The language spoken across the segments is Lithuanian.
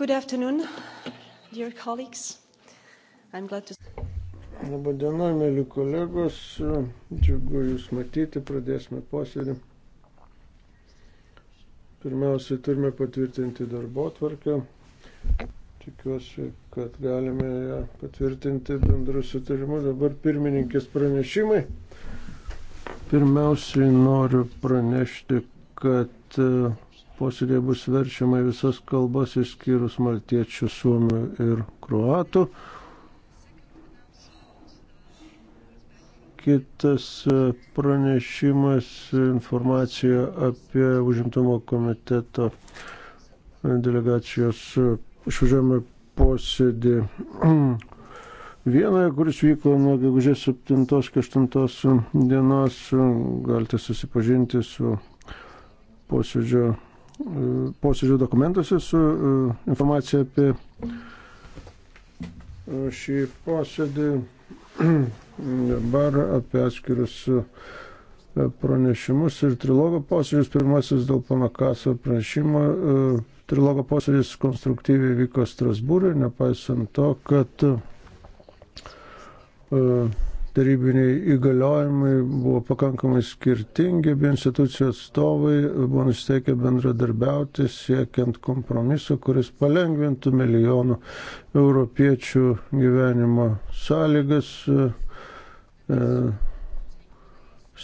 Good afternoon, dear colleagues. I'm glad to. Labą dieną, mėly kolegos. Džiugu Jūs matyti, pradėsime posėdį. Pirmiausiai turime patvirtinti darbo tvarkę. Tikiuosi, kad galime ją patvirtinti bendru sutarimu. Dabar pirmininkės pranešimai. Pirmiausiai noriu pranešti, kad posėdėje bus verčiama visas kalbas išskyrus maltiečių, suomių ir kruatų. Kitas e, pranešimas informacija apie užimtumo komiteto e, delegacijos e, išvažiuojamą posėdį Vienoje, kuris vyko nuo gegužės 7-8 dienos, galite susipažinti su posėdžio posėdžio dokumentuose su e, informacija apie e, šį posėdį. Dabar apie atskirius e, pranešimus ir trilogo posėdžius. Pirmasis dėl pana Kaso pranešimo. Trilogo posėdis konstruktyviai vyko Strasbūrė, nepaisant to, kad uh, darybiniai įgaliojimai buvo pakankamai skirtingi, abi institucijų atstovai buvo nusteikę bendradarbiauti siekiant kompromiso, kuris palengvintų milijonų europiečių gyvenimo sąlygas, e,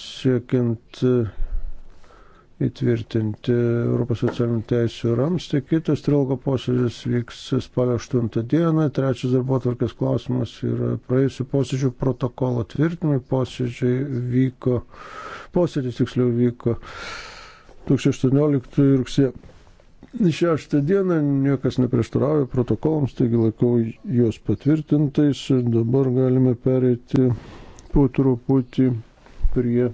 siekiant e, įtvirtinti Europos socialinių teisų ramstį. Kitas trilogo posėdis vyks spalio 8 dieną. Trečias darbo tvarkės klausimas yra praėjusių posėdžių protokolo tvirtinimai. Posėdžiai vyko, posėdis tiksliau vyko 2018 rugsėjo 6 dieną. Niekas neprieštarauja protokolams, taigi laikau juos patvirtintais. Dabar galime pereiti po truputį prie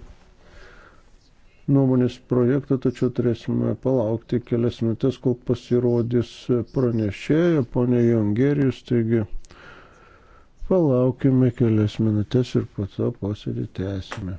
nuomonės projektą, tačiau turėsime palaukti kelias minutės, kol pasirodys pranešėja, ponė Jongerijus, taigi palaukime kelias minutės ir po to posėdį tęsime.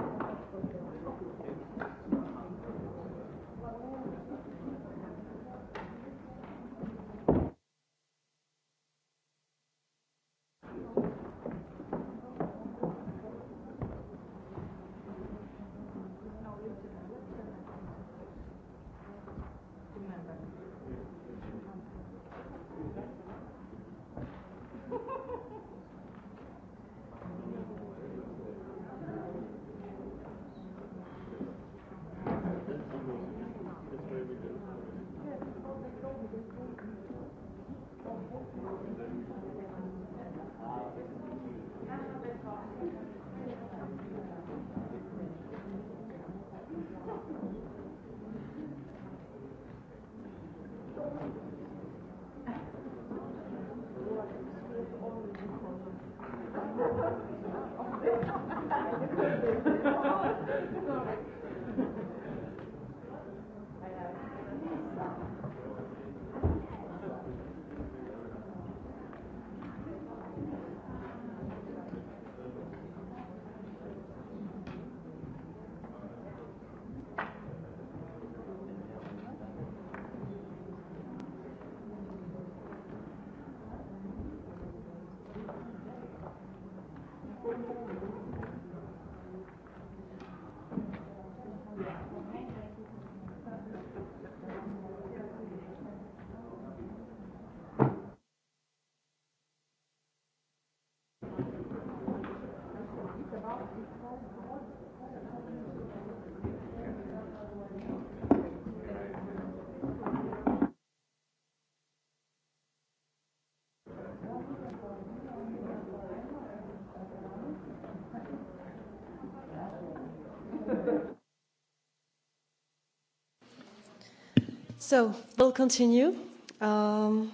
So, we'll continue um,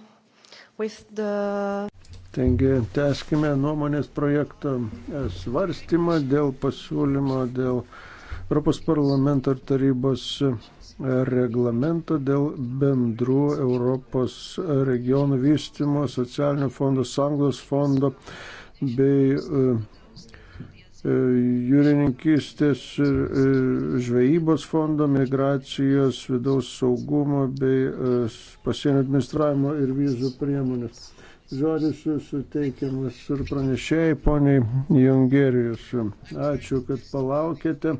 with the. Taigi, teskime nuomonės projektą e, svarstymą dėl pasiūlymo dėl Europos parlamento ir tarybos e, reglamento dėl bendrų Europos regionų vystymo, socialinio fondo, sanglos fondo bei uh, E, jūrininkystės ir e, žvejybos fondo, migracijos, vidaus saugumo bei e, pasienio administravimo ir vizų priemonės. Žodis suteikiamas ir pranešėjai, poniai Jungerijus. Ačiū, kad palaukėte.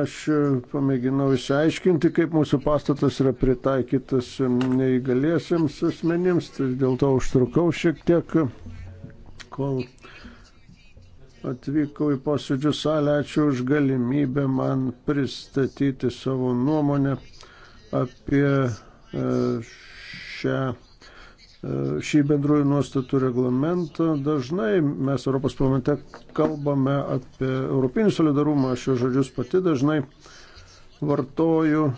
Aš pamėginau išsiaiškinti, kaip mūsų pastatas yra pritaikytas neįgaliesiems asmenims, tai dėl to užtrukau šiek tiek, kol uh, atvyko į posėdžių salę. Ačiū už galimybę man pristatyti savo nuomonę apie e, šią, e, šį bendrųjų nuostatų reglamentą. Dažnai mes Europos parlamente kalbame apie europinį solidarumą, aš šios žodžius pati dažnai vartoju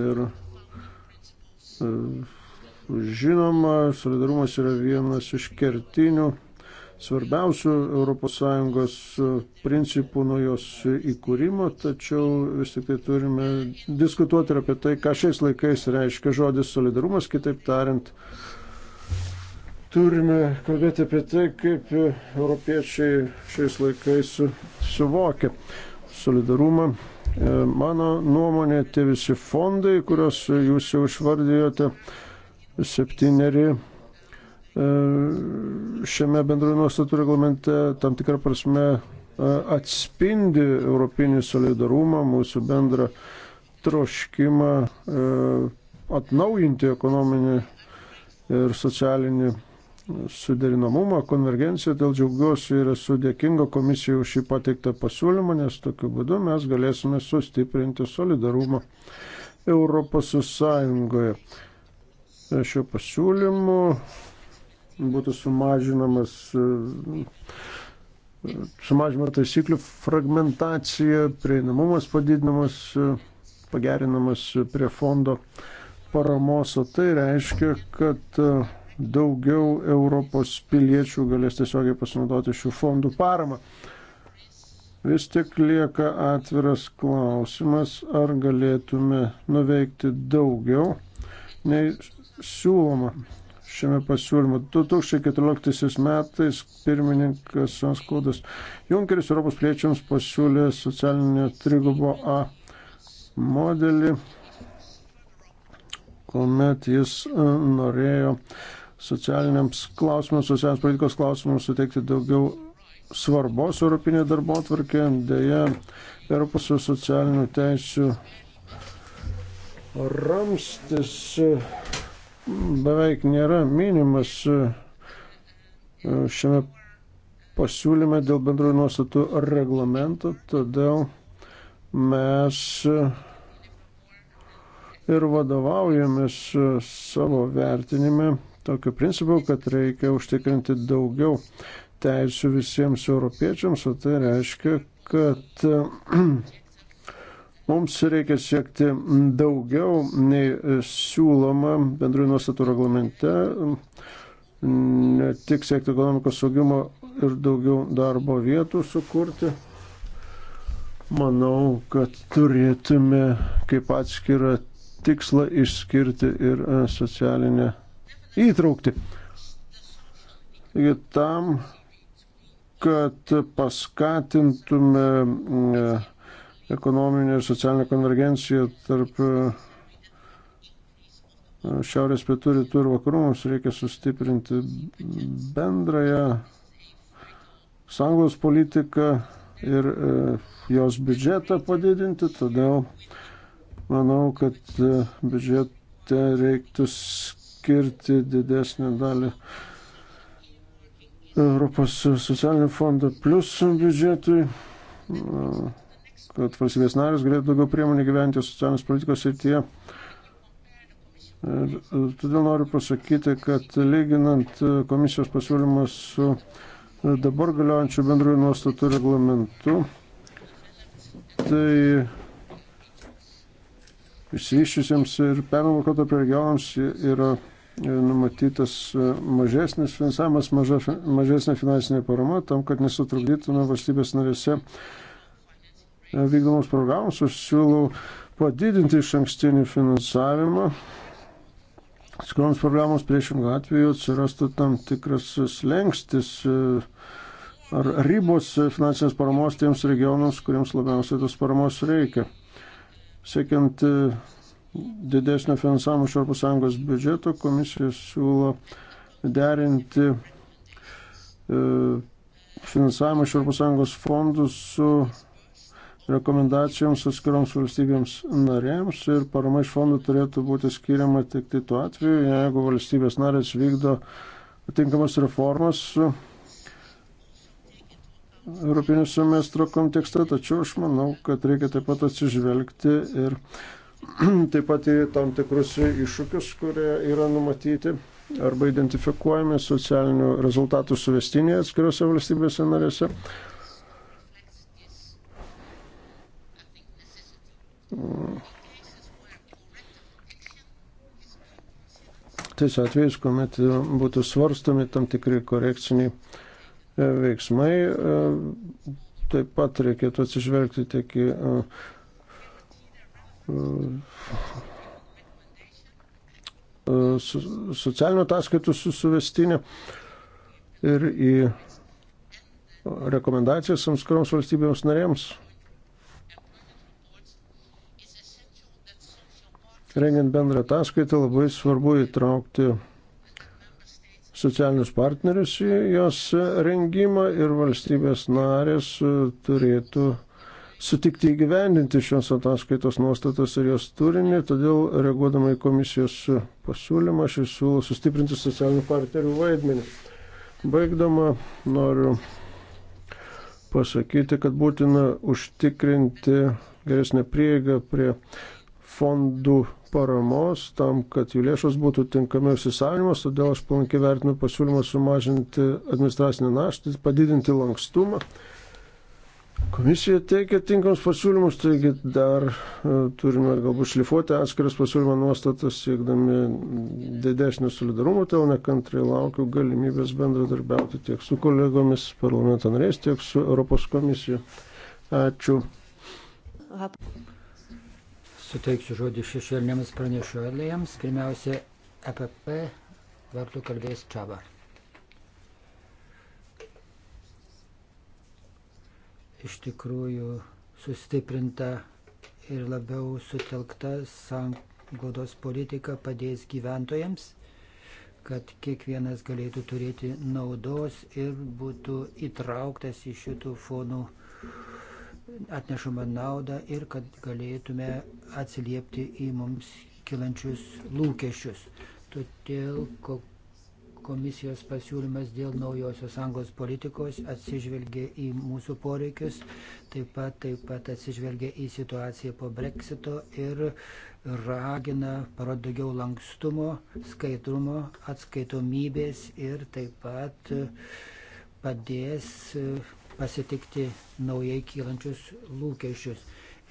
ir e, žinoma, solidarumas yra vienas iš kertinių svarbiausių ES principų nuo jos įkūrimo, tačiau vis tik tai turime diskutuoti ir apie tai, ką šiais laikais reiškia žodis solidarumas, kitaip tariant, turime kalbėti apie tai, kaip europiečiai šiais laikais suvokia solidarumą. E, mano nuomonė, tie visi fondai, kuriuos jūs jau išvardėjote, septyneri E, šiame bendrojo nuostatų reglamente tam tikrą prasme e, atspindi europinį solidarumą, mūsų bendrą troškimą e, atnaujinti ekonominį ir socialinį suderinamumą, konvergenciją. Dėl džiaugiuosi ir esu dėkinga komisijai už šį pateiktą pasiūlymą, nes tokiu būdu mes galėsime sustiprinti solidarumą Europos Sąjungoje. Šiuo pasiūlymu būtų sumažinamas e, sumažinama taisyklių fragmentacija, prieinamumas padidinamas, e, pagerinamas prie fondo paramos, o tai reiškia, kad e, daugiau Europos piliečių galės tiesiogiai pasinaudoti šių fondų paramą. Vis tik lieka atviras klausimas, ar galėtume nuveikti daugiau nei siūloma šiame pasiūlyme. 2014 metais pirmininkas Sanskaudas Junkeris Europos pliečiams pasiūlė socialinio trigubo A modelį, kuomet jis e, norėjo socialiniams klausimams, socialinės politikos klausimams suteikti daugiau svarbos Europinė darbo atvarkė, dėja Europos socialinių teisių ramstis beveik nėra minimas e, e, šiame pasiūlyme dėl bendrųjų nuostatų reglamento, todėl mes e, ir vadovaujamės savo vertinime tokiu principu, kad reikia užtikrinti daugiau teisų visiems europiečiams, o tai reiškia, kad Mums reikia siekti daugiau nei siūloma bendrųjų nuostatų reglamente, ne tik siekti ekonomikos saugimo ir daugiau darbo vietų sukurti. Manau, kad turėtume kaip atskirą tikslą išskirti ir e, socialinę įtraukti. Taigi tam, kad paskatintume e, ekonominė ir socialinė konvergencija tarp e, e, šiaurės pietų rytų ir vakarų mums reikia sustiprinti bendrąją sąjungos politiką ir e, jos biudžetą padidinti, todėl manau, kad biudžete reiktų skirti didesnę dalį Europos socialinio fondo plus biudžetui kad valstybės narės galėtų daugiau priemonių gyventi socialinės politikos srityje. Ir e, todėl noriu pasakyti, kad lyginant e, komisijos pasiūlymą su e, dabar galiojančiu bendrųjų nuostatų reglamentu, tai išsivyščiusiems ir pervalkoto regionams yra numatytas mažesnis finansavimas, maža, mažesnė finansinė parama tam, kad nesutrukdytume valstybės narėse vykdomos programos, aš siūlau padidinti iš ankstinį finansavimą. Skroms programos priešingų atveju atsirastų tam tikras slengstis e, ar ribos finansinės paramos tiems regionams, kuriems labiausiai tos paramos reikia. Siekiant e, didesnio finansavimo iš ES biudžeto, komisija siūlo derinti e, finansavimą iš ES fondų su rekomendacijoms atskiroms valstybėms narėms ir parama iš fondų turėtų būti skiriama tik tai tuo atveju, jeigu valstybės narės vykdo atinkamas reformas Europinio semestro kontekste, tačiau aš manau, kad reikia taip pat atsižvelgti ir taip pat į tam tikrus iššūkius, kurie yra numatyti arba identifikuojami socialinių rezultatų suvestinėje atskiriuose valstybėse narėse. tais atvejais, kuomet būtų svarstomi tam tikri korekciniai e, veiksmai, e, taip pat reikėtų atsižvelgti tiek į e, socialinio ataskaitų suvestinę ir į rekomendacijas samskroms valstybėms narėms rengiant bendrą ataskaitą, labai svarbu įtraukti socialinius partnerius į jos rengimą ir valstybės narės turėtų sutikti įgyvendinti šios ataskaitos nuostatas ir jos turinį, todėl reaguodama į komisijos pasiūlymą aš siūlau sustiprinti socialinių partnerių vaidmenį. Baigdama noriu pasakyti, kad būtina užtikrinti geresnę prieigą prie fondų paramos tam, kad jų lėšos būtų tinkamiau įsisavinimas, todėl aš palankiai vertinu pasiūlymą sumažinti administracinę naštą, padidinti lankstumą. Komisija teikia tinkamus pasiūlymus, taigi dar e, turime galbūt šlifuoti atskiras pasiūlymo nuostatas, siekdami didesnio solidarumo, todėl nekantrai laukiu galimybės bendradarbiauti tiek su kolegomis parlamento nariais, tiek su Europos komisija. Ačiū suteiksiu žodį šešėlinėms pranešuolėjams. Pirmiausia, EPP vartų kalbės Čabar. Iš tikrųjų, sustiprinta ir labiau sutelkta sanglaudos politika padės gyventojams, kad kiekvienas galėtų turėti naudos ir būtų įtrauktas į šitų fonų atnešama naudą ir kad galėtume atsiliepti į mums kilančius lūkesčius. Todėl komisijos pasiūlymas dėl naujosios anglos politikos atsižvelgia į mūsų poreikius, taip pat, taip pat atsižvelgia į situaciją po breksito ir ragina parodyti daugiau lankstumo, skaidrumo, atskaitomybės ir taip pat padės pasitikti naujai kylančius lūkesčius.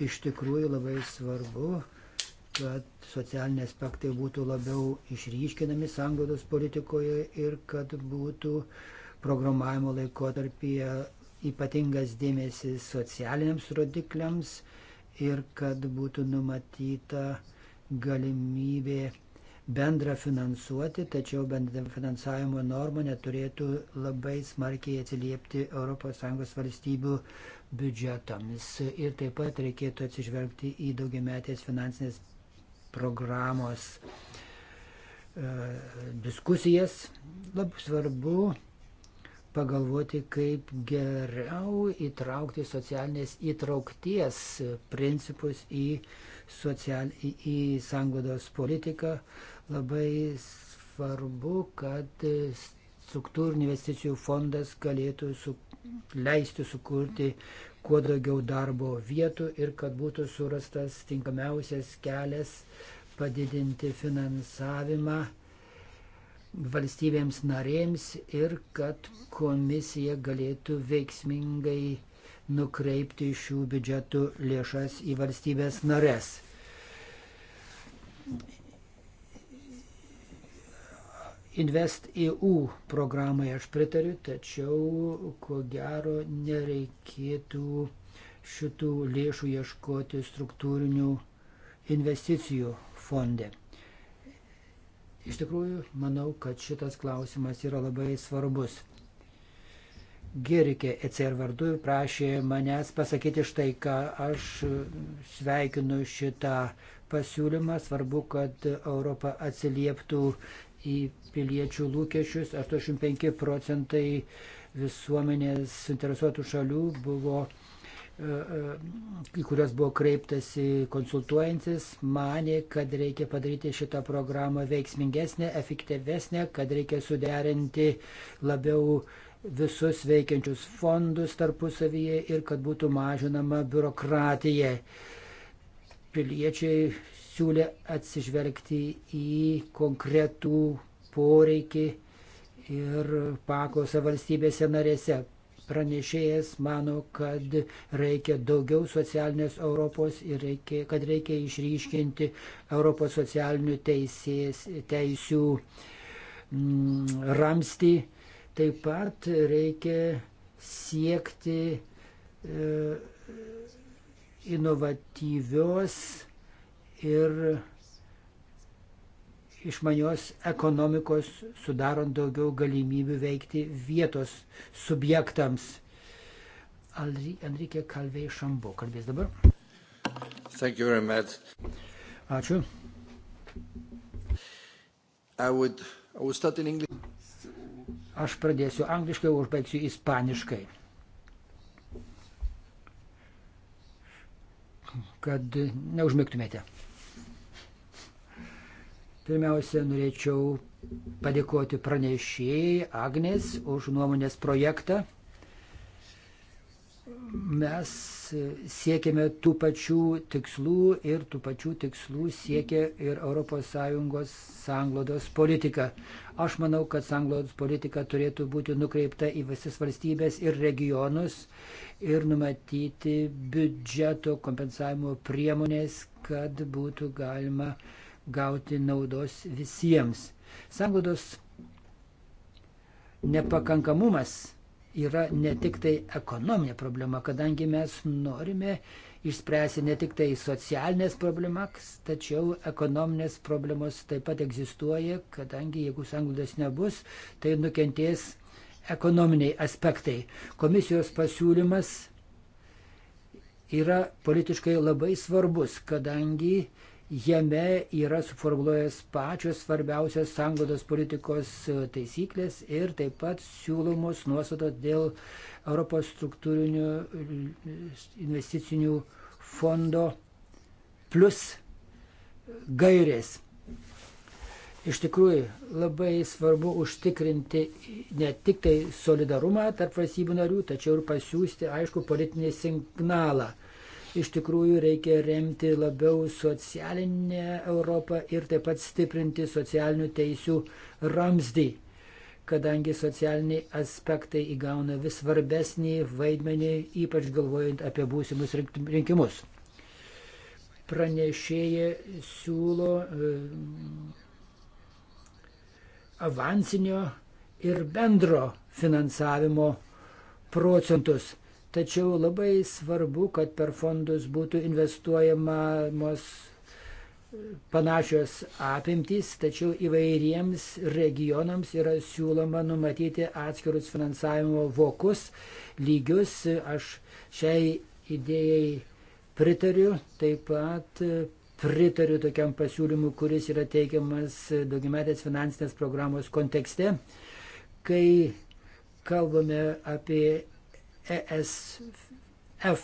Iš tikrųjų labai svarbu, kad socialiniai aspektai būtų labiau išryškinami sanglaudos politikoje ir kad būtų programavimo laikotarpyje ypatingas dėmesys socialiniams rodikliams ir kad būtų numatyta galimybė bendra finansuoti, tačiau bendra finansavimo norma neturėtų labai smarkiai atsiliepti ES valstybių biudžetams. Ir taip pat reikėtų atsižvelgti į daugiametės finansinės programos e, diskusijas. Labai svarbu pagalvoti, kaip geriau įtraukti socialinės įtraukties principus į, social, į, į sangodos politiką. E, Labai svarbu, kad struktūrinių investicijų fondas galėtų su, leisti sukurti kuo daugiau darbo vietų ir kad būtų surastas tinkamiausias kelias padidinti finansavimą valstybėms narėms ir kad komisija galėtų veiksmingai nukreipti šių biudžetų lėšas į valstybės narės. Invest EU programai aš pritariu, tačiau ko gero nereikėtų šitų lėšų ieškoti struktūrinių investicijų fonde. Iš tikrųjų, manau, kad šitas klausimas yra labai svarbus. Gerikė ECR vardu prašė manęs pasakyti štai, ką aš sveikinu šitą pasiūlymą. Svarbu, kad Europa atsilieptų į piliečių lūkesčius. 85 procentai visuomenės suinteresuotų šalių buvo e, e, į kurias buvo kreiptasi konsultuojantis, manė, kad reikia padaryti šitą programą veiksmingesnę, efektyvesnę, kad reikia suderinti labiau visus veikiančius fondus tarpusavyje ir kad būtų mažinama biurokratija. Piliečiai siūlė atsižvelgti į konkretų poreikį ir paklausą valstybėse narėse. Pranešėjas mano, kad reikia daugiau socialinės Europos ir reikia, kad reikia išryškinti Europos socialinių teisės, teisių mm, ramstį. Taip pat reikia siekti e, inovatyvios ir išmanios ekonomikos, sudarant daugiau galimybių veikti vietos subjektams. Enrique Kalvėj Šambo kalbės dabar. Ačiū. I would, I would Aš pradėsiu angliškai, užbaigsiu ispaniškai. Kad neužmigtumėte. Pirmiausia, norėčiau padėkoti pranešėjai Agnes už nuomonės projektą. Mes siekiame tų pačių tikslų ir tų pačių tikslų siekia ir ES sanglodos politika. Aš manau, kad sanglodos politika turėtų būti nukreipta į visas valstybės ir regionus ir numatyti biudžeto kompensavimo priemonės, kad būtų galima uh, gauti naudos visiems. Sanglaudos nepakankamumas yra ne tik tai ekonominė problema, kadangi mes norime išspręsti ne tik tai socialinės problemas, tačiau ekonominės problemos taip pat egzistuoja, kadangi jeigu sanglaudos nebus, tai nukentės ekonominiai aspektai. Komisijos pasiūlymas yra politiškai labai svarbus, kadangi Jame yra suformuluojas pačios svarbiausios sanglodos politikos e, taisyklės ir taip pat siūlomos nuostatos dėl Europos struktūrinių e, investicinių fondo plus gairės. Iš tikrųjų, labai svarbu užtikrinti ne tik tai solidarumą tarp valstybių narių, tačiau ir pasiūsti aišku politinį signalą. Iš tikrųjų reikia remti labiau socialinę Europą ir taip pat stiprinti socialinių teisių ramsdį, kadangi socialiniai aspektai įgauna vis svarbesnį vaidmenį, ypač galvojant apie būsimus rinkimus. Pranešėja siūlo e, avansinio ir bendro finansavimo procentus. Tačiau labai svarbu, kad per fondus būtų investuojamos panašios apimtys, tačiau įvairiems regionams yra siūloma numatyti atskirus finansavimo vokus, lygius. Aš šiai idėjai pritariu, taip pat pritariu tokiam pasiūlymui, kuris yra teikiamas daugiametės finansinės programos kontekste, kai kalbame apie ESF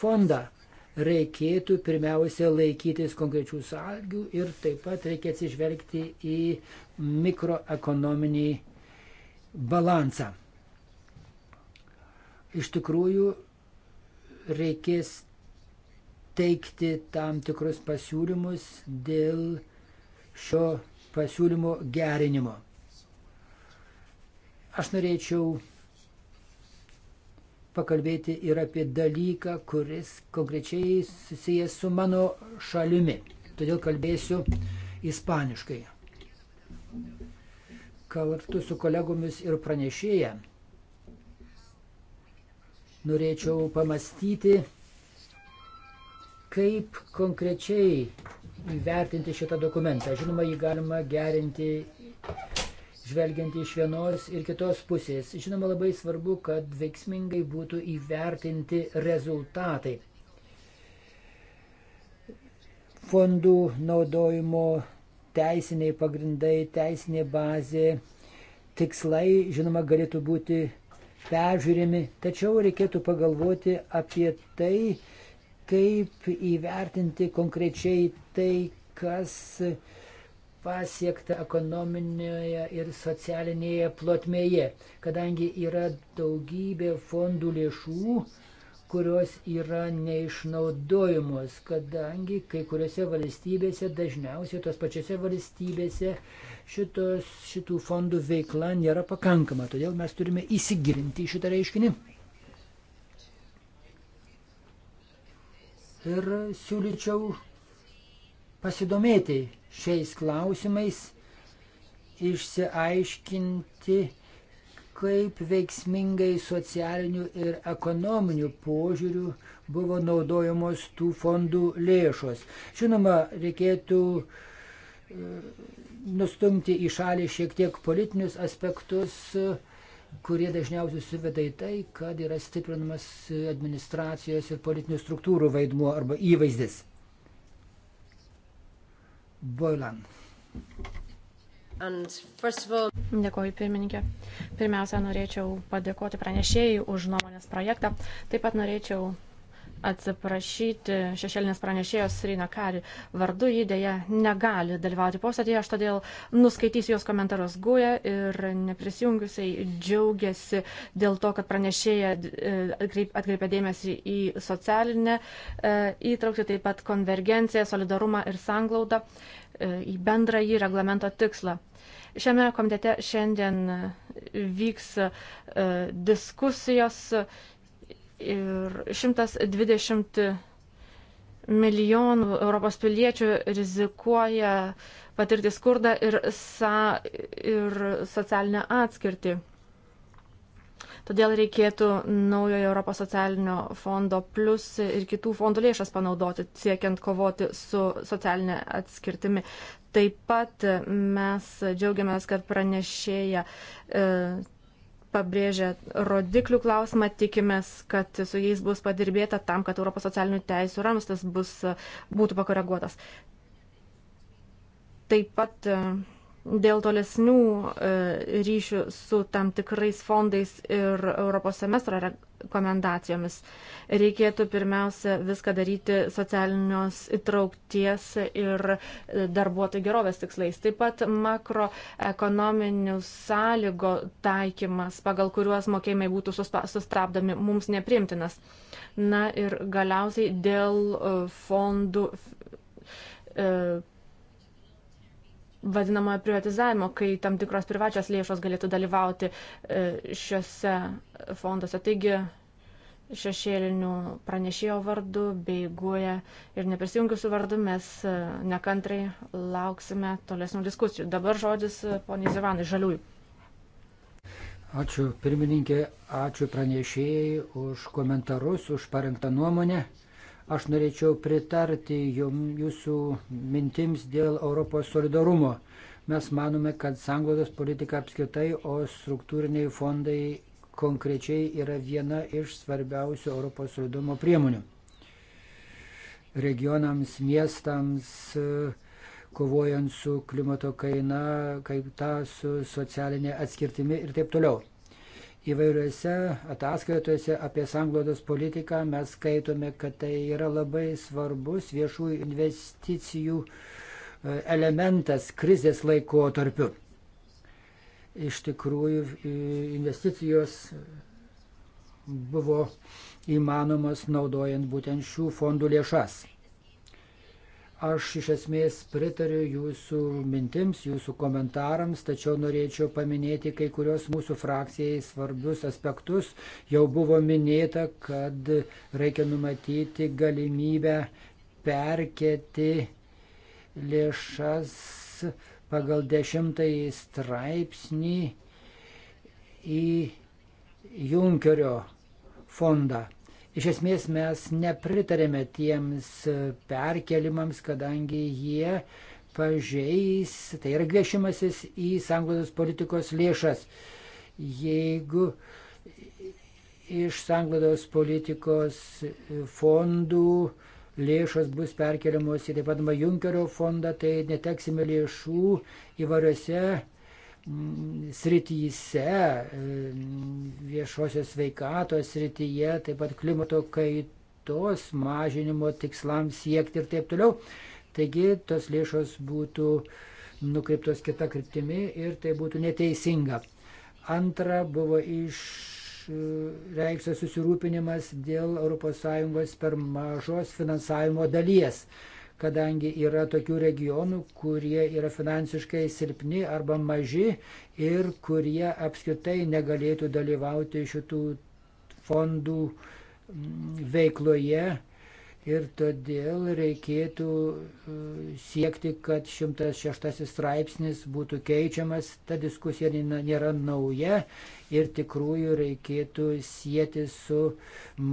fondą, reikėtų pirmiausia laikytis konkrečių sąlygų ir taip pat reikia atsižvelgti į mikroekonominį balansą. Iš tikrųjų, reikės teikti tam tikrus pasiūlymus dėl šio pasiūlymo gerinimo. Aš norėčiau pakalbėti ir apie dalyką, kuris konkrečiai susijęs su mano šalimi. Todėl kalbėsiu ispaniškai. Kartu su kolegomis ir pranešėja norėčiau pamastyti, kaip konkrečiai įvertinti šitą dokumentą. Žinoma, jį galima gerinti žvelgiant iš vienos ir kitos pusės. Žinoma, labai svarbu, kad veiksmingai būtų įvertinti rezultatai. Fondų naudojimo teisiniai pagrindai, teisinė bazė, tikslai, žinoma, galėtų būti peržiūrimi, tačiau reikėtų pagalvoti apie tai, kaip įvertinti konkrečiai tai, kas uh, pasiekta ekonominėje ir socialinėje plotmėje, kadangi yra daugybė fondų lėšų, kurios yra neišnaudojamos, kadangi kai kuriuose valstybėse, dažniausiai tos pačiose valstybėse, šitos, šitų fondų veikla nėra pakankama. Todėl mes turime įsigilinti į šitą reiškinį. Ir siūlyčiau pasidomėti šiais klausimais, išsiaiškinti, kaip veiksmingai socialinių ir ekonominių požiūrių buvo naudojamos tų fondų lėšos. Žinoma, reikėtų e, nustumti į šalį šiek tiek politinius aspektus, kurie dažniausiai suveda į tai, kad yra stiprinamas administracijos ir politinių struktūrų vaidmuo arba įvaizdis. Boylan. All... Dėkoju pirmininkė. Pirmiausia, norėčiau padėkoti pranešėjai už nuomonės projektą. Taip pat norėčiau atsiprašyti šešėlinės pranešėjos Rina Kari vardu, jį dėja negali dalyvauti posėdėje, aš todėl nuskaitysiu jos komentarus guja ir neprisijungiusiai džiaugiasi dėl to, kad pranešėja e, atkreipia dėmesį į socialinę e, įtraukti, taip pat konvergenciją, solidarumą ir sanglaudą e, į bendrąjį reglamento tikslą. Šiame komitete šiandien vyks diskusijos Ir 120 milijonų Europos piliečių rizikuoja patirti skurdą ir, sa, ir socialinę atskirtį. Todėl reikėtų naujojo Europos socialinio fondo plus ir kitų fondų lėšas panaudoti, siekiant kovoti su socialinė atskirtimi. Taip pat mes džiaugiamės, kad pranešėja e, pabrėžia rodiklių klausimą, tikimės, kad su jais bus padirbėta tam, kad Europos socialinių teisų ramstas bus, būtų pakoreguotas. Taip pat dėl tolesnių e, ryšių su tam tikrais fondais ir Europos semestro rekomendacijomis. Reikėtų pirmiausia viską daryti socialinios įtraukties ir darbuotojų gerovės tikslais. Taip pat makroekonominių sąlygo taikymas, pagal kuriuos mokėjimai būtų sustabdomi, mums neprimtinas. Na ir galiausiai dėl e, fondų e, vadinamojo privatizavimo, kai tam tikros privačios lėšos galėtų dalyvauti e, šiuose fonduose. Taigi šešėlinių pranešėjo vardu, bei guoja ir neprisijungiusių vardu mes e, nekantrai lauksime tolesnių diskusijų. Dabar žodis e, poniai Zivanai Žaliųjų. Ačiū pirmininkė, ačiū pranešėjai už komentarus, už parengtą nuomonę. Aš norėčiau pritarti jum, jūsų mintims dėl Europos solidarumo. Mes manome, kad sanglaudos politika apskritai, o struktūriniai fondai konkrečiai yra viena iš svarbiausių Europos solidarumo priemonių. Regionams, miestams, kovojant su klimato kaina, kaip ta su socialinė atskirtimi ir taip toliau. Įvairiuose ataskaitose apie sanglaudos politiką mes skaitome, kad tai yra labai svarbus viešųjų investicijų e, elementas krizės laikotarpiu. Iš tikrųjų, investicijos buvo įmanomas naudojant būtent šių fondų lėšas. Aš iš esmės pritariu jūsų mintims, jūsų komentarams, tačiau norėčiau paminėti kai kurios mūsų frakcijai svarbius aspektus. Jau buvo minėta, kad reikia numatyti galimybę perkėti lėšas pagal dešimtąjį straipsnį į Junkerio fondą. Iš esmės mes nepritarėme tiems perkelimams, kadangi jie pažeis, tai yra grėžimasis į sanglaudos politikos lėšas. Jeigu iš sanglaudos politikos fondų lėšos bus perkeliamos į taip vadinamą Junkerio fondą, tai neteksime lėšų įvairiose srityse, e, viešosios sveikatos srityje, taip pat klimato kaitos mažinimo tikslams siekti ir taip toliau. Taigi tos lėšos būtų nukreiptos kita kryptimi ir tai būtų neteisinga. Antra buvo išreikštas susirūpinimas dėl ES per mažos finansavimo dalies kadangi yra tokių regionų, kurie yra finansiškai silpni arba maži ir kurie apskritai negalėtų dalyvauti šitų fondų mm, veikloje Ir todėl reikėtų e, siekti, kad 106 straipsnis būtų keičiamas. Ta diskusija nėra nauja ir tikrųjų reikėtų sieti su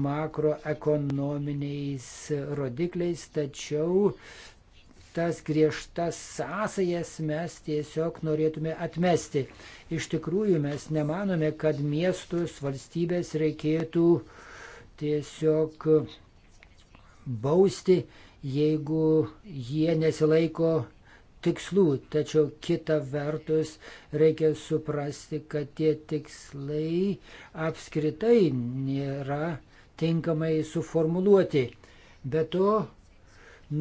makroekonominiais rodikliais, tačiau tas griežtas sąsajas mes tiesiog norėtume atmesti. Iš tikrųjų mes nemanome, kad miestus, valstybės reikėtų tiesiog bausti, jeigu jie nesilaiko tikslų. Tačiau kita vertus reikia suprasti, kad tie tikslai apskritai nėra tinkamai suformuluoti. Be to,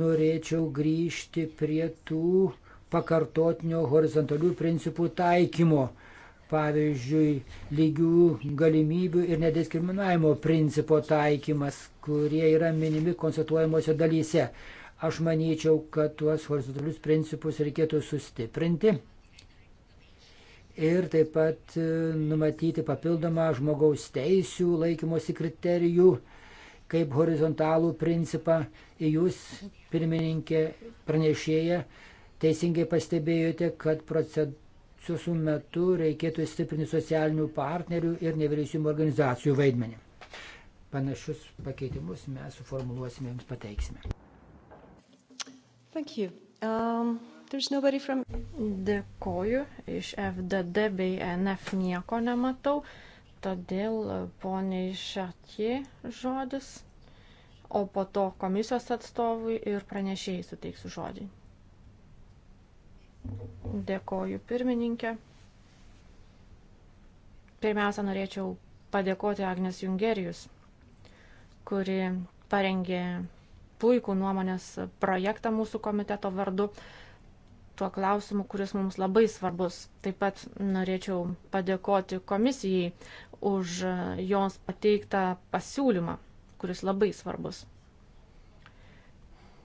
norėčiau grįžti prie tų pakartotinio horizontalių principų taikymo. Pavyzdžiui, lygių galimybių ir nediskriminavimo principo taikymas, kurie yra minimi konstatuojamosi dalyse. Aš manyčiau, kad tuos horizontalius principus reikėtų sustiprinti ir taip pat e, numatyti papildomą žmogaus teisų laikymosi kriterijų kaip horizontalų principą. Jūs, pirmininkė, pranešėja, teisingai pastebėjote, kad procesų metu reikėtų stiprinti socialinių partnerių ir nevyriausybinio organizacijų vaidmenį panašius pakeitimus mes suformuluosime, jums pateiksime. Thank you. Um, there's nobody from... Dėkoju. Iš FDD bei NF nieko nematau. Todėl poniai Šatie žodis, o po to komisijos atstovui ir pranešėjai suteiksiu žodį. Dėkoju pirmininkė. Pirmiausia, norėčiau padėkoti Agnes Jungerius kuri parengė puikų nuomonės projektą mūsų komiteto vardu tuo klausimu, kuris mums labai svarbus. Taip pat norėčiau padėkoti komisijai už jos pateiktą pasiūlymą, kuris labai svarbus.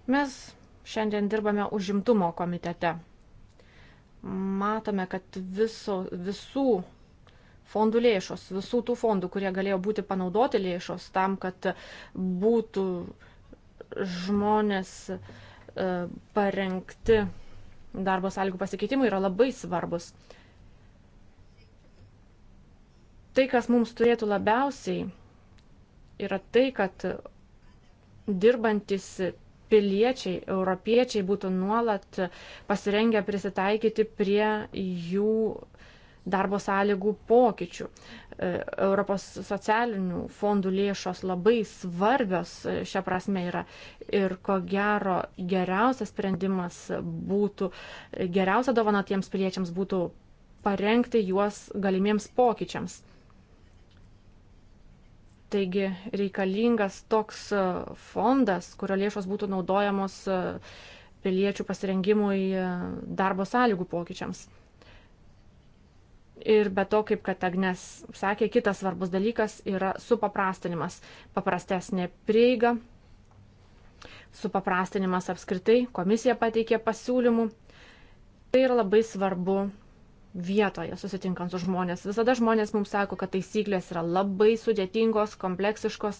Mes šiandien dirbame užimtumo komitete. Matome, kad viso, visų fondų lėšos, visų tų fondų, kurie galėjo būti panaudoti lėšos tam, kad būtų žmonės e, parengti darbo sąlygų pasikeitimui, yra labai svarbus. Tai, kas mums turėtų labiausiai, yra tai, kad dirbantis piliečiai, europiečiai būtų nuolat pasirengę prisitaikyti prie jų darbo sąlygų pokyčių. E, Europos socialinių fondų lėšos labai svarbios e, šią prasme yra ir ko gero geriausias sprendimas būtų, e, geriausia dovana tiems piliečiams būtų parengti juos galimiems pokyčiams. Taigi reikalingas toks fondas, kurio lėšos būtų naudojamos piliečių pasirengimui darbo sąlygų pokyčiams. Ir be to, kaip kad Agnes sakė, kitas svarbus dalykas yra supaprastinimas, paprastesnė prieiga, supaprastinimas apskritai, komisija pateikė pasiūlymų. Tai yra labai svarbu vietoje susitinkant su žmonės. Visada žmonės mums sako, kad taisyklės yra labai sudėtingos, kompleksiškos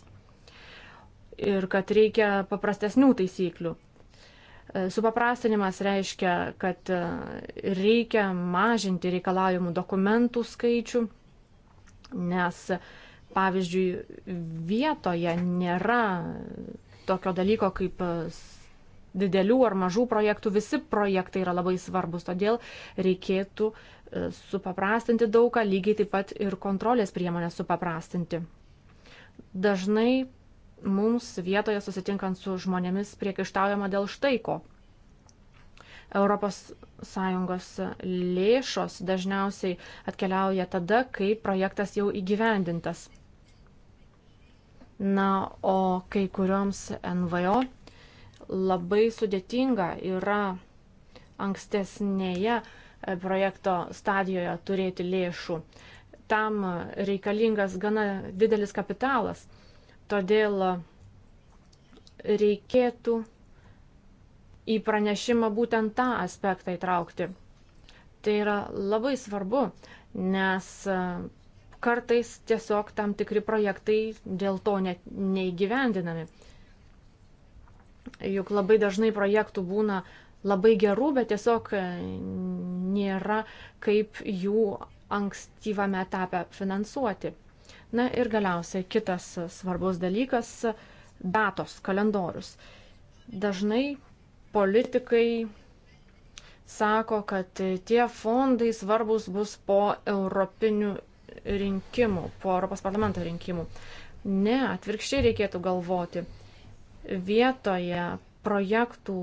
ir kad reikia paprastesnių taisyklių. Supaprastinimas reiškia, kad e, reikia mažinti reikalaujamų dokumentų skaičių, nes, pavyzdžiui, vietoje nėra tokio dalyko kaip e, didelių ar mažų projektų, visi projektai yra labai svarbus, todėl reikėtų e, supaprastinti daugą, lygiai taip pat ir kontrolės priemonę supaprastinti. Dažnai mums vietoje susitinkant su žmonėmis priekaištaujama dėl štai ko. ES lėšos dažniausiai atkeliauja tada, kai projektas jau įgyvendintas. Na, o kai kurioms NVO labai sudėtinga yra ankstesnėje projekto stadijoje turėti lėšų. Tam reikalingas gana didelis kapitalas. Todėl reikėtų į pranešimą būtent tą aspektą įtraukti. Tai yra labai svarbu, nes kartais tiesiog tam tikri projektai dėl to net neįgyvendinami. Juk labai dažnai projektų būna labai gerų, bet tiesiog nėra kaip jų ankstyvame etape finansuoti. Na ir galiausiai kitas svarbus dalykas - datos, kalendorius. Dažnai politikai sako, kad tie fondai svarbus bus po europinių rinkimų, po Europos parlamento rinkimų. Ne, atvirkščiai reikėtų galvoti. Vietoje projektų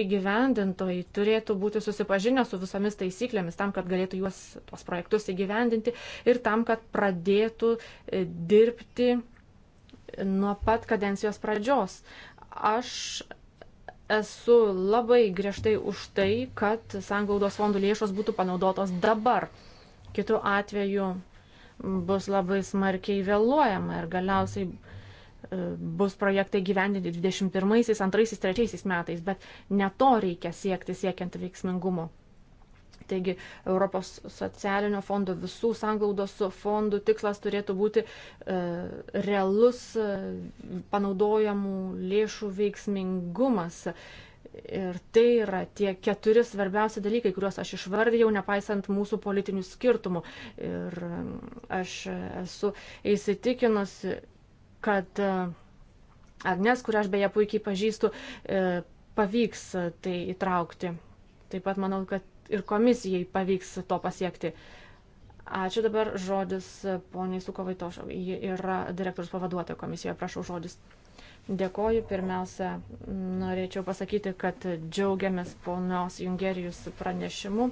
įgyvendintojai turėtų būti susipažinę su visomis taisyklėmis tam, kad galėtų juos, tuos projektus įgyvendinti ir tam, kad pradėtų e, dirbti nuo pat kadencijos pradžios. Aš esu labai griežtai už tai, kad sanglaudos fondų lėšos būtų panaudotos dabar. Kitu atveju bus labai smarkiai vėluojama ir galiausiai E, bus projektai gyvendinti 21, 2, 3 metais, bet ne to reikia siekti siekiant veiksmingumo. Taigi Europos socialinio fondo visų sanglaudos fondų tikslas turėtų būti e, realus e, panaudojamų lėšų veiksmingumas. Ir tai yra tie keturi svarbiausi dalykai, kuriuos aš išvardėjau, nepaisant mūsų politinių skirtumų. Ir e, aš esu įsitikinusi kad e, Agnes, kurią aš beje puikiai pažįstu, e, pavyks e, tai įtraukti. Taip pat manau, kad ir komisijai pavyks to pasiekti. Ačiū dabar žodis poniai Sukovaitošov. Ji yra direktorius pavaduotoja komisijoje. Prašau žodis. Dėkoju. Pirmiausia, norėčiau pasakyti, kad džiaugiamės ponios Jungerijus pranešimu.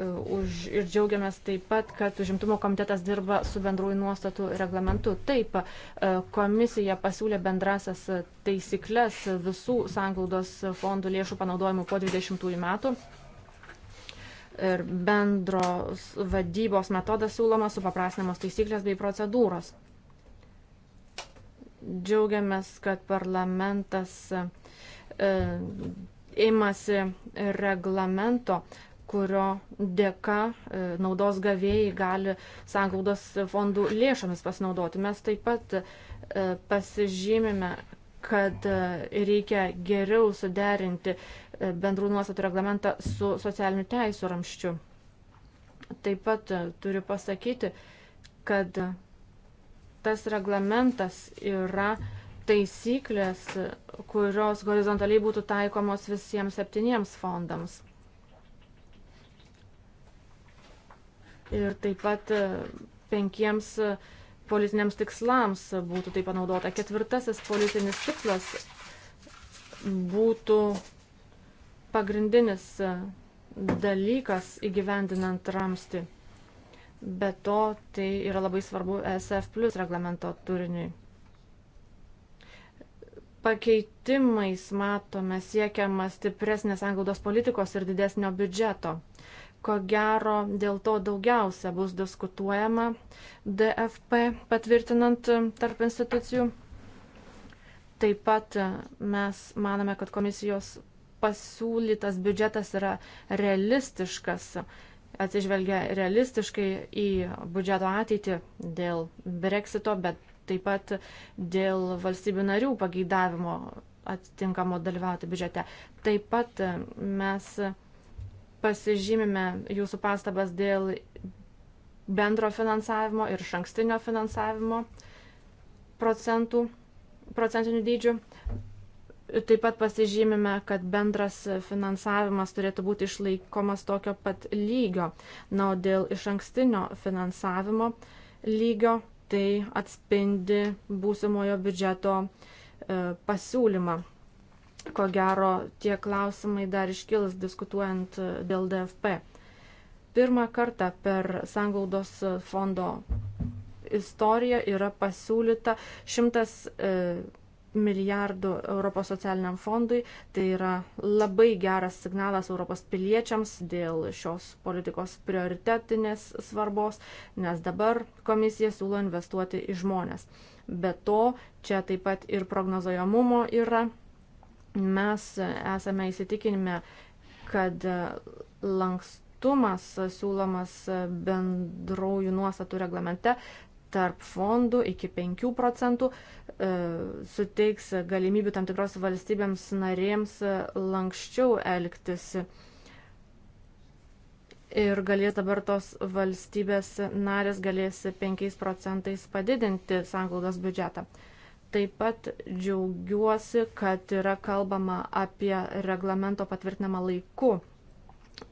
E, už, ir džiaugiamės taip pat, kad užimtumo komitetas dirba su bendrųjų nuostatų reglamentu. Taip, e, komisija pasiūlė bendrasias taisyklės visų sanglaudos fondų lėšų panaudojimų po 20 metų. Ir bendros vadybos metodas siūlomas, supaprastinamos taisyklės bei procedūros. Džiaugiamės, kad parlamentas e, imasi reglamento, e, kurio dėka e, naudos gavėjai gali sąnaudos fondų lėšomis pasinaudoti. Mes taip pat e, pasižymime, kad e, reikia geriau suderinti bendrų nuostatų reglamentą su socialiniu teisų ramščiu. Taip pat turiu pasakyti, kad tas reglamentas yra taisyklės, kurios horizontaliai būtų taikomos visiems septyniems fondams. ir taip pat e, penkiems e, politiniams tikslams būtų tai panaudota. Ketvirtasis politinis tikslas būtų pagrindinis e, dalykas įgyvendinant ramsti. Be to, tai yra labai svarbu SF plus reglamento turiniui. Pakeitimais matome siekiama stipresnės anglodos politikos ir didesnio biudžeto ko gero dėl to daugiausia bus diskutuojama DFP patvirtinant tarp institucijų. Taip pat mes manome, kad komisijos pasiūlytas biudžetas yra realistiškas, atsižvelgia realistiškai į biudžeto ateitį dėl Brexito, bet taip pat dėl valstybių narių pageidavimo atitinkamo dalyvauti biudžete. Taip pat mes pasižymime jūsų pastabas dėl bendro finansavimo ir šankstinio finansavimo procentų, procentinių dydžių. Taip pat pasižymime, kad bendras finansavimas turėtų būti išlaikomas tokio pat lygio. Na, o dėl iš ankstinio finansavimo lygio tai atspindi būsimojo biudžeto e, pasiūlymą ko gero tie klausimai dar iškils diskutuojant dėl DFP. Pirmą kartą per Sangaudos fondo istoriją yra pasiūlyta 100 e, milijardų Europos socialiniam fondui. Tai yra labai geras signalas Europos piliečiams dėl šios politikos prioritetinės svarbos, nes dabar komisija siūlo investuoti į žmonės. Be to, čia taip pat ir prognozojamumo yra Mes esame įsitikinime, kad lankstumas siūlomas bendraujų nuostatų reglamente tarp fondų iki 5 procentų e, suteiks galimybių tam tikros valstybėms narėms lankščiau elgtis. Ir galės dabar tos valstybės narės galės 5 procentais padidinti sanglaudos biudžetą. Taip pat džiaugiuosi, kad yra kalbama apie reglamento patvirtinimą laiku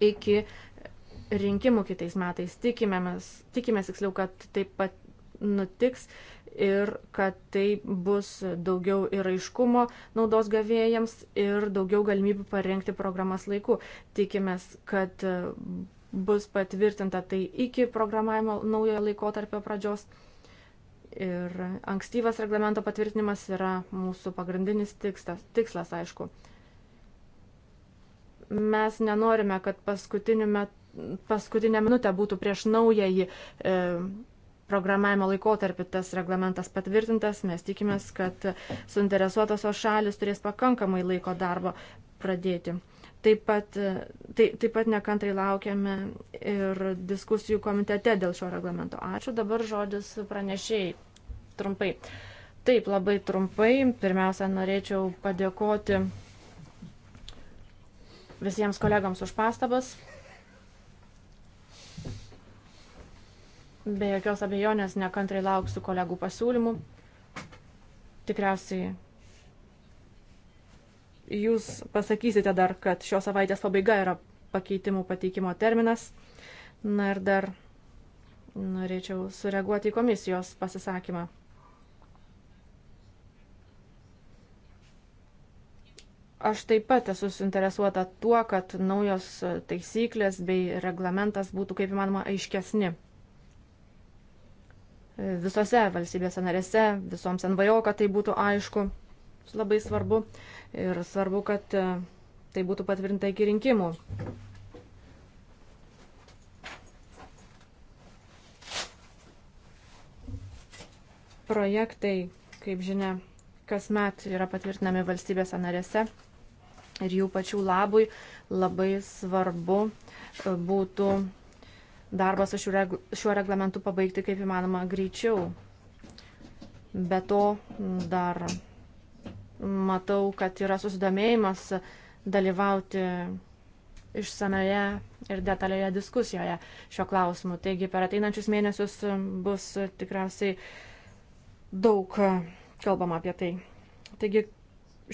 iki rinkimų kitais metais. Tikimėmės, tikimės, tiksliau, kad taip pat nutiks ir kad tai bus daugiau ir aiškumo naudos gavėjams ir daugiau galimybių parengti programas laiku. Tikimės, kad bus patvirtinta tai iki programavimo naujojo laikotarpio pradžios. Ir ankstyvas reglamento patvirtinimas yra mūsų pagrindinis tikslas, tikslas aišku. Mes nenorime, kad met, paskutinę minutę būtų prieš naująjį e, programavimo laikotarpį tas reglamentas patvirtintas. Mes tikimės, kad suinteresuotosios šalis turės pakankamai laiko darbo pradėti. Taip pat, taip, taip pat nekantrai laukiame ir diskusijų komitete dėl šio reglamento. Ačiū. Dabar žodis pranešėjai. Trumpai. Taip, labai trumpai. Pirmiausia, norėčiau padėkoti visiems kolegams už pastabas. Be jokios abejonės nekantrai lauksiu kolegų pasiūlymų. Tikriausiai Jūs pasakysite dar, kad šios savaitės pabaiga yra pakeitimų pateikimo terminas. Na ir dar norėčiau sureaguoti į komisijos pasisakymą. Aš taip pat esu suinteresuota tuo, kad naujos taisyklės bei reglamentas būtų kaip įmanoma aiškesni. Visose valstybėse narėse, visoms NVO, kad tai būtų aišku, labai svarbu. Uh, ir svarbu, kad e, tai būtų patvirtinta iki rinkimų. Projektai, kaip žinia, kasmet yra patvirtinami valstybėse narėse ir jų pačių labui labai svarbu e, būtų darbą su šiuo reglamentu pabaigti kaip įmanoma greičiau. Be to dar Matau, kad yra susidomėjimas dalyvauti išsamioje ir detalioje diskusijoje šio klausimu. Taigi per ateinančius mėnesius bus tikriausiai daug kalbama apie tai. Taigi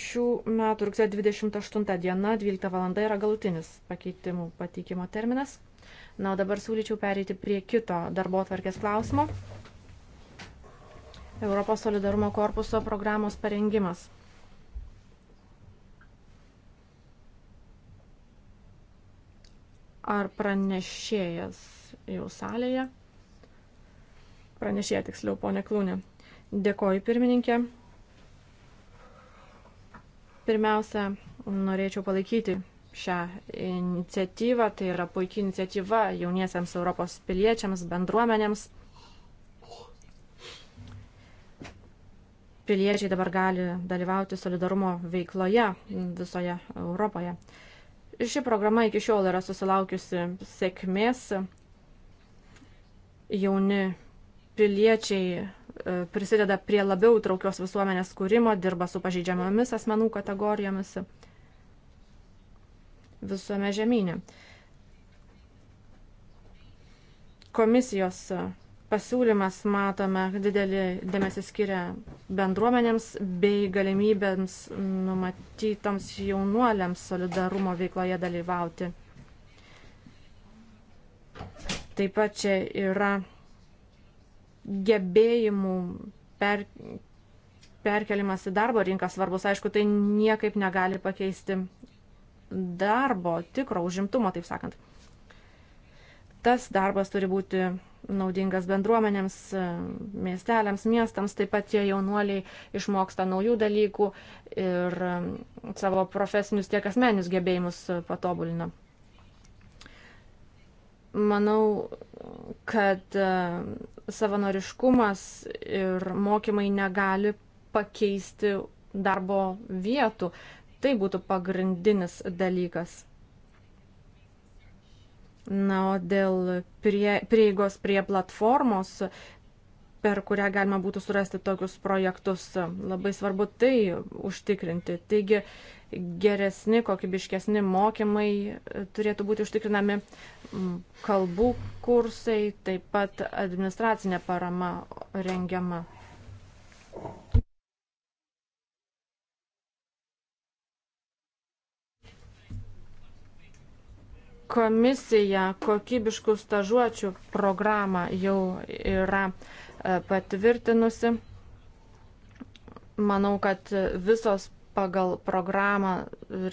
šių metų rugsėjo 28 diena, 12 val. yra galutinis pakeitimų pateikimo terminas. Na, o dabar siūlyčiau pereiti prie kito darbo atvarkės klausimo. Europos solidarumo korpuso programos parengimas. Ar pranešėjas jau salėje? Pranešėja tiksliau, ponė Klūnė. Dėkoju pirmininkė. Pirmiausia, norėčiau palaikyti šią iniciatyvą. Tai yra puikia iniciatyva jauniesiams Europos piliečiams, bendruomenėms. Piliečiai dabar gali dalyvauti solidarumo veikloje visoje Europoje. Ši programa iki šiol yra susilaukiusi sėkmės. Jauni piliečiai e, prisideda prie labiau traukios visuomenės kūrimo, dirba su pažeidžiamomis asmenų kategorijomis visame žemynė. Komisijos pasiūlymas matome didelį dėmesį skiria bendruomenėms bei galimybėms numatytoms jaunuoliams solidarumo veikloje dalyvauti. Taip pat čia yra gebėjimų per, perkelimas į darbo rinką svarbus. Aišku, tai niekaip negali pakeisti darbo, tikro užimtumo, taip sakant. Tas darbas turi būti naudingas bendruomenėms, e, miesteliams, miestams, taip pat tie jaunuoliai išmoksta naujų dalykų ir e, savo profesinius tiek asmeninius gebėjimus e, patobulina. Manau, kad savanoriškumas ir mokymai negali pakeisti darbo vietų. Tai būtų pagrindinis dalykas. Na, o dėl prie, prieigos prie platformos, per kurią galima būtų surasti tokius projektus, labai svarbu tai užtikrinti. Taigi, geresni, kokybiškesni mokymai turėtų būti užtikrinami kalbų kursai, taip pat administracinė parama rengiama. Komisija kokybiškų stažuočių programą jau yra e, patvirtinusi. Manau, kad visos pagal programą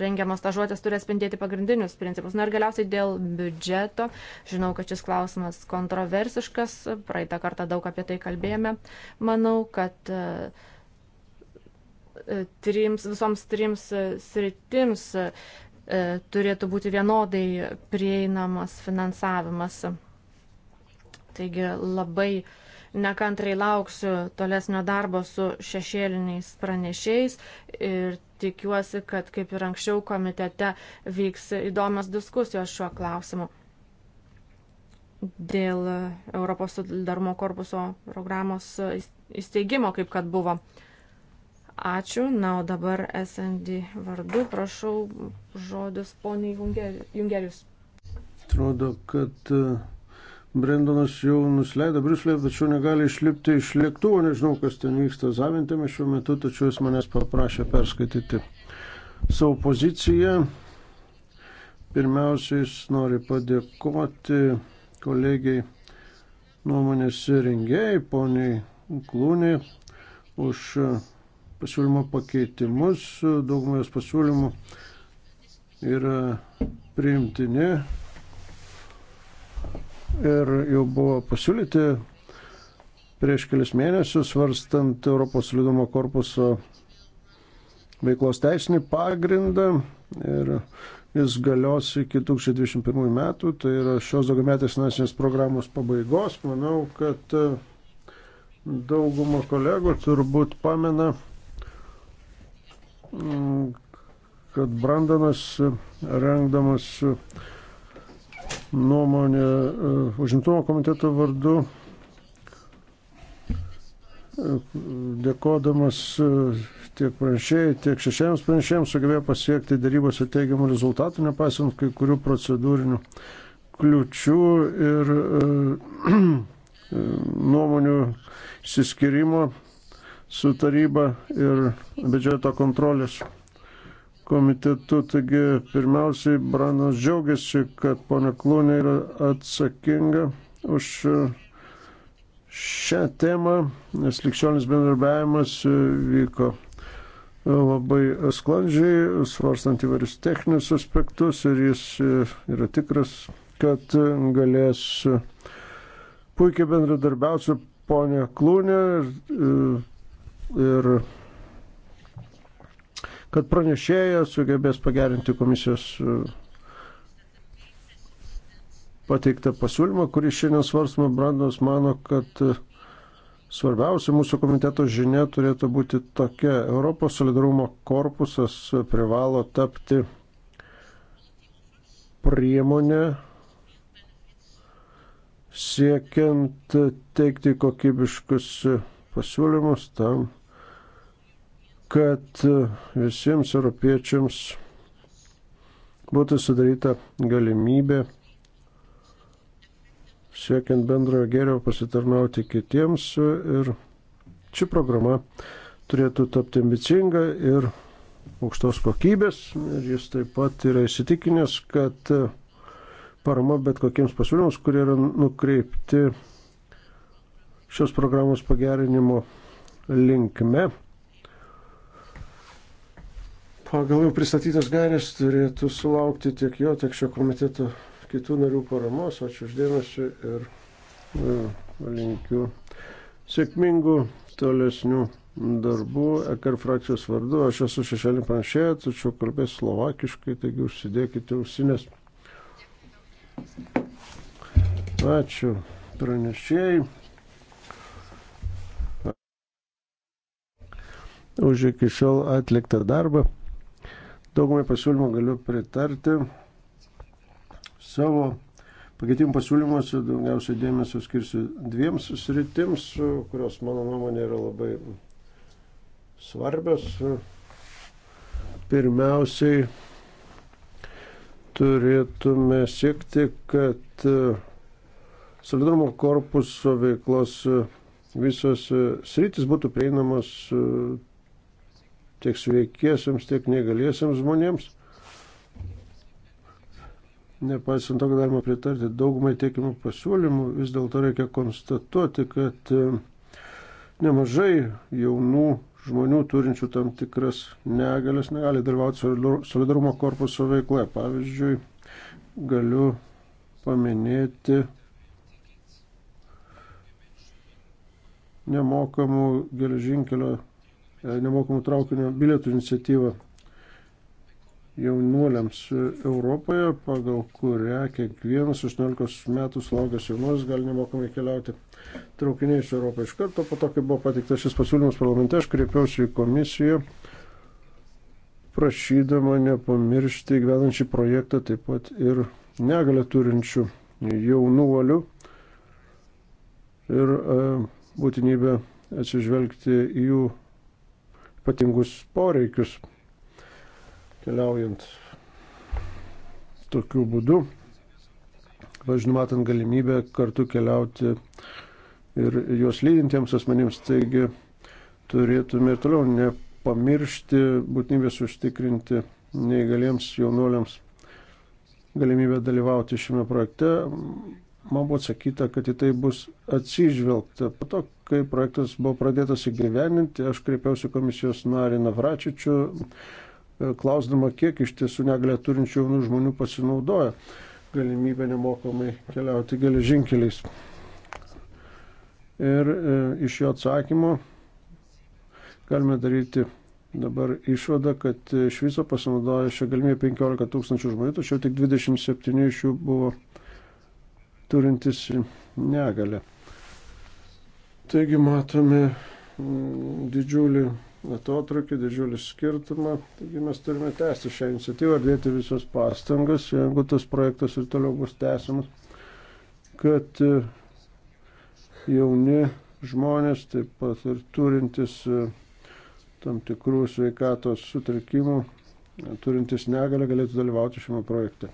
rengiamas stažuotės turi atspindėti pagrindinius principus. Na ir galiausiai dėl biudžeto. Žinau, kad šis klausimas kontroversiškas. Praeitą kartą daug apie tai kalbėjome. Manau, kad e, trims, visoms trims sritims E, turėtų būti vienodai prieinamas finansavimas. Taigi labai nekantrai lauksiu tolesnio darbo su šešėliniais pranešėjais ir tikiuosi, kad kaip ir anksčiau komitete vyks įdomios diskusijos šiuo klausimu dėl Europos solidarumo korpuso programos įsteigimo, kaip kad buvo. Ačiū. Na, o dabar SND vardu prašau žodis poniai Jungerius. Atrodo, kad e, Brendonas jau nusileido Briuselėje, tačiau negali išlipti iš lėktuvo, nežinau, kas ten vyksta Zavintėme šiuo metu, tačiau jis manęs paprašė perskaityti savo poziciją. Pirmiausia, jis nori padėkoti kolegiai nuomonės rengėjai, poniai Klūniai, už pasiūlymo pakeitimus. Daugumos pasiūlymų yra priimtini ir jau buvo pasiūlyti prieš kelias mėnesius svarstant Europos solidumo korpuso veiklos teisinį pagrindą ir jis galios iki 2021 metų, tai yra šios daugiametės finansinės programos pabaigos. Manau, kad dauguma kolegų turbūt pamena, kad Brandonas e, rengdamas e, nuomonę e, užimtumo komiteto vardu, dėkodamas tiek pranešėjai, tiek šešiems pranešėjams sugebėjo pasiekti darybose teigiamų rezultatų, nepaisant kai kurių procedūrinių kliučių ir nuomonių siskirimo su taryba ir biudžeto kontrolės komitetu. Taigi pirmiausiai Branas džiaugiasi, kad ponia Klūnė yra atsakinga už šią temą, nes likščionis bendarbiavimas vyko labai sklandžiai, svarstant įvairius techninius aspektus ir jis yra tikras, kad galės puikiai bendradarbiauti su ponia Klūnė ir ir kad pranešėjas sugebės pagerinti komisijos e, pateiktą pasiūlymą, kurį šiandien svarstama Brandos mano, kad e, svarbiausia mūsų komiteto žinia turėtų būti tokia. Europos solidarumo korpusas privalo tapti priemonė siekiant teikti kokybiškus pasiūlymus tam, kad e, visiems europiečiams būtų sudaryta galimybė siekiant bendrojo geriau pasitarnauti kitiems e, ir ši programa turėtų tapti ambicinga ir aukštos kokybės ir jis taip pat yra įsitikinęs, kad e, parama bet kokiems pasiūlymams, kurie yra nukreipti šios programos pagerinimo linkme, pagal jau pristatytas gairės turėtų sulaukti tiek jo, tiek šio komiteto kitų narių paramos. Ačiū uždėmesi ir ja, e, linkiu sėkmingų tolesnių darbų. Ekar frakcijos vardu, aš esu šešėlį panašėję, tačiau kalbėsiu slovakiškai, taigi užsidėkite ausinės. Ačiū pranešėjai. už iki šiol atliktą darbą. Daugumai pasiūlymų galiu pritarti. Savo pakeitimų pasiūlymuose daugiausiai dėmesio skirsiu dviems sritims, kurios mano nuomonė yra labai svarbios. Pirmiausiai turėtume siekti, kad solidarumo korpuso veiklos visos sritis būtų prieinamos tiek sveikiesiams, tiek negaliesiams žmonėms. Nepaisant to, kad galima pritarti daugumai teikimų pasiūlymų, vis dėlto reikia konstatuoti, kad e, nemažai jaunų žmonių turinčių tam tikras negalės negali dalyvauti solidarumo korpuso veikloje. Pavyzdžiui, galiu paminėti nemokamų geležinkelio E, nemokamų traukinio bilietų iniciatyvą jaunuoliams Europoje, pagal kurią kiekvienas 18 metų sulaukęs jaunuolis gali nemokamai keliauti traukiniais Europoje. Iš karto po to, kai buvo patiktas šis pasiūlymas parlamente, aš kreipiausi į komisiją, prašydama nepamiršti gyvenančių projektą taip pat ir negalę turinčių jaunuolių ir e, būtinybę atsižvelgti į jų ypatingus poreikius keliaujant tokiu būdu. Važinu, matant galimybę kartu keliauti ir juos lydintiems asmenims, taigi turėtume ir toliau nepamiršti būtinybės užtikrinti neįgaliems jaunuoliams galimybę dalyvauti šiame projekte man buvo atsakyta, kad į tai bus atsižvelgta. Po to, kai projektas buvo pradėtas įgyveninti, aš kreipiausi komisijos narį Navračičių, e, klausdama, kiek iš tiesų negalė turinčių jaunų žmonių pasinaudoja galimybę nemokamai keliauti geležinkeliais. Ir e, iš jo atsakymo galime daryti dabar išvada, kad iš viso pasinaudojo šią galimybę 15 tūkstančių žmonių, tačiau tik 27 iš jų buvo turintis negalę. Taigi matome mm, didžiulį atotrukį, didžiulį skirtumą. Taigi mes turime tęsti šią iniciatyvą, dėti visas pastangas, jeigu tas projektas ir toliau bus tęsiamas, kad e, jauni žmonės, taip pat ir turintis e, tam tikrų sveikatos sutrikimų, turintis negalę, galėtų dalyvauti šiame projekte.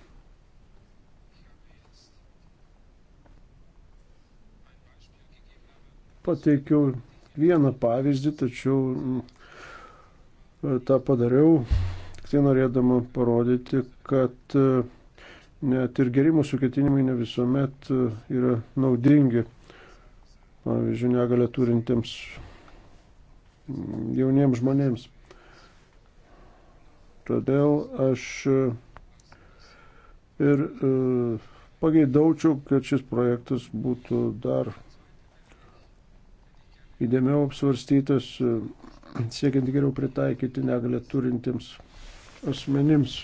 Pateikiau vieną pavyzdį, tačiau mm, tą padariau, tik tai norėdama parodyti, kad e, net ir geri mūsų ketinimai ne visuomet e, yra naudingi, pavyzdžiui, negalę turintiems mm, jauniems žmonėms. Todėl aš e, ir pageidaučiau, kad šis projektas būtų dar įdėmiau apsvarstytas, e, siekiant geriau pritaikyti negalę turintiems asmenims.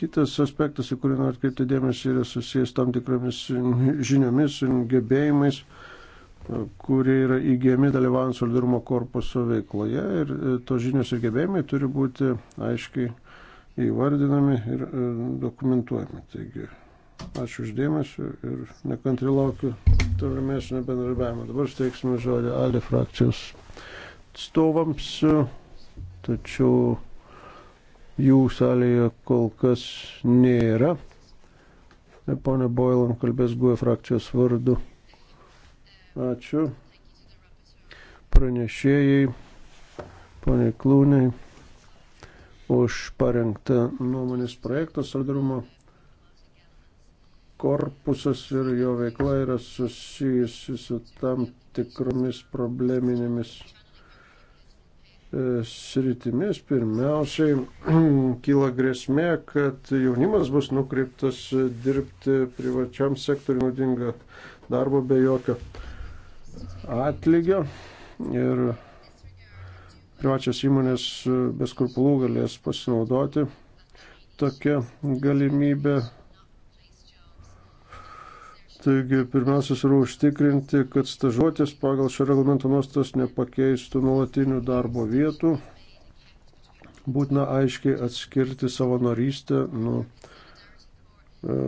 Kitas aspektas, į kurį noriu atkreipti dėmesį, yra susijęs tam tikromis žiniomis ir gebėjimais, kurie yra įgėmi dalyvaujant solidarumo korpuso veikloje. Ir e, tos žinios ir gebėjimai turi būti aiškiai įvardinami ir e, dokumentuojami. Taigi Ačiū uždėmesi ir nekantri laukiu tolimesnio bendradarbiavimo. Dabar steiksime žodį Ali frakcijos atstovams, tačiau jų salėje kol kas nėra. E, pone Boilan kalbės GUE frakcijos vardu. Ačiū. Pranešėjai, pone Klūnai, už parengtą nuomonės projektą solidarumo korpusas ir jo veikla yra susijusi su tam tikromis probleminėmis e, sritimis. Pirmiausiai kyla grėsmė, kad jaunimas bus nukreiptas dirbti privačiam sektoriu naudingą darbą be jokio atlygio. Ir privačios įmonės beskrupulų galės pasinaudoti tokią galimybę Taigi, pirmiausias yra užtikrinti, kad stažuotės pagal šio reglamento nuostas nepakeistų nuolatinių darbo vietų. Būtina aiškiai atskirti savo narystę nuo e,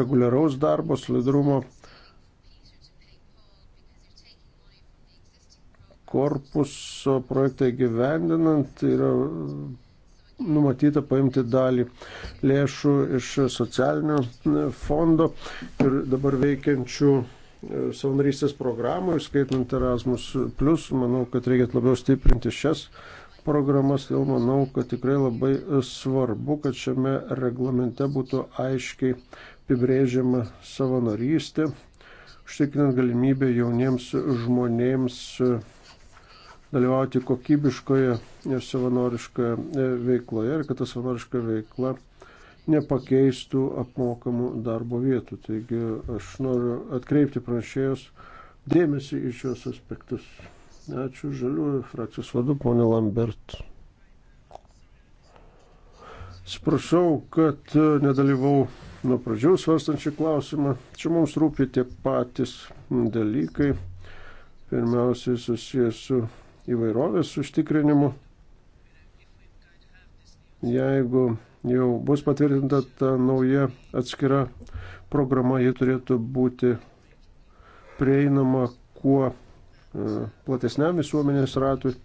reguliaraus darbo, solidarumo korpuso projektą gyvendinant yra numatyta paimti dalį lėšų iš socialinio fondo ir dabar veikiančių e, savanorystės programų, skaitant Erasmus, manau, kad reikia labiau stiprinti šias programas, jau manau, kad tikrai labai svarbu, kad šiame reglamente būtų aiškiai apibrėžiama savanorystė, užtikrinant galimybę jauniems žmonėms dalyvauti kokybiškoje ir savanoriškoje e, veikloje ir kad ta savanoriška veikla nepakeistų apmokamų darbo vietų. Taigi aš noriu atkreipti pranešėjus dėmesį į šios aspektus. Ačiū žaliųjų frakcijos vadu, ponė Lambert. Sprašau, kad e, nedalyvau nuo pradžių svarstančią klausimą. Čia mums rūpi tie patys dalykai. Pirmiausiai susijęs su įvairovės užtikrinimu. Jeigu jau bus patvirtinta ta nauja atskira programa, ji turėtų būti prieinama kuo e, platesniam visuomenės ratui.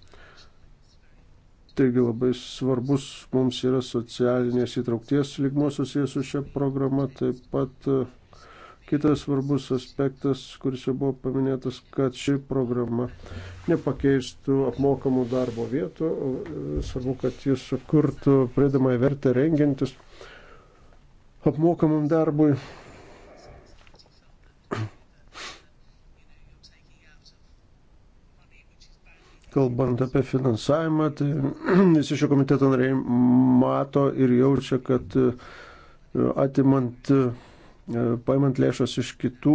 Taigi labai svarbus mums yra socialinės įtraukties lygmo susijęs su šia programa, taip pat e, Kitas svarbus aspektas, kuris jau buvo paminėtas, kad ši programa nepakeistų apmokamų darbo vietų, svarbu, kad jis sukurtų pridamą vertę rengintis apmokamam darbui. Kalbant apie finansavimą, tai visi šio komiteto nariai mato ir jaučia, kad e, atimant E, paimant lėšas iš kitų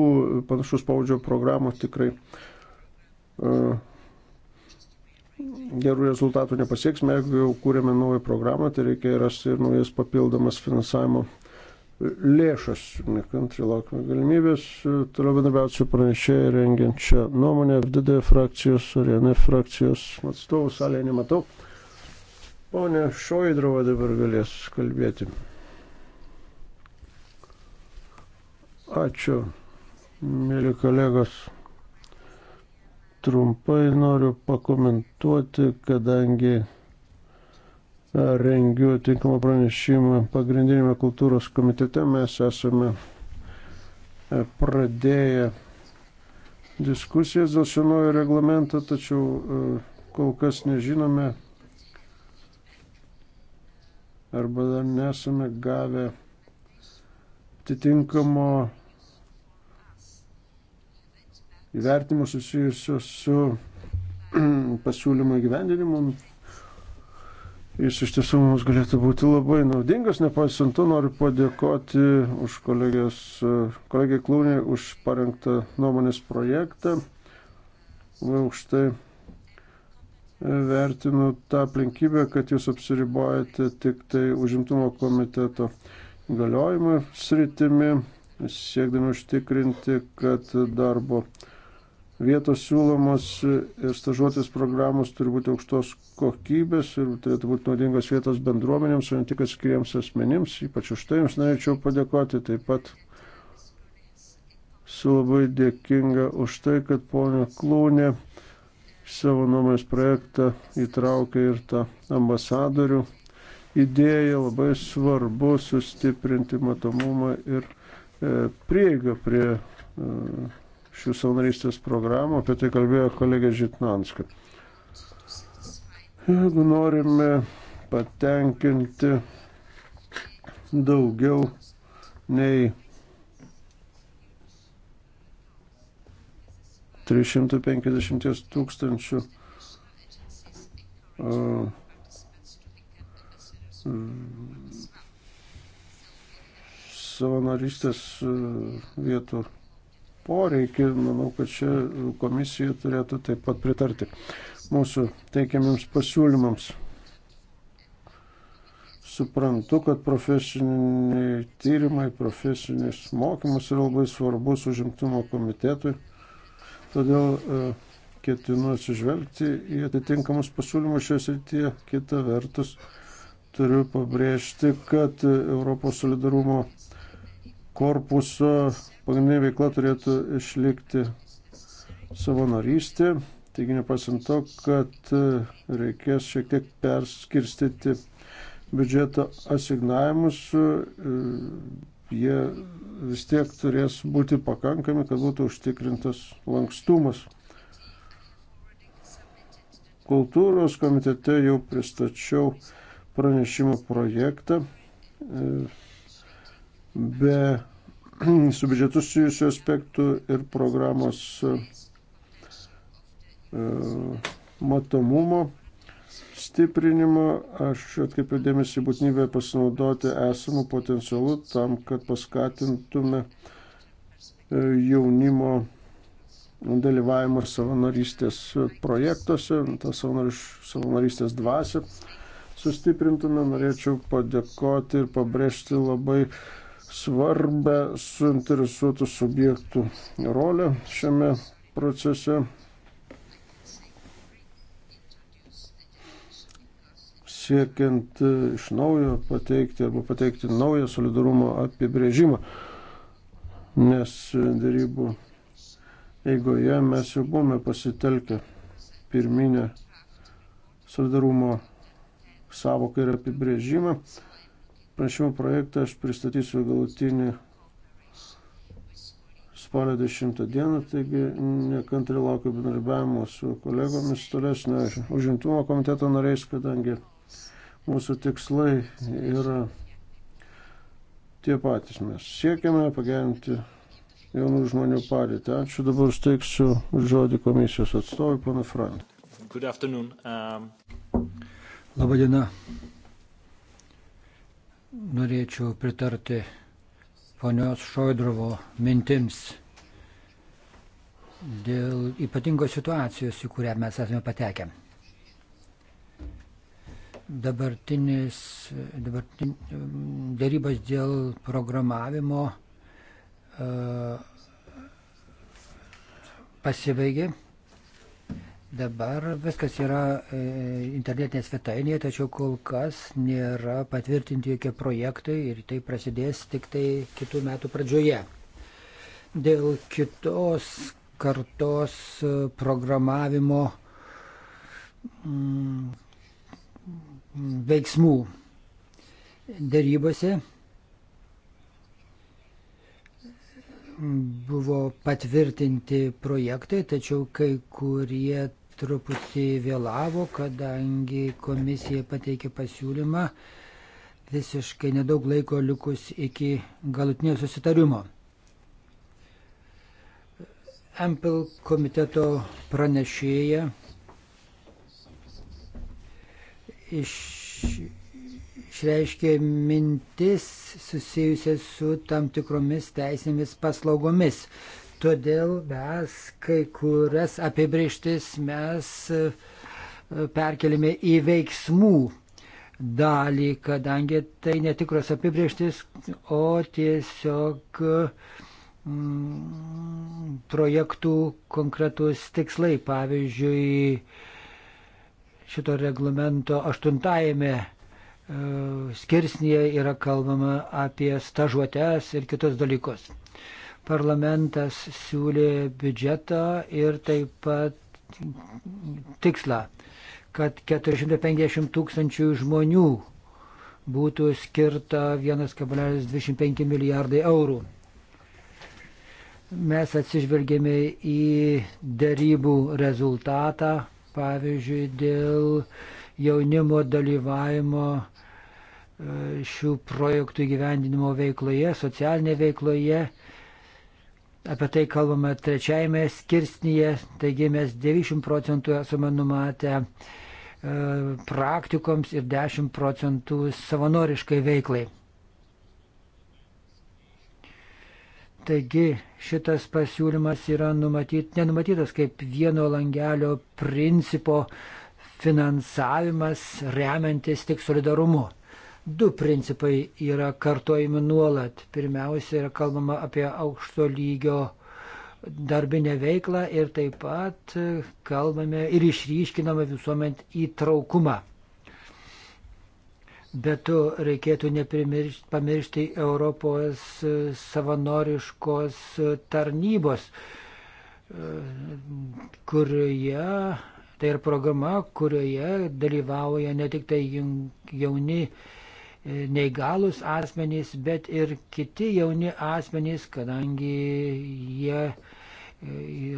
panašus paudžio programų tikrai e, gerų rezultatų nepasieksime. Jeigu jau kūrėme naują programą, tai reikia rasti ir naujas papildomas finansavimo lėšas. Nekantri laukime galimybės. E, toliau bendrabiauti su pranešėjai rengiančią nuomonę FDD frakcijos ar NF frakcijos atstovų salėje nematau. Pone Šoidrova dabar galės kalbėti. Ačiū, mėly kolegos. Trumpai noriu pakomentuoti, kadangi e, rengiu tinkamą pranešimą pagrindinėme kultūros komitete. Mes esame e, pradėję diskusijas dėl šio naujo reglamento, tačiau e, kol kas nežinome arba dar nesame gavę atitinkamo įvertimų susijusių su pasiūlymo gyvendinimu. Jis iš tiesų mums galėtų būti labai naudingas, nepaisant to noriu padėkoti už kolegės, kolegiai Klūnį už parengtą nuomonės projektą. Labai aukštai vertinu tą aplinkybę, kad jūs apsiribojate tik tai užimtumo komiteto galiojimo sritimi, siekdami užtikrinti, kad darbo vietos siūlomos ir stažuotės programos turi būti aukštos kokybės ir turėtų būti naudingos vietos bendruomenėms, o ne tik atskiriems asmenims. Ypač už tai jums norėčiau padėkoti. Taip pat esu labai dėkinga už tai, kad ponia Klūnė savo nuomonės projektą įtraukė ir tą ambasadorių idėją. Labai svarbu sustiprinti matomumą ir e, prieigą prie. E, šių savanorystės programų, apie tai kalbėjo kolegė Žitnanska. Jeigu norime patenkinti daugiau nei 350 tūkstančių savanorystės vietų poreikį, manau, kad čia komisija turėtų taip pat pritarti mūsų teikiamiams pasiūlymams. Suprantu, kad profesiniai tyrimai, profesinis mokymas yra labai svarbus užimtumo komitetui, todėl e, ketinu atsižvelgti į atitinkamus pasiūlymus šioje srityje. Kita vertus, turiu pabrėžti, kad Europos solidarumo korpuso pagrindinė veikla turėtų išlikti savanorystė. Taigi nepasant to, kad e, reikės šiek tiek perskirstyti biudžeto asignavimus, e, jie vis tiek turės būti pakankami, kad būtų užtikrintas lankstumas. Kultūros komitete jau pristačiau pranešimo projektą e, be su biudžetu susijusių aspektų ir programos e, matomumo stiprinimo. Aš atkreipiu dėmesį būtinybę pasinaudoti esamų potencialų tam, kad paskatintume e, jaunimo dalyvavimą savanorystės projektuose, tą savanorystės dvasę sustiprintume. Norėčiau padėkoti ir pabrėžti labai uh, svarbę suinteresuotų subjektų rolę šiame procese. siekiant iš naujo pateikti arba pateikti naują solidarumo apibrėžimą, nes darybų eigoje mes jau buvome pasitelkę pirminę solidarumo savoką ir apibrėžimą. Pranešimo projektą aš pristatysiu galutinį spalio 10 dieną, taigi nekantri laukiu bendarbiavimo su kolegomis tolesnio užimtumo komiteto nariais, kadangi mūsų tikslai yra tie patys. Mes siekiame pagerinti jaunų žmonių padėtį. Ačiū, dabar steiksiu žodį komisijos atstovui, pana Frank. Good afternoon. Um... Labadiena norėčiau pritarti ponios Šoidrovo mintims dėl ypatingos situacijos, į kurią mes esame patekę. Dabartinis, dabartin, dėrybas dėl programavimo uh, pasibaigė. Dabar viskas yra e, internetinė svetainėje, tačiau kol kas nėra patvirtinti jokie projektai ir tai prasidės tik tai kitų metų pradžioje. Dėl kitos kartos e, programavimo mm, veiksmų dėrybose buvo patvirtinti projektai, tačiau kai kurie truputį vėlavo, kadangi komisija pateikė pasiūlymą visiškai nedaug laiko likus iki galutinio susitarimo. Ampel komiteto pranešėja iš, išreiškė mintis susijusias su tam tikromis teisėmis paslaugomis. Todėl mes kai kurias apibrieštis mes e, perkelime į veiksmų dalį, kadangi tai netikros apibrieštis, o tiesiog mm, projektų konkretus tikslai. Pavyzdžiui, šito reglamento aštuntajame e, skirsnėje yra kalbama apie stažuotes ir kitus dalykus parlamentas siūlė biudžetą ir taip pat tikslą, kad 450 tūkstančių žmonių būtų skirta 1,25 milijardai eurų. Mes atsižvelgėme į darybų rezultatą, pavyzdžiui, dėl jaunimo dalyvavimo e, šių projektų įgyvendinimo veikloje, socialinėje veikloje Apie tai kalbame trečiajame skirsnyje, taigi mes 90 procentų esame numatę e, praktikoms ir 10 procentų savanoriškai veiklai. Taigi šitas pasiūlymas yra numatyt, nenumatytas kaip vieno langelio principo finansavimas remiantis tik solidarumu du principai yra kartojami nuolat. Pirmiausia, yra kalbama apie aukšto lygio darbinę veiklą ir taip pat kalbame ir išryškiname visuomet įtraukumą. Bet to reikėtų nepamiršti Europos savanoriškos tarnybos, kurioje tai yra programa, kurioje dalyvauja ne tik tai jauni neįgalus asmenys, bet ir kiti jauni asmenys, kadangi jie e,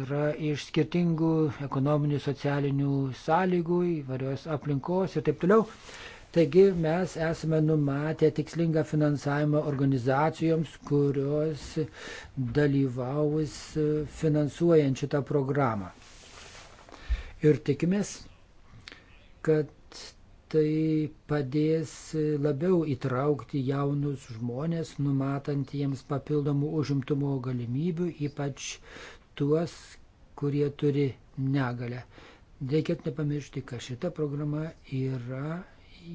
yra iš skirtingų ekonominių, socialinių sąlygų, įvarios aplinkos ir taip toliau. Taigi mes esame numatę tikslingą finansavimą organizacijoms, kurios dalyvaus e, finansuojant šitą programą. Ir tikimės, kad tai padės labiau įtraukti jaunus žmonės, numatant jiems papildomų užimtumo galimybių, ypač tuos, kurie turi negalę. Reikėtų nepamiršti, kad šita programa yra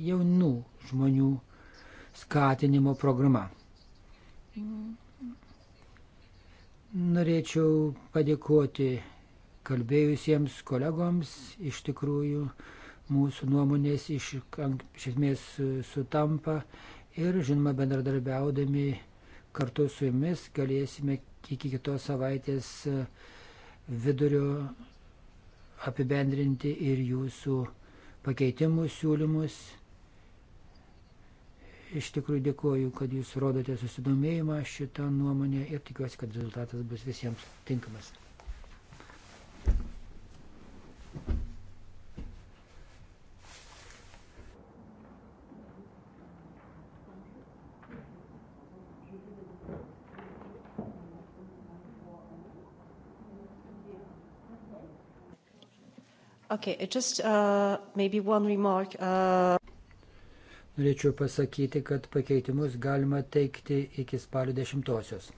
jaunų žmonių skatinimo programa. Norėčiau padėkoti kalbėjusiems kolegoms, iš tikrųjų, mūsų nuomonės iš, iš esmės sutampa ir, žinoma, bendradarbiaudami kartu su jumis galėsime iki kitos savaitės e, vidurio apibendrinti ir jūsų pakeitimų siūlymus. Iš tikrųjų dėkuoju, kad jūs rodote susidomėjimą šitą nuomonę ir tikiuosi, kad rezultatas bus visiems tinkamas. Okay, uh, just, uh, remark, uh... Norėčiau pasakyti, kad pakeitimus galima teikti iki spalio 10.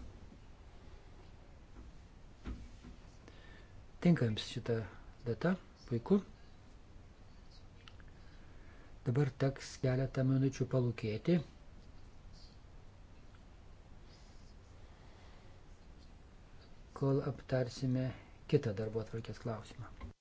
Tinkams šitą datą, puiku. Dabar teks keletą minučių palūkėti. Kol aptarsime kitą darbo atvarkės klausimą.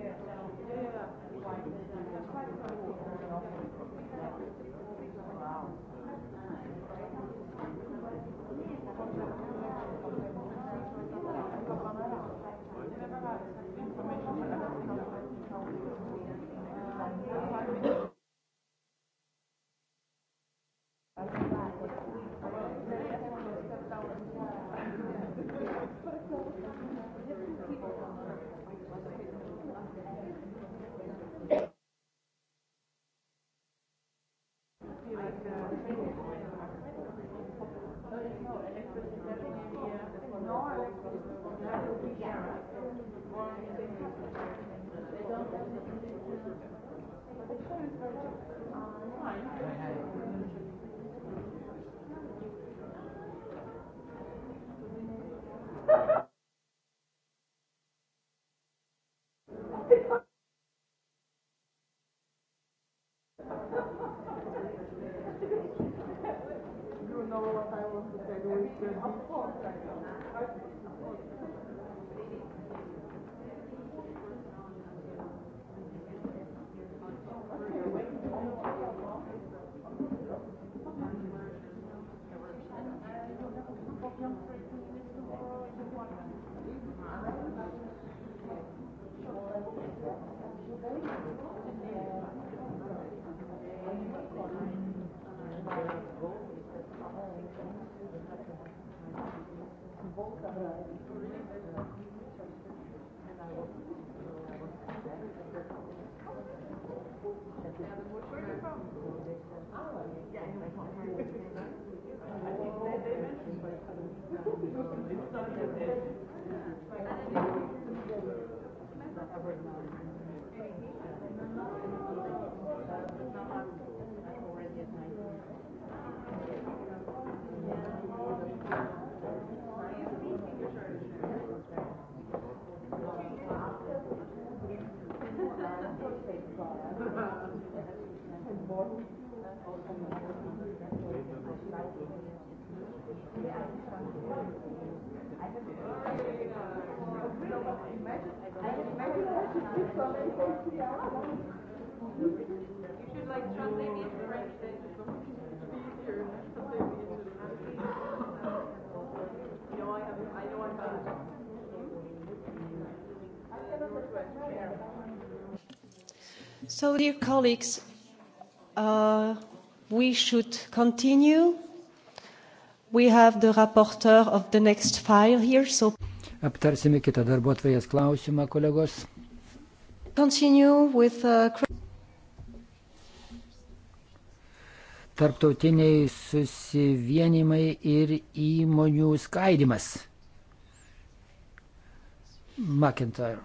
Thank you. Of course I know. So, dear colleagues, uh, we should continue. Here, so... Aptarsime kitą darbo atvejas klausimą, kolegos. With, uh... Tarptautiniai susivienimai ir įmonių skaidimas. McIntyre.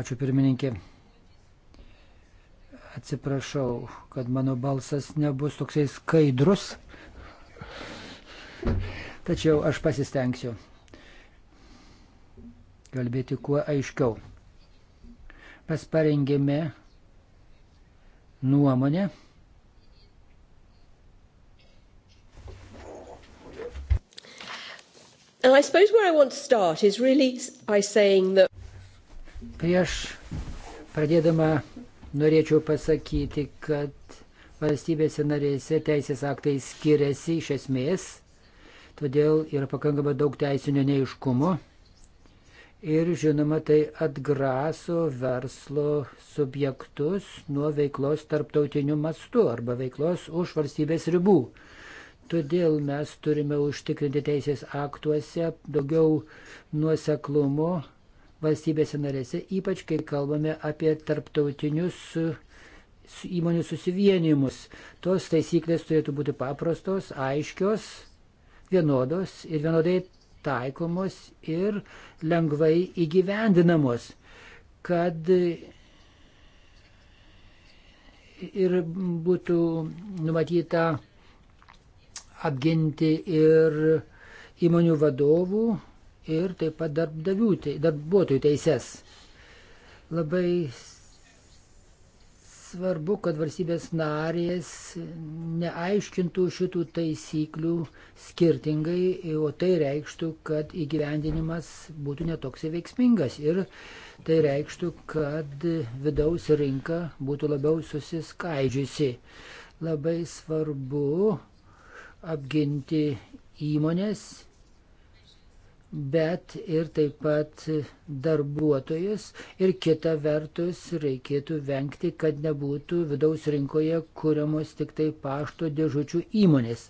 Ačiū pirmininkė. Atsiprašau, kad mano balsas nebus toksai skaidrus, tačiau aš pasistengsiu kalbėti kuo aiškiau. Mes parengėme nuomonę. Really that... Prieš pradėdama norėčiau pasakyti, kad valstybėse narėse teisės aktai skiriasi iš esmės, todėl yra pakankamai daug teisinio neiškumo. Ir žinoma, tai atgraso verslo subjektus nuo veiklos tarptautiniu mastu arba veiklos už valstybės ribų. Todėl mes turime užtikrinti teisės aktuose daugiau nuoseklumo valstybėse narėse, ypač kai kalbame apie tarptautinius e, įmonių susivienimus. Tos taisyklės turėtų būti paprastos, aiškios, vienodos ir vienodai taikomos ir lengvai įgyvendinamos, kad e, ir būtų numatyta apginti ir įmonių vadovų ir taip pat darbdavių, darbuotojų teises. Labai svarbu, kad valstybės narės neaiškintų šitų taisyklių skirtingai, o tai reikštų, kad įgyvendinimas būtų netoks veiksmingas ir tai reikštų, kad vidaus rinka būtų labiau susiskaidžiusi. Labai svarbu apginti įmonės bet ir taip pat darbuotojus. Ir kita vertus, reikėtų vengti, kad nebūtų vidaus rinkoje kuriamos tik tai pašto dėžučių įmonės.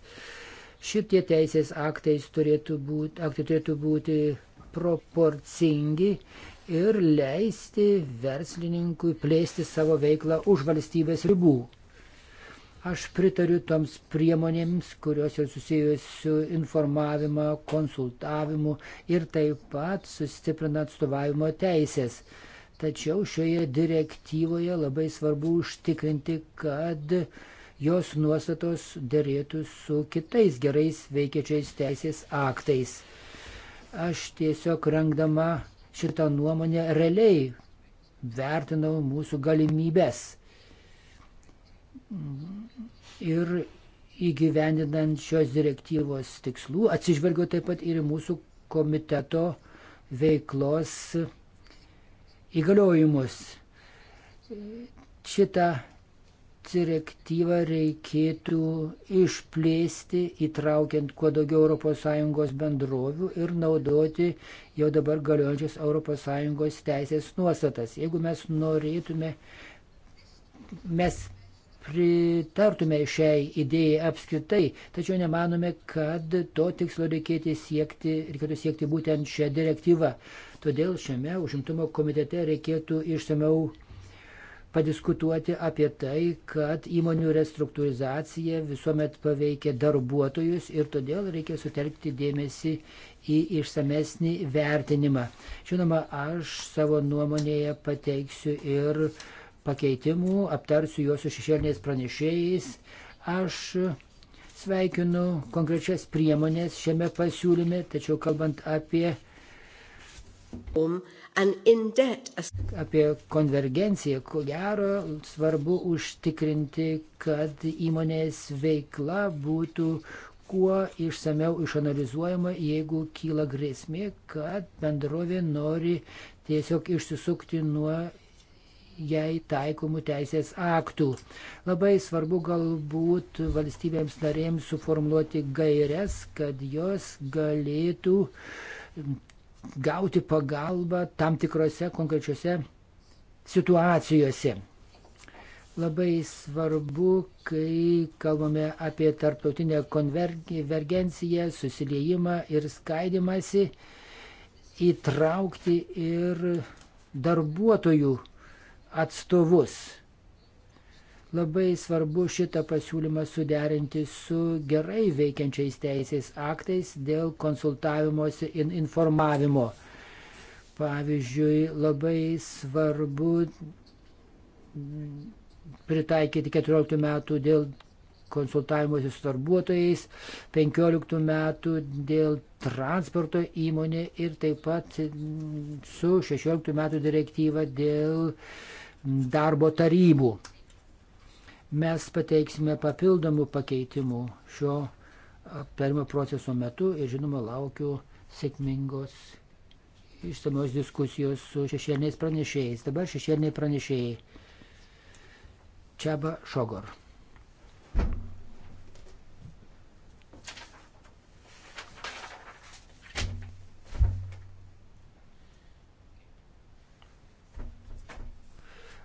Šitie teisės aktais turėtų būti, aktai turėtų būti proporcingi ir leisti verslininkui plėsti savo veiklą už valstybės ribų. Aš pritariu toms priemonėms, kurios yra susijusios su informavimo, konsultavimu ir taip pat sustiprina atstovavimo teisės. Tačiau šioje direktyvoje labai svarbu užtikrinti, kad jos nuostatos dėrėtų su kitais gerais veikiačiais teisės aktais. Aš tiesiog rengdama šitą nuomonę realiai vertinau mūsų galimybės ir įgyvendinant šios direktyvos tikslų, atsižvelgiu taip pat ir mūsų komiteto veiklos įgaliojimus. Šitą direktyvą reikėtų išplėsti, įtraukiant kuo daugiau ES bendrovių ir naudoti jau dabar galiojančias ES teisės nuostatas. Jeigu mes norėtume, mes pritartume šiai idėjai apskritai, tačiau nemanome, kad to tikslo reikėtų siekti, reikėtų siekti būtent šią direktyvą. Todėl šiame užimtumo komitete reikėtų išsameu padiskutuoti apie tai, kad įmonių restruktūrizacija visuomet paveikia darbuotojus ir todėl reikia sutelkti dėmesį į išsamesnį vertinimą. Žinoma, aš savo nuomonėje pateiksiu ir uh, pakeitimų, aptarsiu juos su šešėliniais pranešėjais. Aš sveikinu konkrečias priemonės šiame pasiūlyme, tačiau kalbant apie, um, apie konvergenciją, ko gero svarbu užtikrinti, kad įmonės veikla būtų kuo išsameu išanalizuojama, jeigu kyla grėsmė, kad bendrovė nori tiesiog išsisukti nuo jai taikomų teisės aktų. Labai svarbu galbūt valstybėms narėms suformuoluoti gairias, kad jos galėtų gauti pagalbą tam tikrose konkrečiose situacijose. Labai svarbu, kai kalbame apie tarptautinę konvergenciją, susiliejimą ir skaidimąsi, įtraukti ir darbuotojų atstovus. Labai svarbu šitą pasiūlymą suderinti su gerai veikiančiais teisės aktais dėl konsultavimosi ir informavimo. Pavyzdžiui, labai svarbu pritaikyti 14 metų dėl konsultavimuose su darbuotojais, 15 metų dėl transporto įmonė ir taip pat su 16 metų direktyva dėl uh, darbo tarybų. Mes pateiksime papildomų pakeitimų šio aptarimo proceso metu ir žinoma laukiu sėkmingos išsamios diskusijos su šešėliniais pranešėjais. Dabar šešėliniai pranešėjai. Čiaba Šogor.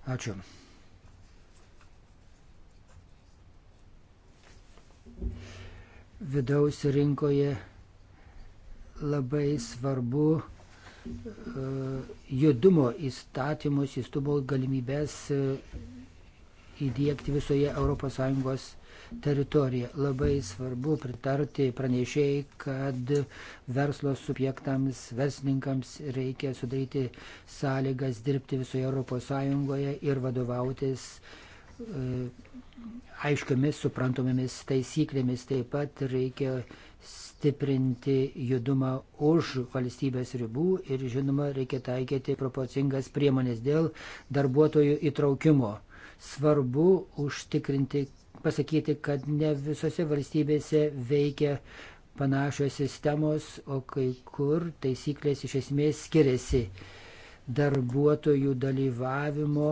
Ačiū. Vidaus rinkoje labai svarbu e, judumo įstatymus, įstumo galimybės e, įdėkti visoje ES teritoriją. Labai svarbu pritarti pranešėjai, kad verslo subjektams, verslininkams reikia sudaryti sąlygas dirbti visoje ES ir vadovautis e, aiškiamis, suprantamomis taisyklėmis. Taip pat reikia stiprinti judumą už valstybės ribų ir, žinoma, reikia taikyti proporcingas priemonės dėl darbuotojų įtraukimo svarbu užtikrinti, pasakyti, kad ne visose valstybėse veikia panašios sistemos, o kai kur taisyklės iš esmės skiriasi darbuotojų dalyvavimo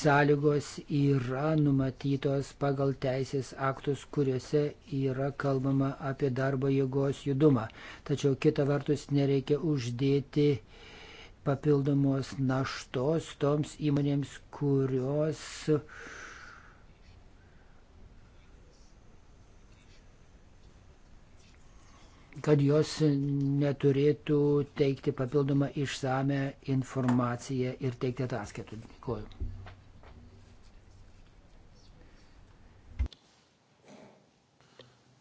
sąlygos yra numatytos pagal teisės aktus, kuriuose yra kalbama apie darbo jėgos judumą. Tačiau kita vertus nereikia uždėti papildomos naštos toms įmonėms, kurios uh, kad jos neturėtų teikti papildomą išsame informaciją ir teikti ataskaitų. Dėkuoju.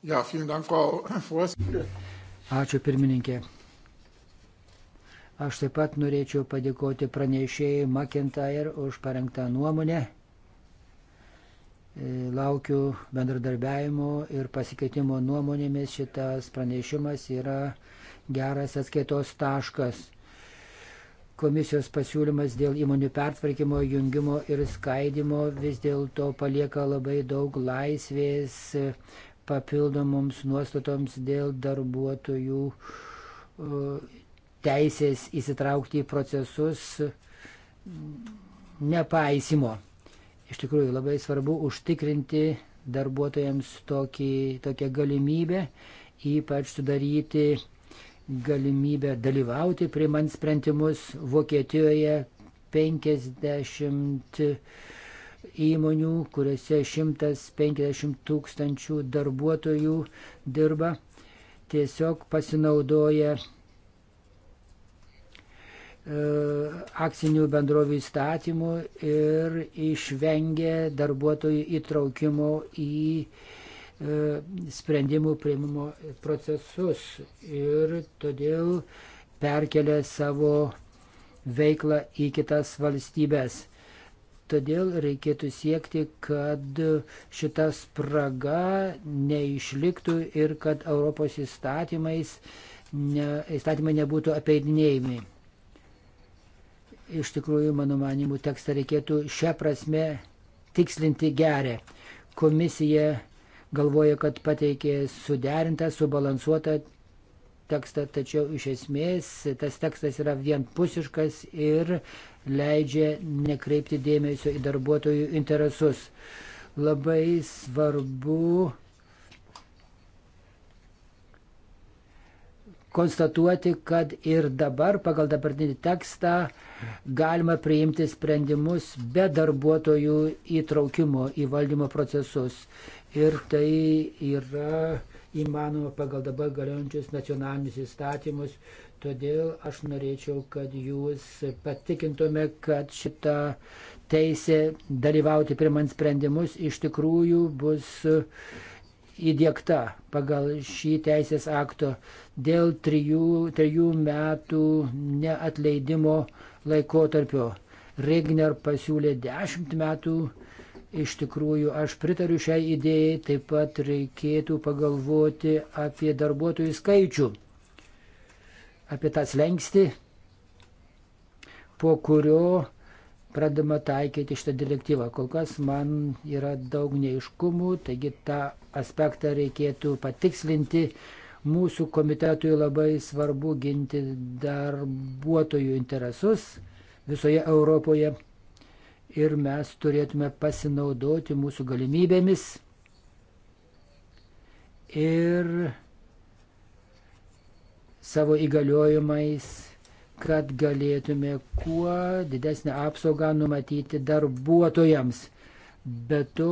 Ja, Dank, Frau Ačiū pirmininkė. Aš taip pat norėčiau padėkoti pranešėjai McIntyre už parengtą nuomonę. Laukiu bendradarbiavimo ir pasikeitimo nuomonėmis. Šitas pranešimas yra geras atskaitos taškas. Komisijos pasiūlymas dėl įmonių pertvarkymo, jungimo ir skaidimo vis dėlto palieka labai daug laisvės papildomoms nuostatoms dėl darbuotojų teisės įsitraukti į procesus nepaisimo. Iš tikrųjų labai svarbu užtikrinti darbuotojams tokį, tokią galimybę, ypač sudaryti galimybę dalyvauti priimant sprendimus Vokietijoje 50 įmonių, kuriuose 150 tūkstančių darbuotojų dirba, tiesiog pasinaudoja E, akcinių bendrovių įstatymų ir išvengė darbuotojų įtraukimo į e, sprendimų prieimimo procesus ir todėl perkelė savo veiklą į kitas valstybės. Todėl reikėtų siekti, kad šita spraga neišliktų ir kad Europos įstatymais ne, įstatymai nebūtų apeidinėjami iš tikrųjų, mano manimų, tekstą reikėtų šią prasme tikslinti gerę. Komisija galvoja, kad pateikė suderintą, subalansuotą tekstą, tačiau iš esmės tas tekstas yra vienpusiškas ir leidžia nekreipti dėmesio į darbuotojų interesus. Labai svarbu konstatuoti, kad ir dabar pagal dabartinį tekstą galima priimti sprendimus be darbuotojų įtraukimo į valdymo procesus. Ir tai yra įmanoma pagal dabar galiojančius nacionalinius įstatymus. Todėl aš norėčiau, kad jūs patikintume, kad šita teisė dalyvauti primant sprendimus iš tikrųjų bus uh, įdėkta pagal šį teisės akto dėl trijų, trijų metų neatleidimo laikotarpio. Regner pasiūlė dešimt metų. Iš tikrųjų, aš pritariu šiai idėjai, taip pat reikėtų pagalvoti apie darbuotojų skaičių, apie tą slengsti, po kurio pradama taikyti šitą direktyvą. Kol kas man yra daug neiškumų, taigi tą aspektą reikėtų patikslinti. Mūsų komitetui labai svarbu ginti darbuotojų interesus visoje Europoje ir mes turėtume pasinaudoti mūsų galimybėmis ir savo įgaliojimais, kad galėtume kuo didesnę apsaugą numatyti darbuotojams. Be to,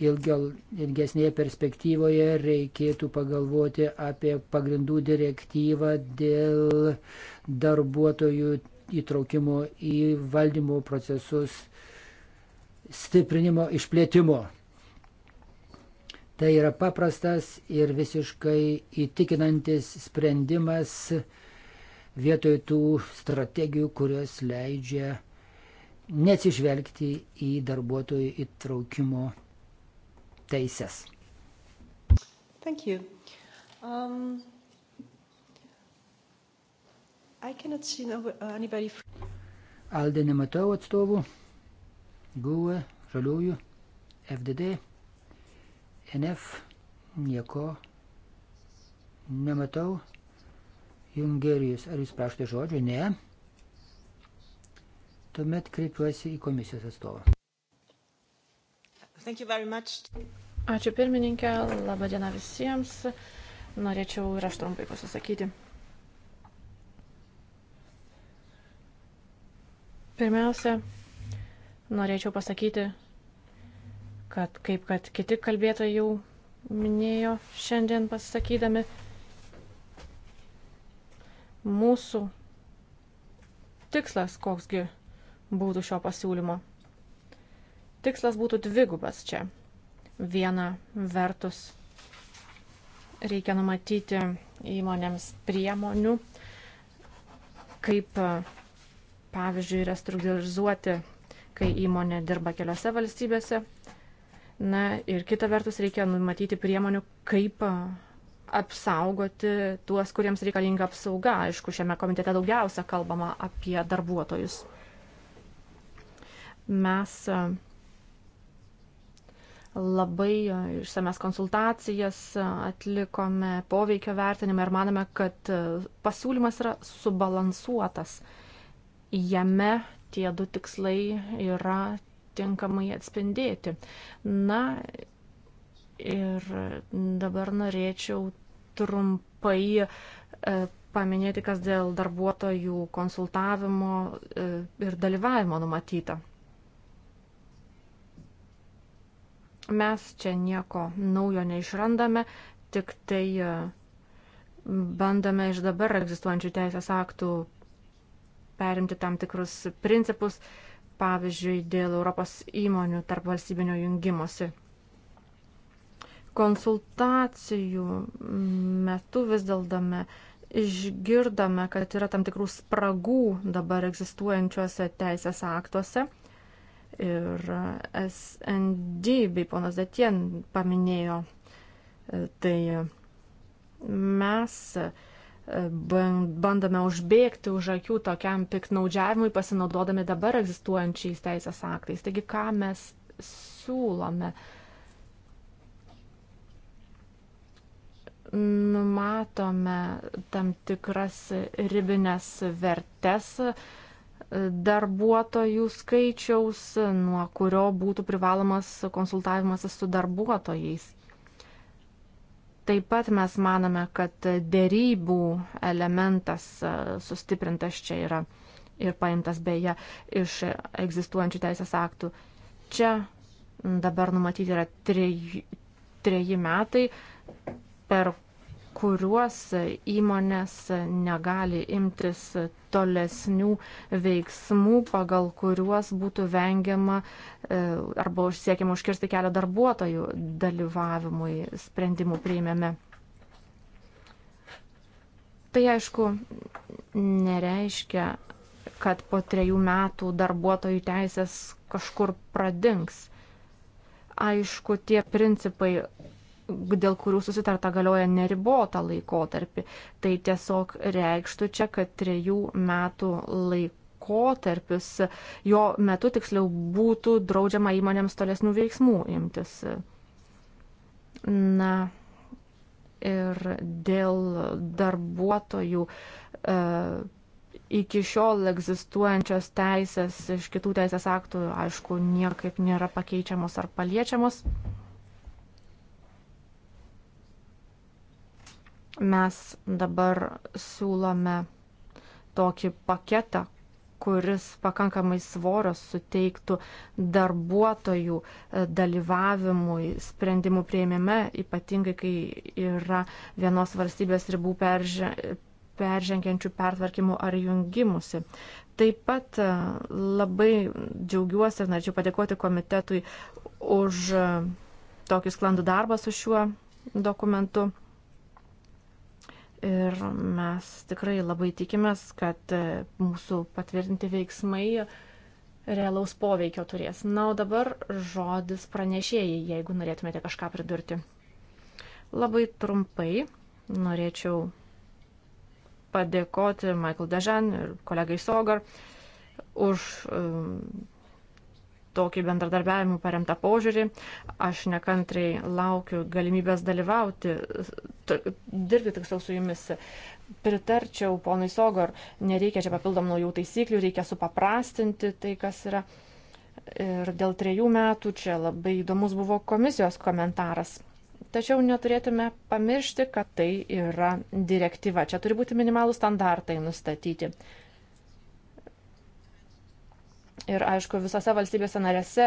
ilgiau, ilgesnėje perspektyvoje reikėtų pagalvoti apie pagrindų direktyvą dėl darbuotojų įtraukimo į valdymo procesus stiprinimo išplėtimo. Tai yra paprastas ir visiškai įtikinantis sprendimas vietoj tų strategijų, kurios leidžia neatsižvelgti į darbuotojų įtraukimo teises. Um, uh, anybody... Aldė nematau atstovų, GUE, Žaliųjų, FDD, NF, nieko nematau. Jungerijus, ar jūs prašote žodžio? Ne. Tuomet kreipiuosi į komisijos atstovą. Ačiū pirmininkė, laba diena visiems. Norėčiau ir aš trumpai pasisakyti. Pirmiausia, norėčiau pasakyti, kad kaip kad kiti kalbėtojai jau minėjo šiandien pasisakydami, mūsų tikslas koksgi būtų šio pasiūlymo tikslas būtų dvigubas čia. Viena vertus reikia numatyti įmonėms priemonių, kaip pavyzdžiui restruktūrizuoti, kai įmonė dirba keliose valstybėse. Na ir kita vertus reikia numatyti priemonių, kaip apsaugoti tuos, kuriems reikalinga apsauga. Aišku, šiame komitete daugiausia kalbama apie darbuotojus. Mes labai e, išsames konsultacijas e, atlikome, poveikio vertinimą ir manome, kad e, pasiūlymas yra subalansuotas. Jame tie du tikslai yra tinkamai atspindėti. Na ir dabar norėčiau trumpai paminėti, kas dėl darbuotojų konsultavimo ir dalyvavimo numatyta. Mes čia nieko naujo neišrandame, tik tai e, bandome iš dabar egzistuojančių teisės aktų perimti tam tikrus principus, pavyzdžiui, dėl Europos įmonių tarp valstybinio jungimosi. Konsultacijų metu vis dėldame išgirdome, kad yra tam tikrų spragų dabar egzistuojančiuose teisės aktuose ir SND bei ponas Detien paminėjo, e, tai e, mes e, bandome užbėgti už akių tokiam piknaudžiavimui, pasinaudodami dabar egzistuojančiais teisės aktais. Taigi, ką mes siūlome? Numatome tam tikras ribinės vertes, darbuotojų skaičiaus, nuo kurio būtų privalomas konsultavimasis su darbuotojais. Taip pat mes manome, kad dėrybų elementas e, sustiprintas čia yra ir paimtas beje iš egzistuojančių teisės aktų. Čia dabar numatyti yra treji, treji metai, per kuriuos įmonės negali imtis tolesnių veiksmų, pagal kuriuos būtų vengiama e, arba siekiama užkirsti kelią darbuotojų dalyvavimui sprendimų priimėme. Tai aišku, nereiškia, kad po trejų metų darbuotojų teisės kažkur pradings. Aišku, tie principai dėl kurių susitarta galioja neribotą laikotarpį. Tai tiesiog reikštų čia, kad trejų metų laikotarpis, jo metu tiksliau būtų draudžiama įmonėms tolesnių veiksmų imtis. Na ir dėl darbuotojų e, iki šiol egzistuojančios teisės iš kitų teisės aktų, aišku, niekaip nėra pakeičiamos ar paliečiamos. Mes dabar siūlome tokį paketą, kuris pakankamai svoras suteiktų darbuotojų e, dalyvavimui sprendimų prieimime, ypatingai kai yra vienos valstybės ribų peržengiančių pertvarkymų ar jungimusi. Taip pat e, labai džiaugiuosi ir norėčiau padėkoti komitetui už e, tokį sklandų darbą su šiuo dokumentu. Ir mes tikrai labai tikimės, kad e, mūsų patvirtinti veiksmai realaus poveikio turės. Na, o dabar žodis pranešėjai, jeigu norėtumėte kažką pridurti. Labai trumpai norėčiau padėkoti Michael Dežan ir kolegai Sogar už um, tokį bendradarbiavimą paremtą požiūrį. Aš nekantriai laukiu galimybės dalyvauti, dirbti tiksliau su jumis. Pritarčiau ponui Sogor, nereikia čia papildom naujų taisyklių, reikia supaprastinti tai, kas yra. Ir dėl trejų metų čia labai įdomus buvo komisijos komentaras. Tačiau neturėtume pamiršti, kad tai yra direktyva. Čia turi būti minimalų standartai nustatyti. Ir aišku, visose valstybėse narėse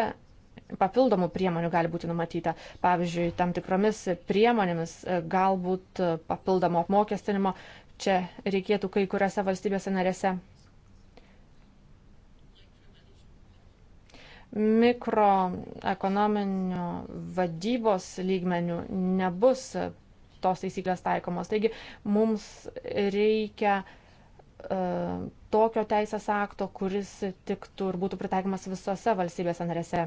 papildomų priemonių gali būti numatyta. Pavyzdžiui, tam tikromis priemonėmis e, galbūt e, papildomo apmokestinimo čia reikėtų kai kuriuose valstybėse narėse. Mikroekonominio vadybos lygmenių nebus tos taisyklės taikomos. Taigi mums reikia uh, E, tokio teisės akto, kuris tiktų ir būtų pritaikomas visose valstybėse narėse.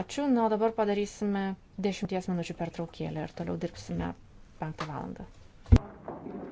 Ačiū. Na, o dabar padarysime dešimties minučių pertraukėlę ir toliau dirbsime penktą valandą. Thank you.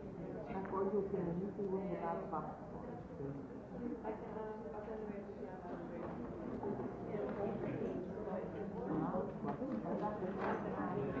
European Unity will have back. I can, uh, I can wait to hear about it. Yeah, I think it's about it.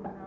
Thank you.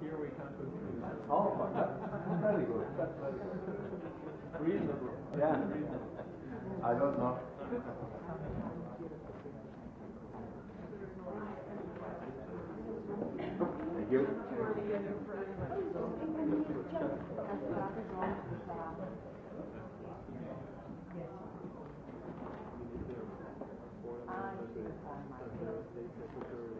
Here we can't continue that. Oh, that, that's very good. That's very good. Reasonable. Yeah. Reasonable. I don't know. Thank you. Thank you.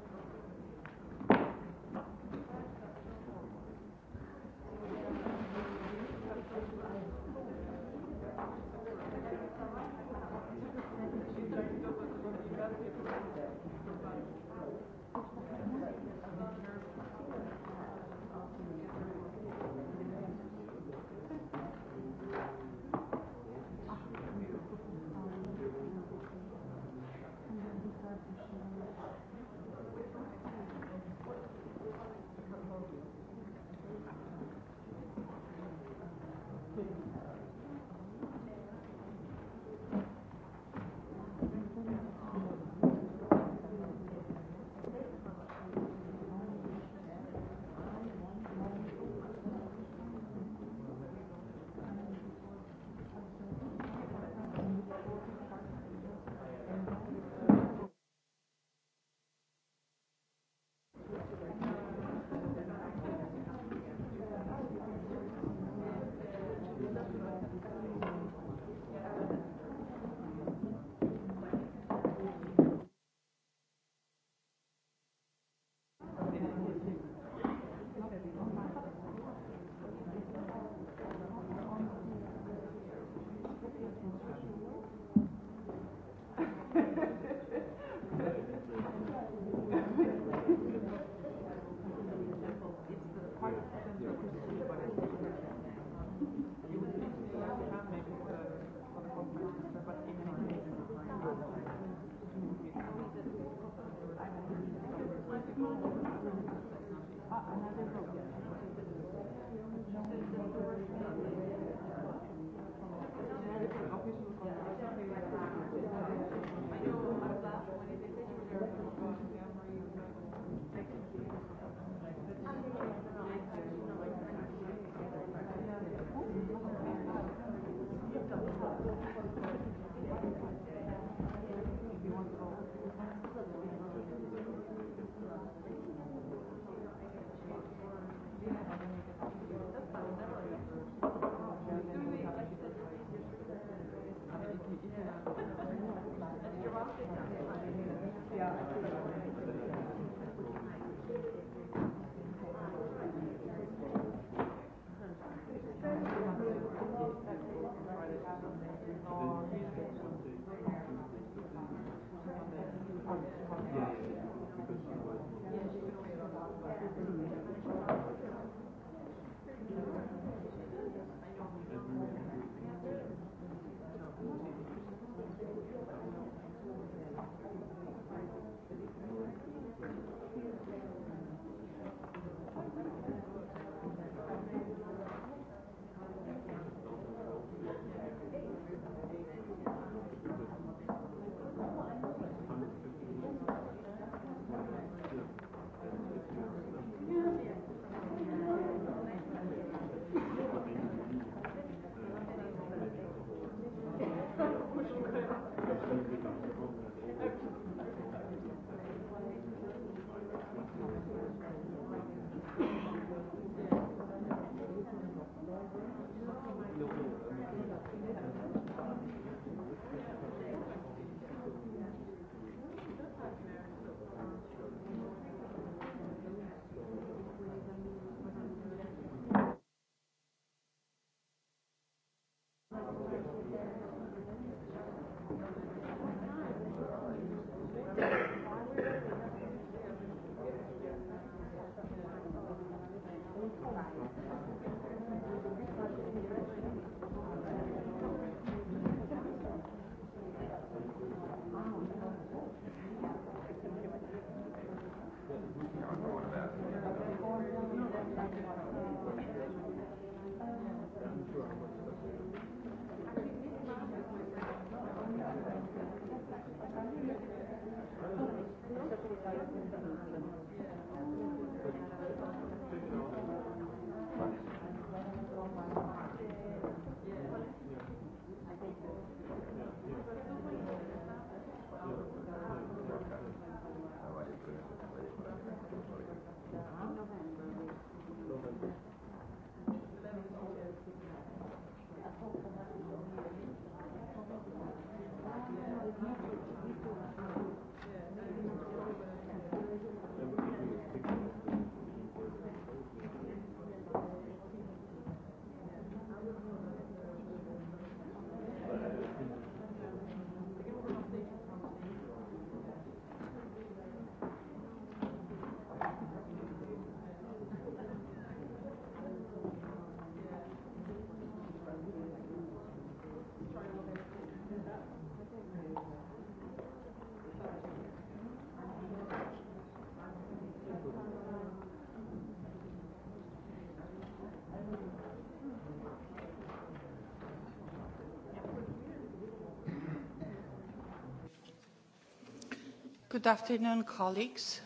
Good afternoon, colleagues.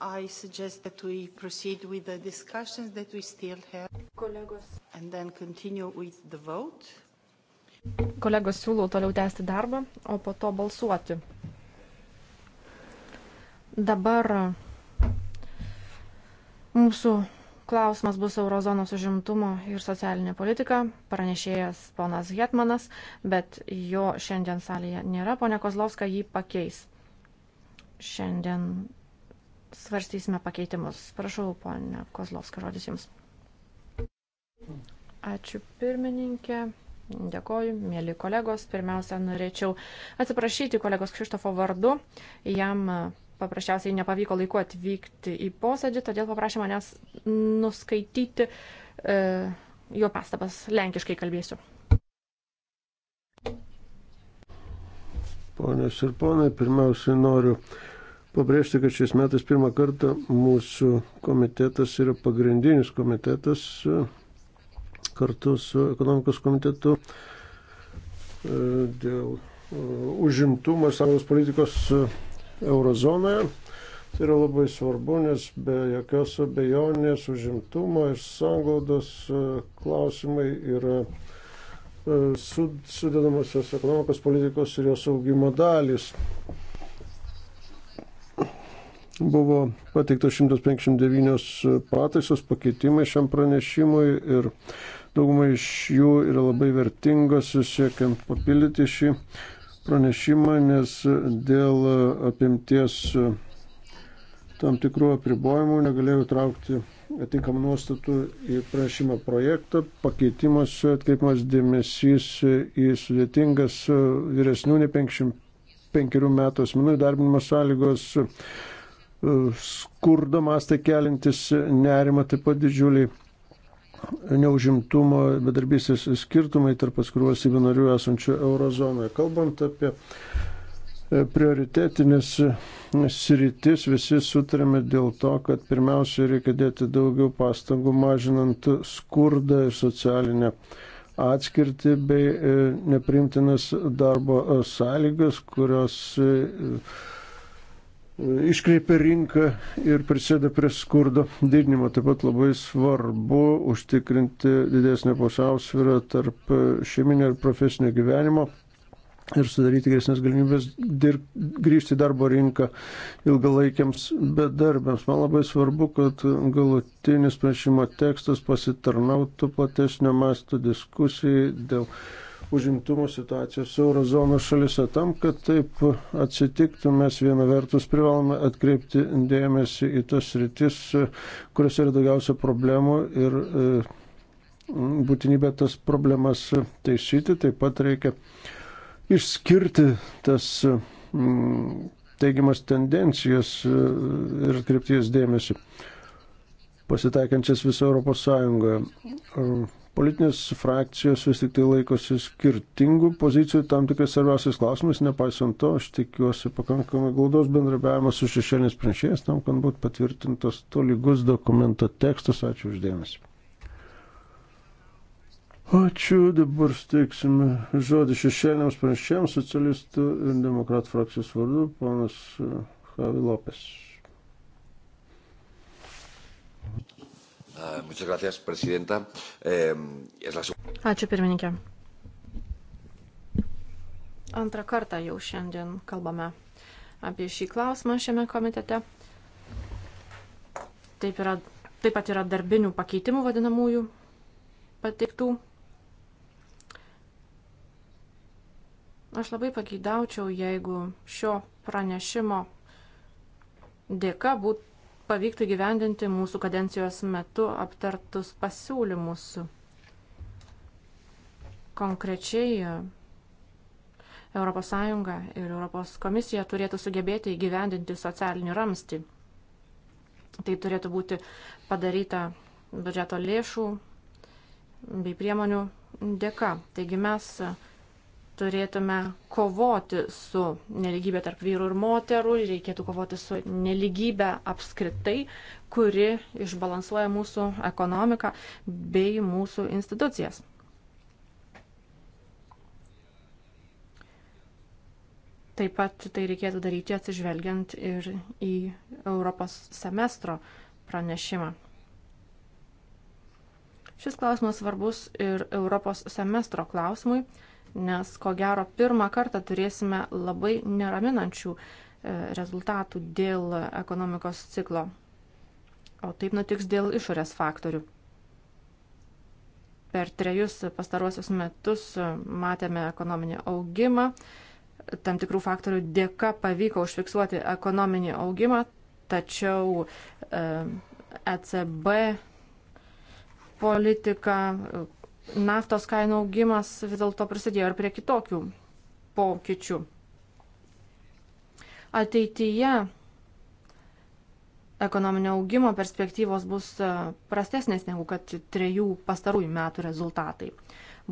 I suggest that we proceed with the discussions that we still have. Kolegos. And then continue with the vote. Kolegos siūlau toliau tęsti darbą, o po to balsuoti. Dabar mūsų Klausimas bus eurozonos užimtumo ir socialinė politika. Pranešėjas ponas Hetmanas, bet jo šiandien salėje nėra. Pone Kozlovska jį pakeis. Šiandien svarstysime pakeitimus. Prašau, ponė Kozlovska, žodis jums. Ačiū pirmininkė. Dėkoju, mėly kolegos. Pirmiausia, norėčiau atsiprašyti kolegos Kšištofo vardu. Jam paprasčiausiai nepavyko laiku atvykti į posėdį, todėl paprašė manęs nuskaityti e, jo pastabas. Lenkiškai kalbėsiu. Ponios ir ponai, pirmiausiai noriu pabrėžti, kad šiais metais pirmą kartą mūsų komitetas yra pagrindinis komitetas e, kartu su ekonomikos komitetu e, dėl e, užimtumo ir sąjungos politikos eurozonoje. Tai yra labai svarbu, nes be jokios abejonės užimtumo ir sanglaudos e, klausimai yra e, sudedamosios ekonomikos politikos ir jos augimo dalys. Buvo pateiktos 159 pataisos pakeitimai šiam pranešimui ir dauguma iš jų yra labai vertingos, siekiant papildyti šį pranešimą, nes dėl apimties tam tikrų apribojimų negalėjau traukti atinkamų nuostatų į pranešimą projektą. Pakeitimas atkreipimas dėmesys į sudėtingas vyresnių nei 55 metų asmenų įdarbinimo sąlygos skurdo mastai kelintis nerima taip pat didžiuliai neužimtumo, bedarbysės skirtumai tarp paskirų valstybių narių esančių eurozonoje. Kalbant apie e, prioritetinės e, sritis, visi sutarėme dėl to, kad pirmiausia reikia dėti daugiau pastangų mažinant skurdą ir socialinę atskirti bei e, neprimtinas darbo sąlygas, kurios iškreipia rinką ir prisėda prie skurdo didinimo. Taip pat labai svarbu užtikrinti didesnį pusiausvyrą tarp šeiminio ir profesinio gyvenimo ir sudaryti geresnės galimybės dirb, grįžti į darbo rinką ilgalaikiams bedarbiams. Man labai svarbu, kad galutinis pranešimo tekstas pasitarnautų platesnio masto diskusijai dėl užimtumo situacijos eurozonos šalise. Tam, kad taip atsitiktų, mes viena vertus privalome atkreipti dėmesį į tas rytis, kuriuose yra daugiausia problemų ir e, būtinybė tas problemas taisyti. Taip pat reikia išskirti tas mm, teigiamas tendencijas e, ir atkreipties dėmesį pasitaikančias viso Europos Sąjungoje. Politinės frakcijos vis tik tai laikosi skirtingų pozicijų tam tikrais svarbiausiais klausimais, nepaisant to, aš tikiuosi pakankamai glaudos bendrabiavimo su šešėlinis pranešėjas, tam, kad būtų patvirtintas tolygus dokumento tekstas. Ačiū uždėmesi. Ačiū, dabar steiksime žodį šešėliams pranešėjams socialistų ir demokratų frakcijos vardu, ponas Javi Lopes. Eh, muchas gracias, prezidenta. Eh, Ačiū pirmininkė. Antrą kartą jau šiandien kalbame apie šį klausimą šiame komitete. Taip, yra, taip pat yra darbinių pakeitimų vadinamųjų pateiktų. Aš labai pageidaučiau, jeigu šio pranešimo dėka būtų pavyktų gyvendinti mūsų kadencijos metu aptartus pasiūlymus. Konkrečiai ES ir ES komisija turėtų sugebėti įgyvendinti socialinį ramstį. Tai turėtų būti padaryta biudžeto lėšų bei priemonių dėka. Taigi mes turėtume kovoti su neligybė tarp vyrų ir moterų, reikėtų kovoti su neligybė apskritai, kuri išbalansuoja mūsų ekonomiką bei mūsų institucijas. Taip pat tai reikėtų daryti atsižvelgiant ir į Europos semestro pranešimą. Šis klausimas svarbus ir Europos semestro klausimui nes ko gero pirmą kartą turėsime labai neraminančių e, rezultatų dėl ekonomikos ciklo. O taip nutiks dėl išorės faktorių. Per trejus pastaruosius metus e, matėme ekonominį augimą. Tam tikrų faktorių dėka pavyko užfiksuoti ekonominį augimą, tačiau ECB e politika, naftos kainų augimas vis dėlto prisidėjo ir prie kitokių pokyčių. Ateityje ekonominio augimo perspektyvos bus e, prastesnės negu kad trejų pastarųjų metų rezultatai.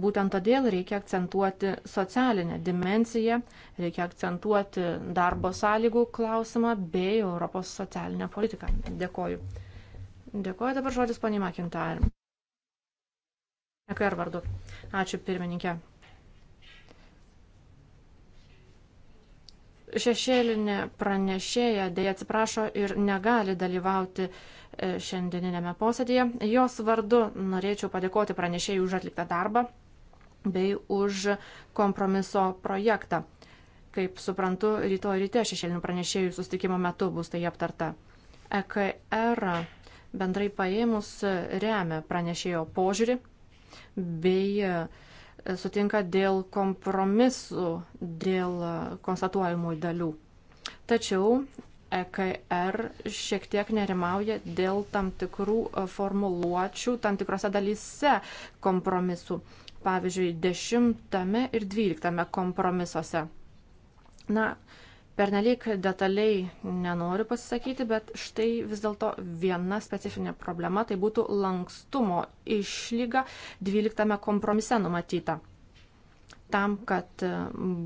Būtent todėl reikia akcentuoti socialinę dimenciją, reikia akcentuoti darbo sąlygų klausimą bei Europos socialinę politiką. Dėkoju. Dėkoju dabar žodis poniai Makintar. EKR vardu. Ačiū pirmininkė. šešėlinė pranešėja dėja atsiprašo ir negali dalyvauti e, šiandieninėme posėdėje. Jos vardu norėčiau padėkoti pranešėjai už atliktą darbą bei už kompromiso projektą. Kaip suprantu, rytoj ryte šešėlinių pranešėjų sustikimo metu bus tai aptarta. EKR bendrai paėmus remia pranešėjo požiūrį bei e, sutinka dėl kompromisų, dėl e, konstatuojimų dalių. Tačiau EKR šiek tiek nerimauja dėl tam tikrų e, formuluočių, tam tikrose dalyse kompromisų. Pavyzdžiui, dešimtame ir dvyliktame kompromisuose. Na, uh, Pernelyg detaliai nenoriu pasisakyti, bet štai vis dėlto viena specifinė problema, tai būtų lankstumo išlyga 12 kompromise numatyta. Tam, kad e,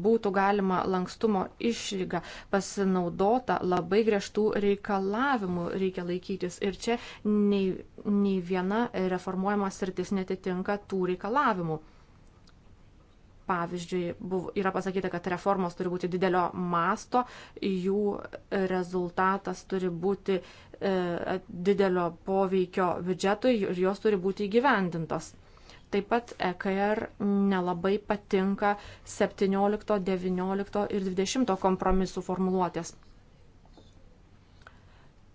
būtų galima lankstumo išlygą pasinaudota, labai griežtų reikalavimų reikia laikytis. Ir čia nei, nei viena reformuojama sritis netitinka tų reikalavimų. Pavyzdžiui, buvo, yra pasakyta, kad reformos turi būti didelio masto, jų rezultatas turi būti e, didelio poveikio biudžetui ir jos turi būti įgyvendintos. Taip pat EKR nelabai patinka 17, 19 ir 20 kompromisų formuluotės.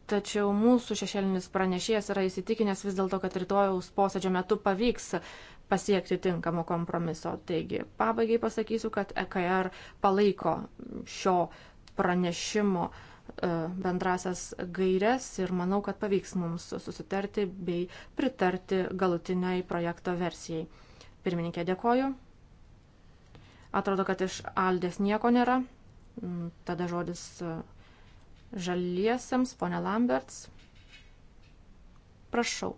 Tačiau mūsų šešėlinis pranešėjas yra įsitikinęs vis dėlto, kad rytojaus posėdžio metu pavyks pasiekti tinkamo kompromiso. Taigi, pabaigai pasakysiu, kad EKR palaiko šio pranešimo e, bendrasias gairias ir manau, kad pavyks mums susitarti bei pritarti galutiniai projekto versijai. Pirmininkė, dėkoju. Atrodo, kad iš Aldės nieko nėra. Mm, tada žodis e, žaliesiams, ponė Lamberts. Prašau.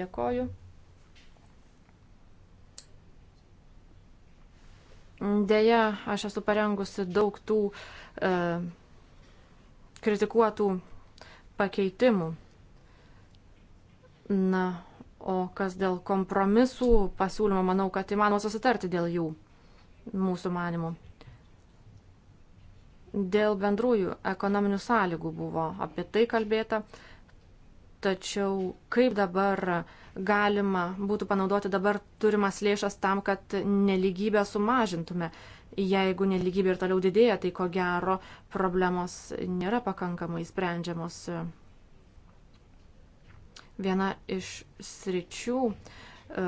Dėkoju. Deja, aš esu parengusi daug tų e, kritikuotų pakeitimų. Na, o kas dėl kompromisų pasiūlymo, manau, kad įmanoma susitarti dėl jų, mūsų manimų. Dėl bendrųjų ekonominių sąlygų buvo apie tai kalbėta. E, Tačiau kaip dabar galima būtų panaudoti dabar turimas lėšas tam, kad neligybę sumažintume? Jeigu neligybė ir toliau didėja, tai ko gero problemos nėra pakankamai sprendžiamos. Viena iš sričių, e,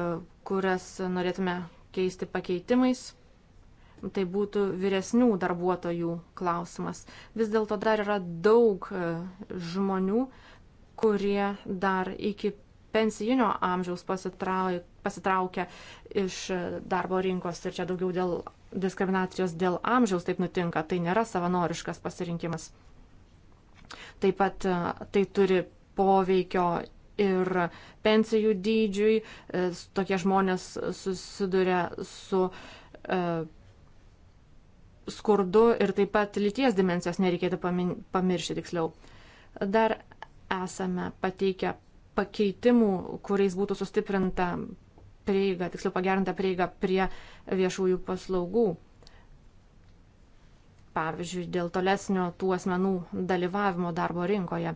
kurias norėtume keisti pakeitimais, tai būtų vyresnių darbuotojų klausimas. Vis dėlto dar yra daug e, žmonių, kurie dar iki pensijinio amžiaus pasitraukia iš darbo rinkos ir čia daugiau dėl diskriminacijos dėl amžiaus taip nutinka, tai nėra savanoriškas pasirinkimas. Taip pat e, tai turi poveikio ir pensijų dydžiui, e, tokie žmonės susiduria su e, skurdu ir taip pat lyties dimensijos nereikėtų pamiršti tiksliau. Dar esame pateikę pakeitimų, kuriais būtų sustiprinta prieiga, tiksliau pagerinta prieiga prie viešųjų paslaugų. Pavyzdžiui, dėl tolesnio tų asmenų dalyvavimo darbo rinkoje.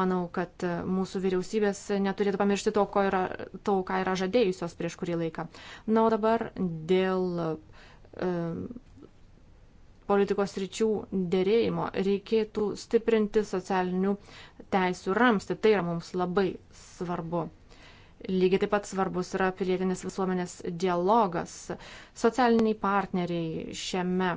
Manau, kad mūsų vyriausybės neturėtų pamiršti to, yra, to ką yra žadėjusios prieš kurį laiką. Na, o dabar dėl e, politikos ryčių dėrėjimo reikėtų stiprinti socialinių teisų ramstį. Tai yra mums labai svarbu. Lygiai taip pat svarbus yra pilietinis visuomenės dialogas. Socialiniai partneriai šiame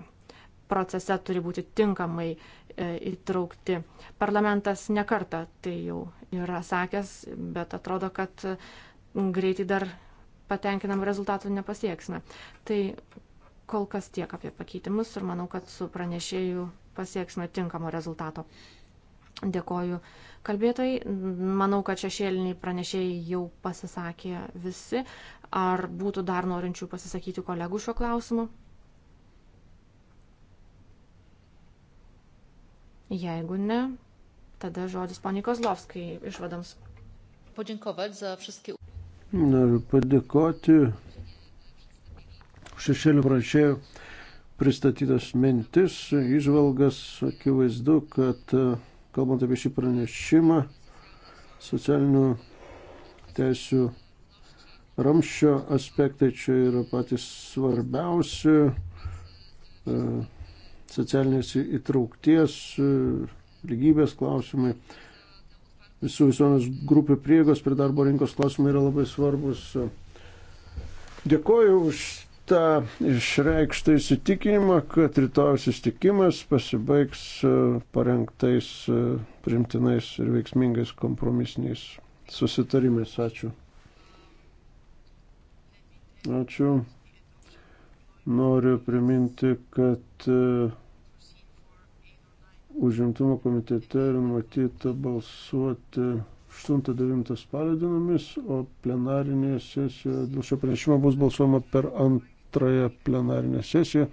procese turi būti tinkamai e, įtraukti. Parlamentas nekarta tai jau yra sakęs, bet atrodo, kad greitai dar patenkinam rezultatų nepasieksime. Tai Kol kas tiek apie pakeitimus ir manau, kad su pranešėju pasieksime tinkamo rezultato. Dėkoju kalbėtojai. Manau, kad šešėliniai pranešėjai jau pasisakė visi. Ar būtų dar norinčių pasisakyti kolegų šiuo klausimu? Jeigu ne, tada žodis poniai Kozlovskai išvadams. Noriu padėkoti šešėlių pranešėjų pristatytas mintis, išvalgas, akivaizdu, kad e, kalbant apie šį pranešimą, socialinių teisių ramščio aspektai čia yra patys svarbiausi, e, socialinės įtraukties, e, lygybės klausimai, visų visuomenės grupių priegos prie darbo rinkos klausimai yra labai svarbus. Dėkoju už tą išreikštą įsitikinimą, kad rytojus įstikimas pasibaigs e, parengtais, e, primtinais ir veiksmingais kompromisiniais susitarimais. Ačiū. Ačiū. Noriu priminti, kad e, užimtumo komitete yra numatyta balsuoti 8-9 spalio dienomis, o plenarinėje sesijoje dėl šio pranešimo bus balsuojama per antrą antrąją plenarinę sesiją.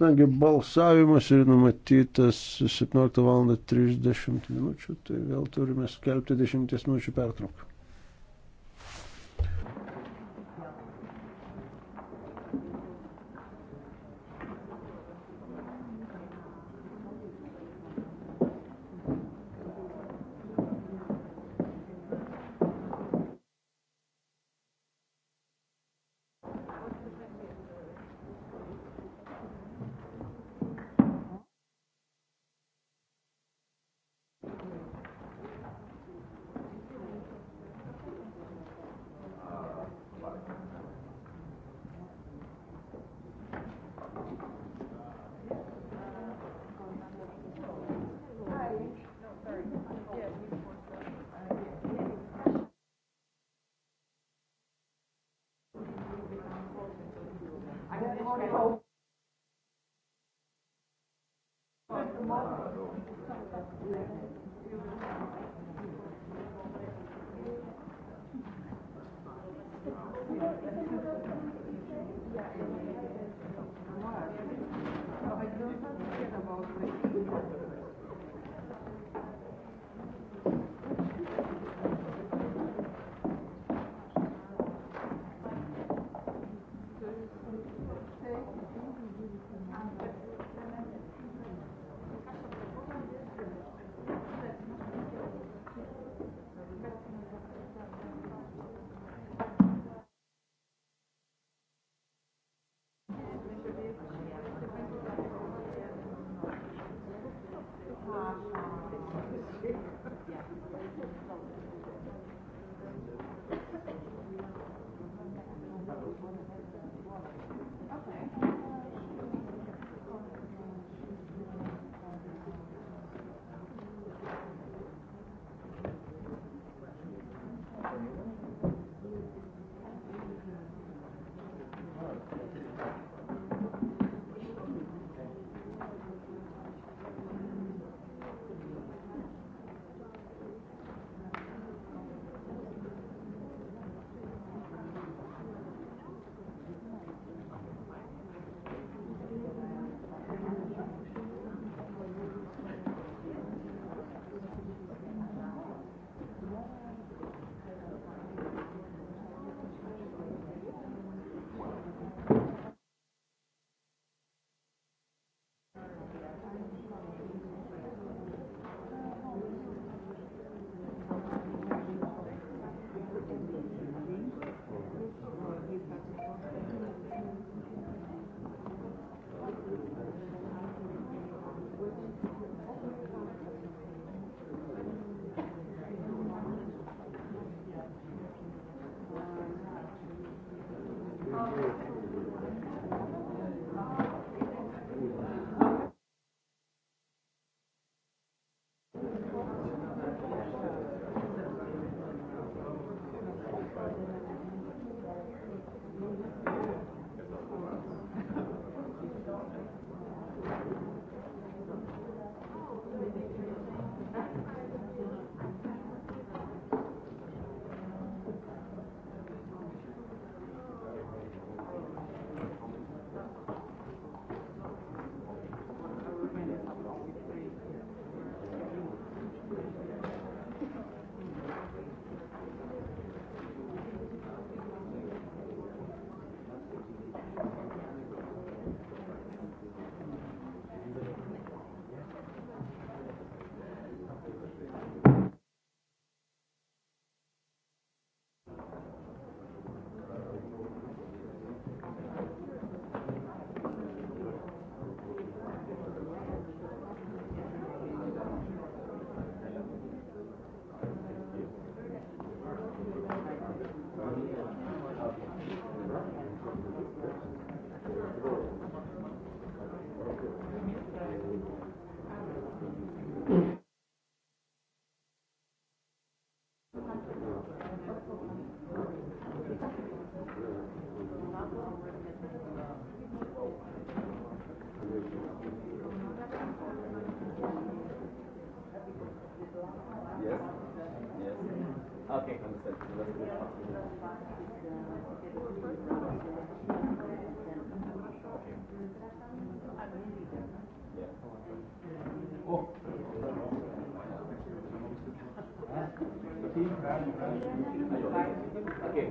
Nagi balsavimas yra numatytas 17 val. 30 min. Tai vėl turime skelbti 10 min. pertrauką. Okay.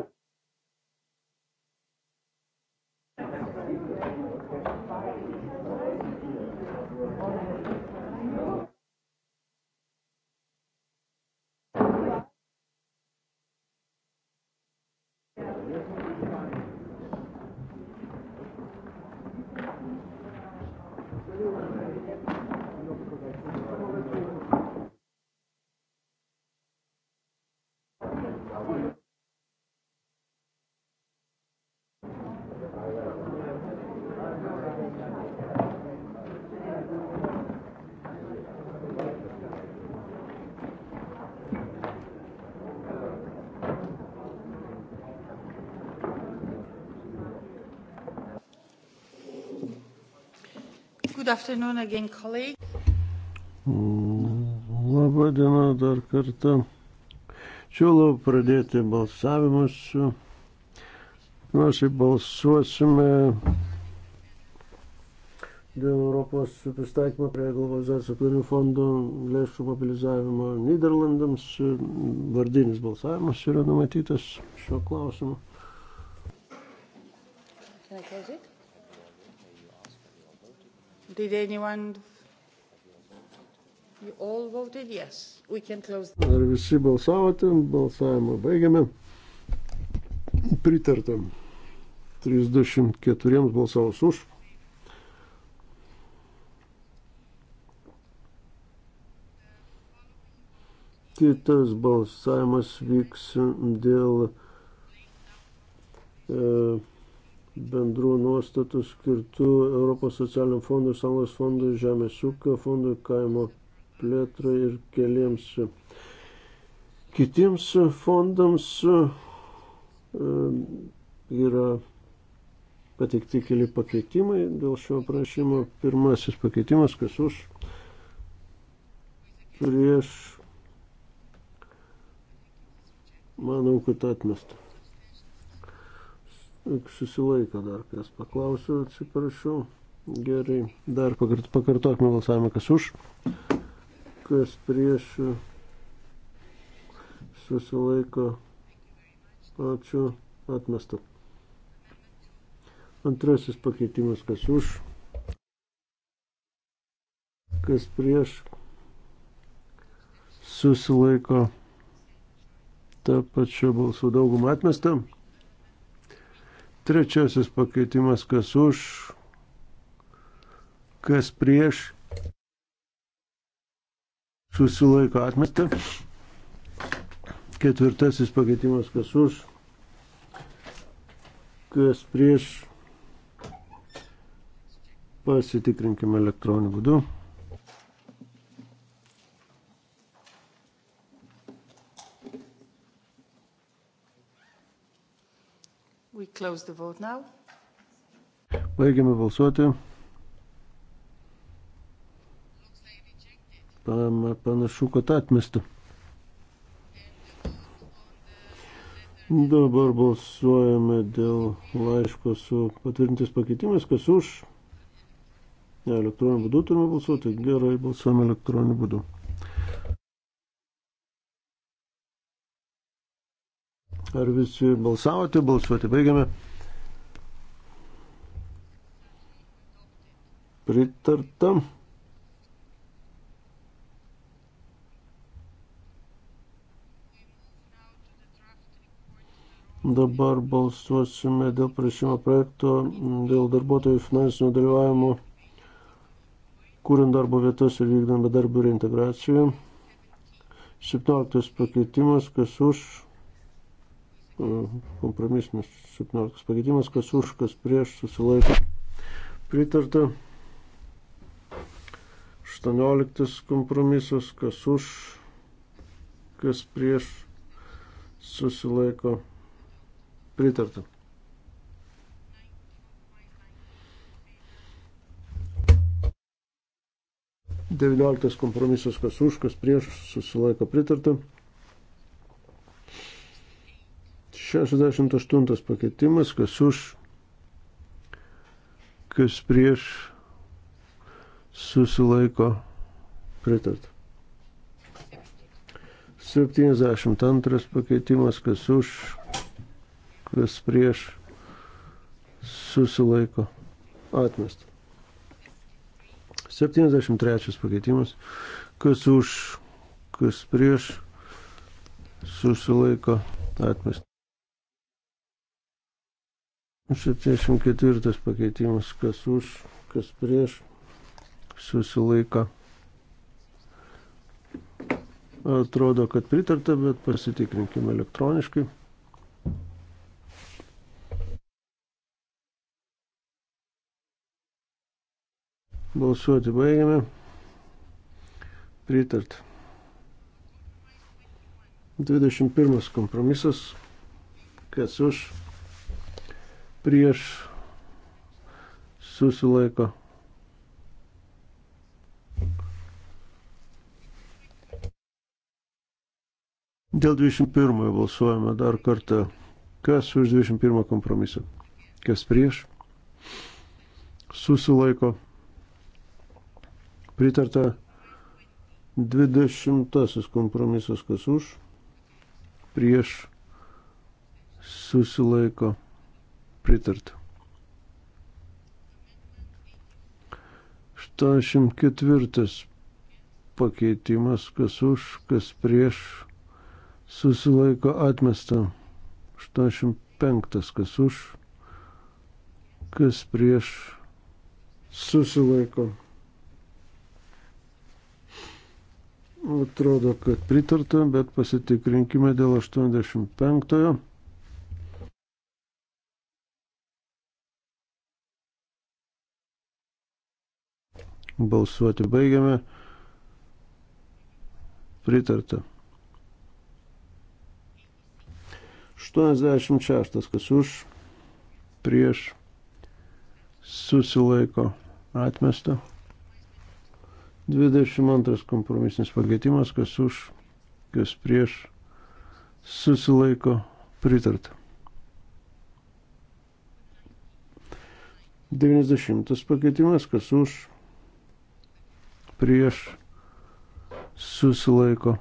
Good afternoon again, colleague. Mm, Labą dieną dar kartą. Siūlau pradėti balsavimus. Pirmiausiai balsuosime dėl Europos pristaikymo prie globalizacijos planų fondo lėšų mobilizavimo Niderlandams. Vardinis balsavimas yra numatytas šiuo klausimu. Did anyone you all voted? Yes. We can close. Ar visi balsavote? Balsavimą baigiame. Pritartam. 34 balsavus už. Kitas balsavimas vyks dėl e, bendrų nuostatų skirtų Europos socialiniam fondui, salos fondui, žemės ūkio fondui, kaimo plėtrai ir keliems kitiems fondams e, yra pateikti keli pakeitimai dėl šio prašymo. Pirmasis pakeitimas, kas už, prieš, manau, kad atmesta. Susilaiko dar, kas paklausiu, atsiprašau. Gerai, dar pakart, pakartokime balsavimą, kas už, kas prieš, susilaiko, ačiū, atmesta. Antrasis pakeitimas, kas už, kas prieš, susilaiko tą pačią balsų daugumą atmestą. Trečiasis pakeitimas, kas už, kas prieš, susilaiko atmestą. Ketvirtasis pakeitimas, kas už, kas prieš, Pasitikrinkime elektroniniu būdu. We close the vote now. Baigiame balsuoti. Panašu, kad atmestų. Dabar balsuojame dėl laiško su patvirtintis pakeitimais, kas už, Ne, elektroniniu būdu turime balsuoti. Gerai, balsuojame elektroniniu būdu. Ar visi balsavote, balsuoti baigiame. Pritarta. Dabar balsuosime dėl prašymo projekto dėl darbuotojų finansinio dalyvavimo kuriant darbo vietas ir vykdant bedarbių reintegraciją. 17 pakeitimas, kas už, e, kompromisinis 17 pakeitimas, kas už, kas prieš, susilaiko. Pritarta. 18 kompromisas, kas už, kas prieš, susilaiko. Pritarta. 19 kompromisas, kas už, kas prieš, susilaiko pritarta. 68 pakeitimas, kas už, kas prieš, susilaiko pritarta. 72 pakeitimas, kas už, kas prieš, susilaiko atmestas. 73 pakeitimas. Kas už, kas prieš, susilaiko atmesti. 74 pakeitimas. Kas už, kas prieš, susilaiko. Atrodo, kad pritarta, bet pasitikrinkime elektroniškai. Balsuoti baigiame. Pritart. 21 kompromisas. Kas už? Prieš susilaiko. Dėl 21 balsuojame dar kartą. Kas už 21 kompromisą? Kas prieš? Susilaiko pritarta 20 kompromisas, kas už, prieš susilaiko pritarta. 84 pakeitimas, kas už, kas prieš susilaiko atmesta. 85 kas už, kas prieš susilaiko atmesta Atrodo, kad pritarta, bet pasitikrinkime dėl 85-ojo. Balsuoti baigiame. Pritarta. 86, kas už, prieš, susilaiko, atmesta. 22 kompromisinis pakeitimas, kas už, kas prieš, susilaiko pritarta. 90 pakeitimas, kas už, prieš, susilaiko.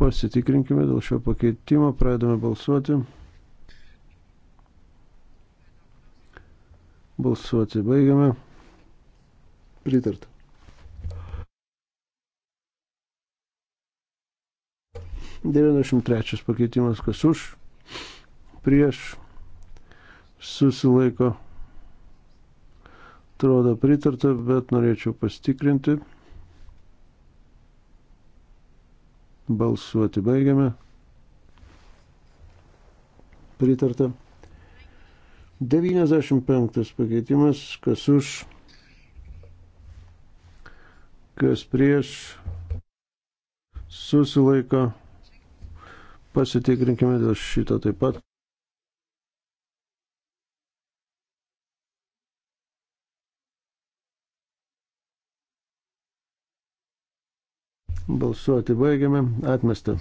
Pasitikrinkime dėl šio pakeitimo, pradame balsuoti. Balsuoti baigiame. Pritarta. Devyniasdešimt trečias pakeitimas, kas už, prieš, susilaiko. Atrodo pritarta, bet norėčiau pastikrinti. Balsuoti baigiame. Pritarta. 95 pakeitimas, kas už kas prieš susilaiko. Pasitikrinkime dėl šito taip pat. Balsuoti baigiame. Atmesta.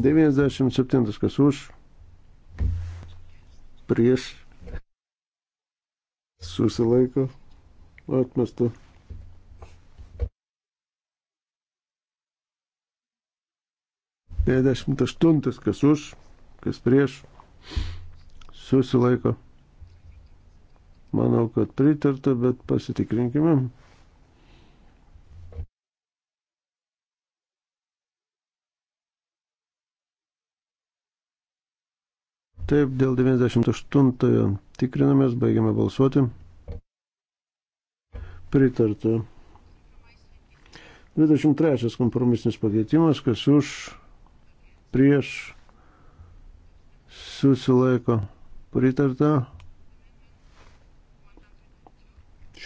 Devyniasdešimt septintas kas už prieš susilaiko atmesta. Pėdešimt aštuntas, kas už, kas prieš, susilaiko. Manau, kad pritarta, bet pasitikrinkime. Taip, dėl 98-ojo tikrinamės, baigiame balsuoti. Pritarta. 23 kompromisinis pakeitimas, kas už, prieš, susilaiko. Pritarta.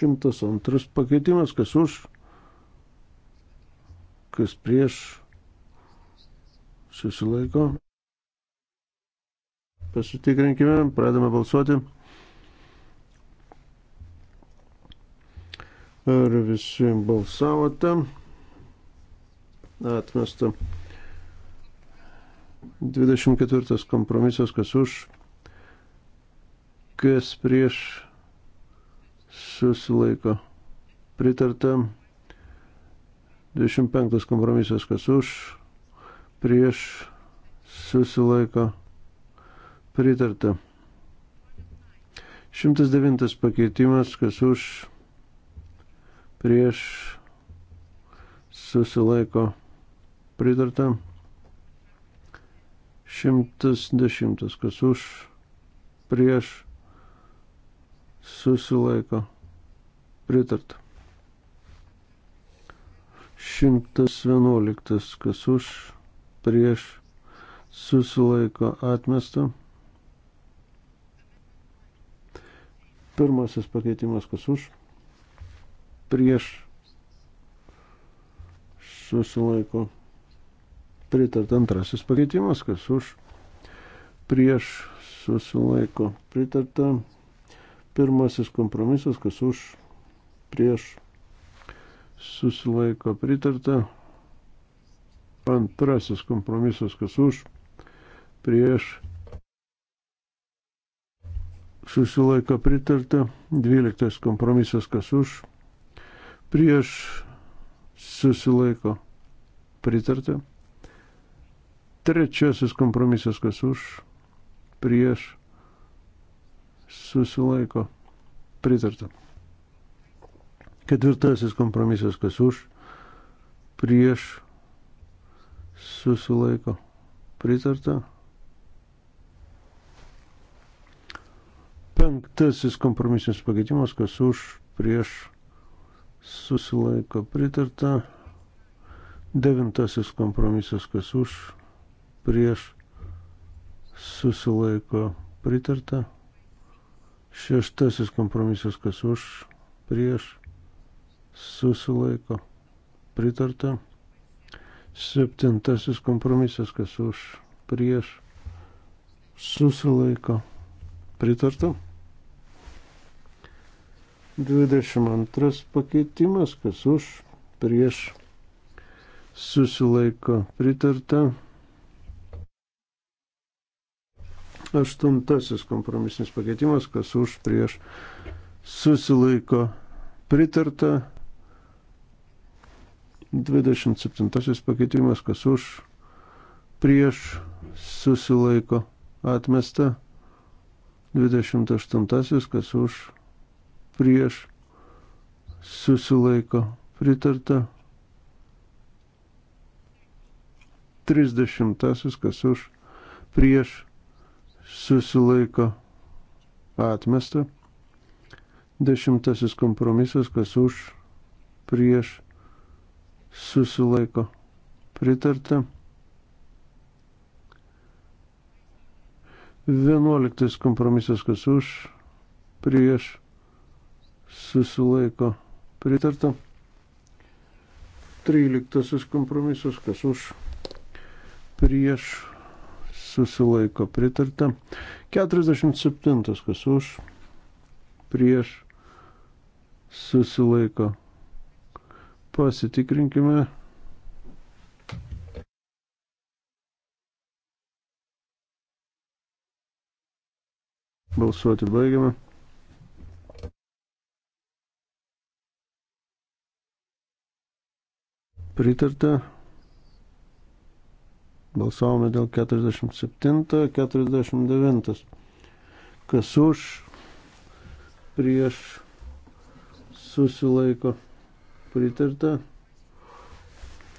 102 pakeitimas, kas už, kas prieš, susilaiko. Pasitikrinkime, pradame balsuoti. Ar visi balsavote? Atmesta. 24 kompromisas, kas už, kas prieš susilaiko. Pritarta. 25 kompromisas, kas už, prieš susilaiko Pritarta. 109 pakeitimas, kas už, prieš, susilaiko. Pritarta. 110, kas už, prieš, susilaiko, pritarta. 111, kas už, prieš, susilaiko, atmesta. Pirmasis pakeitimas, kas už, prieš, susilaiko, pritart. Antrasis pakeitimas, kas už, prieš, susilaiko, pritarta. Pirmasis kompromisas, kas už, prieš, susilaiko, pritarta. Antrasis kompromisas, kas už, prieš, susilaiko susilaiko pritarta, 12 kompromisas kas už, prieš susilaiko pritarta, trečiasis kompromisas kas už, prieš susilaiko pritarta. Ketvirtasis kompromisas kas už, prieš susilaiko pritarta. Dvyliktasis kompromisinis pakeitimas, kas už, prieš, susilaiko pritarta. Devintasis kompromisas, kas už, prieš, susilaiko pritarta. Šeštasis kompromisas, kas už, prieš, susilaiko pritarta. Septintasis kompromisas, kas už, prieš, susilaiko pritarta. 22 pakeitimas, kas už, prieš, susilaiko pritarta. Aštuntasis kompromisinis pakeitimas, kas už, prieš, susilaiko pritarta. 27 pakeitimas, kas už, prieš, susilaiko atmesta. 28 kas už, prieš susilaiko pritarta. 30 kas už prieš susilaiko atmesta. 10 kompromisas kas už prieš susilaiko pritarta. 11 kompromisas kas už prieš susilaiko pritarta. 13 kompromisas, kas už prieš susilaiko pritarta. 47 kas už prieš susilaiko. Pasitikrinkime. Balsuoti baigiame. pritarta. Balsavome dėl 47, 49. Kas už, prieš, susilaiko, pritarta.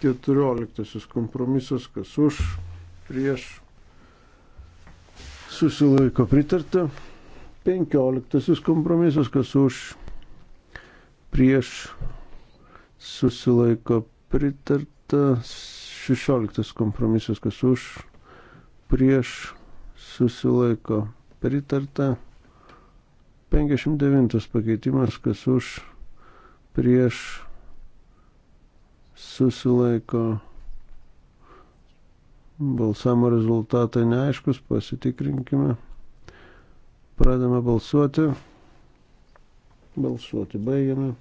14 kompromisas, kas už, prieš, susilaiko, pritarta. 15 kompromisas, kas už, prieš, susilaiko, pritarta pritarta 16 kompromisas, kas už, prieš, susilaiko pritarta 59 pakeitimas, kas už, prieš, susilaiko balsamo rezultatai neaiškus, pasitikrinkime. Pradame balsuoti. Balsuoti baigiame.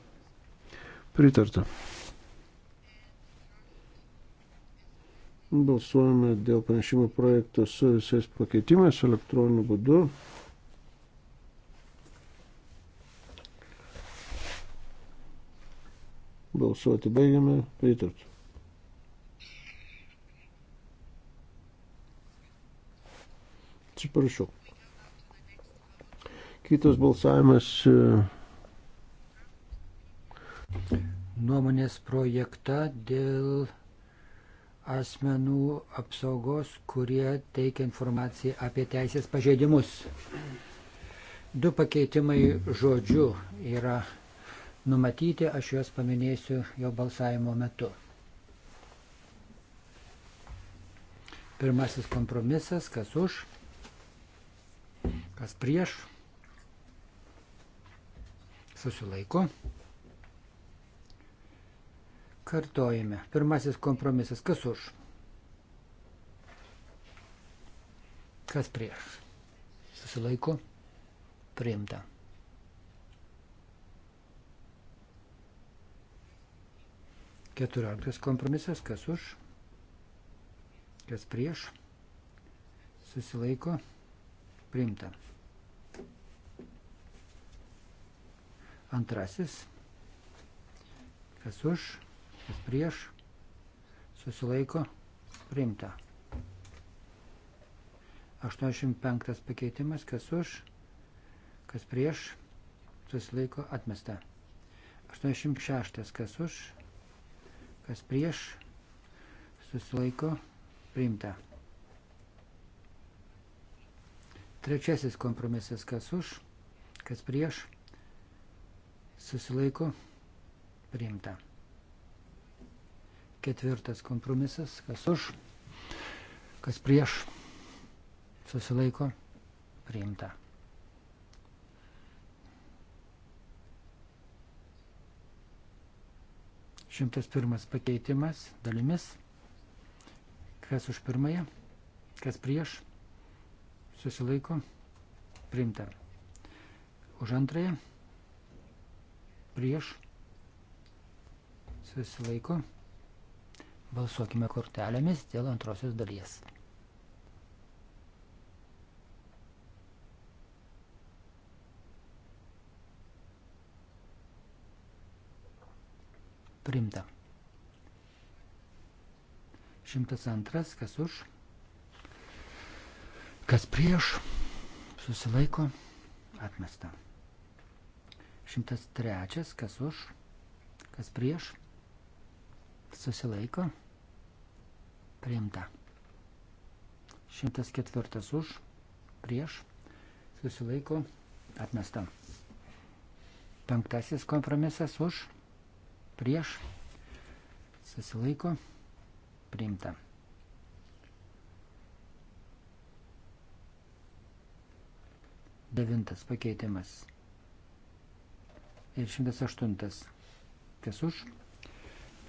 Pritarta. Balsuojame dėl pranešimo projekto su visais pakeitimais elektroniniu būdu. Balsuoti baigiame. Pritart. Atsiprašau. Kitas balsavimas. E, Nuomonės projekta dėl asmenų apsaugos, kurie teikia informaciją apie teisės pažeidimus. Du pakeitimai žodžiu yra numatyti, aš juos paminėsiu jo balsavimo metu. Pirmasis kompromisas, kas už, kas prieš, susilaiko. Kartojame. Pirmasis kompromisas. Kas už? Kas prieš? Susilaiko. Priimta. Keturioliktas kompromisas. Kas už? Kas prieš? Susilaiko. Priimta. Antrasis. Kas už? kas prieš, susilaiko, priimta. 85 pakeitimas, kas už, kas prieš, susilaiko, atmesta. 86 kas už, kas prieš, susilaiko, priimta. Trečiasis kompromisas, kas už, kas prieš, susilaiko, priimta. Ketvirtas kompromisas, kas už, kas prieš, susilaiko, priimta. Šimtas pirmas pakeitimas dalimis, kas už pirmąją, kas prieš, susilaiko, priimta. Už antrąją, prieš, susilaiko, priimta Balsuokime kortelėmis dėl antrosios dalies. Primta. 102. Kas už? Kas prieš? Susilaiko. Atmesta. 103. Kas už? Kas prieš? Susilaiko priimta. 104 už, prieš, susilaiko, atmesta. Penktasis kompromisas už, prieš, susilaiko, priimta. Devintas pakeitimas. Ir 108. Kas už,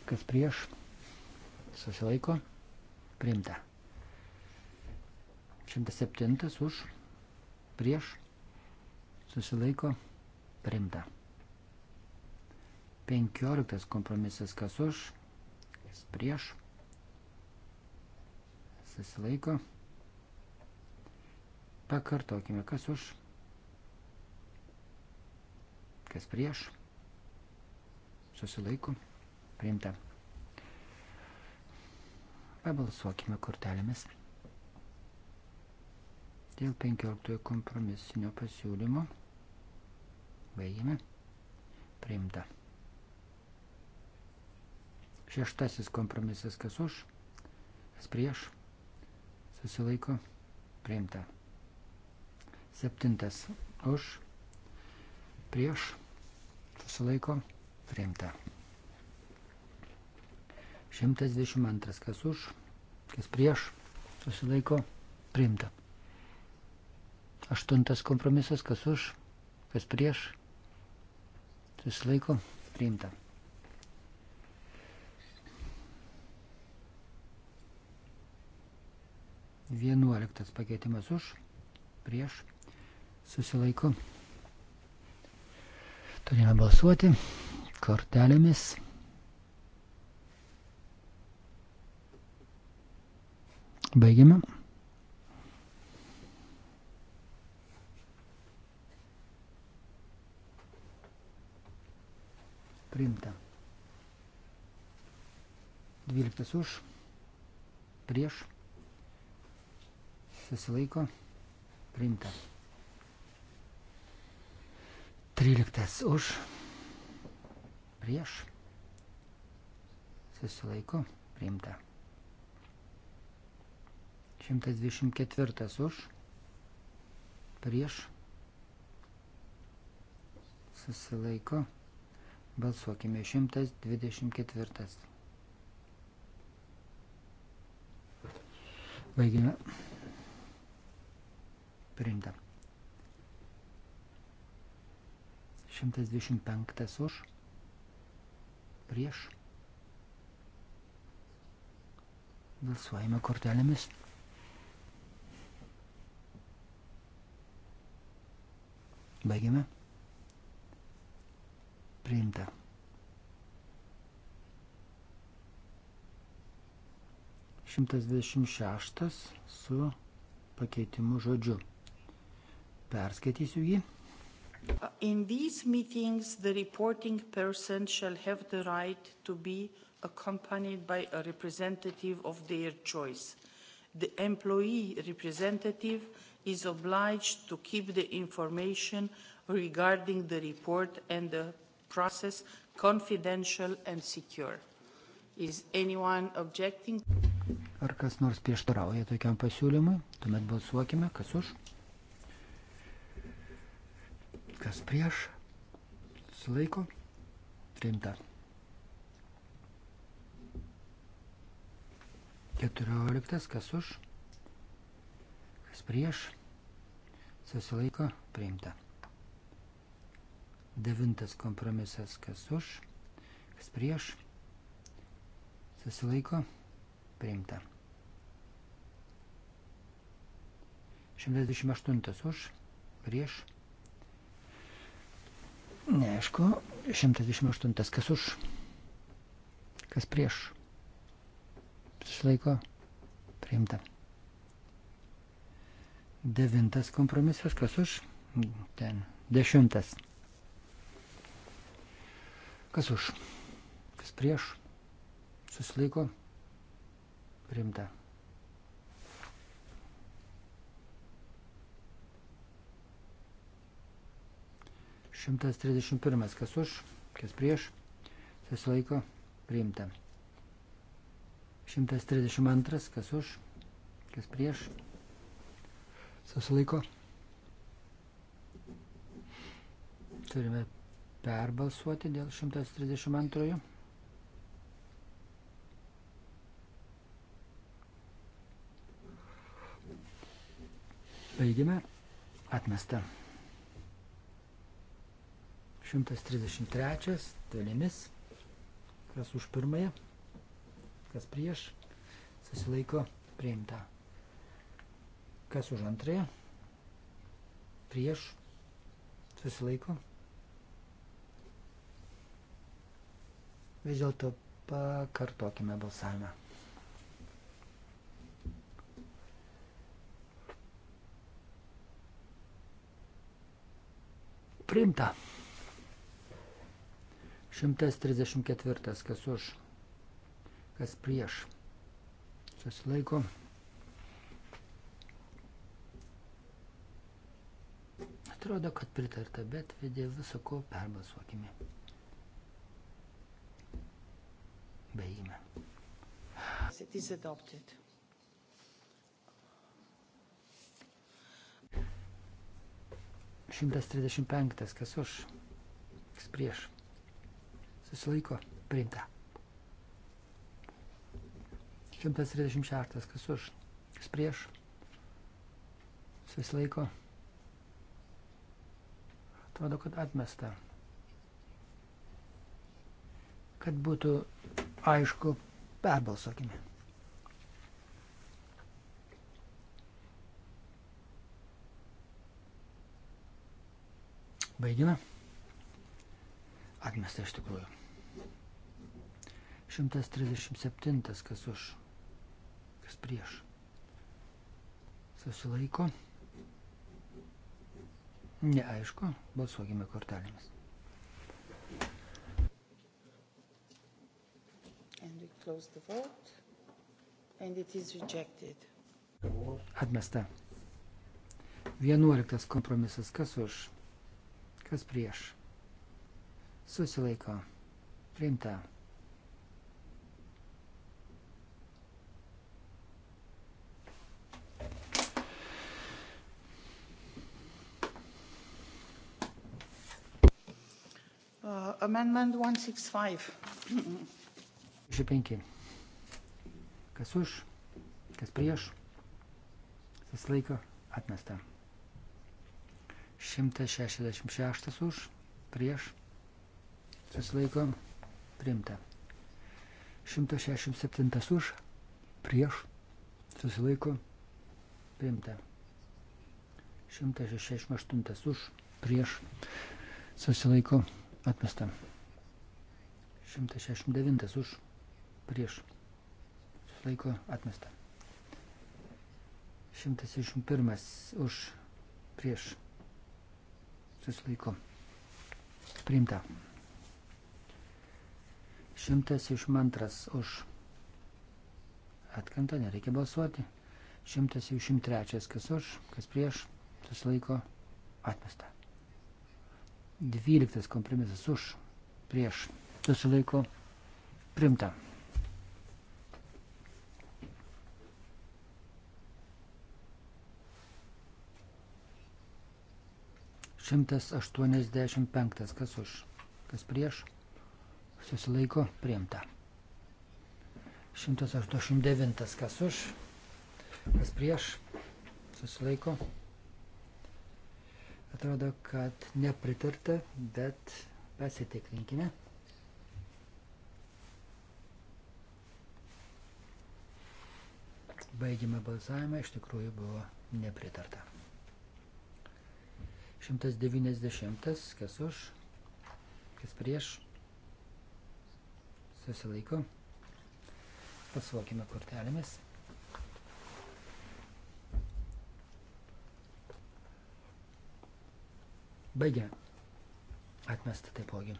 kas prieš, susilaiko, priimta Priimta. 107 už, prieš, susilaiko, priimta. 15 kompromisas kas už, kas prieš, susilaiko. Pakartokime, kas už, kas prieš, susilaiko, priimta. Pabalsuokime kortelėmis. Dėl 15 kompromisinio pasiūlymo baigiame. Priimta. Šeštasis kompromisas kas už, kas prieš, susilaiko, priimta. Septintas už, prieš, susilaiko, priimta. 122. Kas už, kas prieš, susilaiko, priimta. Aštuntas kompromisas, kas už, kas prieš, susilaiko, priimta. Vienuoliktas pakeitimas už, prieš, susilaiko. Turime balsuoti kortelėmis. Baigiame. Priimta. 12 už, prieš, susilaiko, priimta. 13 už, prieš, susilaiko, priimta. 124 už, prieš, susilaiko, balsuokime 124. Baigime. Priimta. 125 už, prieš, balsuojame kortelėmis. Baigiame. Priimta. Šimtas dvidešimt šeštas su pakeitimu žodžiu. Perskaitysiu jį. Uh, in these meetings, the reporting person shall have the right to be accompanied by a representative of their choice. The employee representative is obliged to keep the information regarding the report and the process confidential and secure. Is anyone objecting? Ar kas nors prieštarauja tokiam pasiūlymui? Tuomet balsuokime, kas už. Kas prieš? Sulaiko? Priimta. 14. Kas už? kas prieš, susilaiko priimta. Devintas kompromisas, kas už, kas prieš, susilaiko priimta. 128 už, prieš, neaišku, 128 kas už, kas prieš, susilaiko priimta. Devintas kompromisas, kas už? Ten. Dešimtas. Kas už? Kas prieš? Susilaiko? Primta. Šimtas trisdešimt pirmas. Kas už? Kas prieš? Susilaiko? Primta. Šimtas trisdešimt antras. Kas už? Kas prieš? Susilaiko? susilaiko. Turime perbalsuoti dėl 132. Baigime. Atmesta. 133 dalimis. Kas už pirmąją, kas prieš, susilaiko priimta. Kas už antrąją? Prieš. Susilaiko. Vis dėlto pakartokime balsavimą. Priimta. 134. Kas už, kas prieš. Susilaiko. Atrodo, kad pritarta, bet dėl viso ko perbalsuokime. Baigime. It is adopted. Šimtas trisdešimt penktas, kas už, kas prieš. Susilaiko, priimta. Šimtas trisdešimt šeštas, kas už, kas prieš. Susilaiko, priimta. Atrodo, kad atmesta. Kad būtų aišku, perbalsuokime. Baigina. Atmesta iš tikrųjų. 137, kas už, kas prieš. Susilaiko. Neaišku, balsuokime kortelėmis. Atmesta. Vienuoliktas kompromisas. Kas už? Kas prieš? Susilaiko. Priimta. Amendment 165. 165. Kas už, kas prieš, susilaiko atmesta. 166 už, prieš, susilaiko priimta. 167 už, prieš, susilaiko priimta. 168 už, prieš, susilaiko priimta Atmesta. 169 už prieš. Susilaiko atmesta. 161 už prieš. Susilaiko. Priimta. 102 už atkrenta, nereikia balsuoti. 123 kas už, kas prieš. Susilaiko atmesta. 12 kompromisas už, prieš, susilaiko, primta. Šimtas aštuoniasdešimt penktas, kas už, kas prieš, susilaiko, priimta. Šimtas aštuoniasdešimt devintas, kas už, kas prieš, susilaiko, priimta. Atrodo, kad nepritarta, bet pasitikrinkime. Baigime balsavimą, iš tikrųjų buvo nepritarta. 190, kas už, kas prieš, susilaiko. Pasuokime kortelėmis. Baigia. Atmesta taipogi.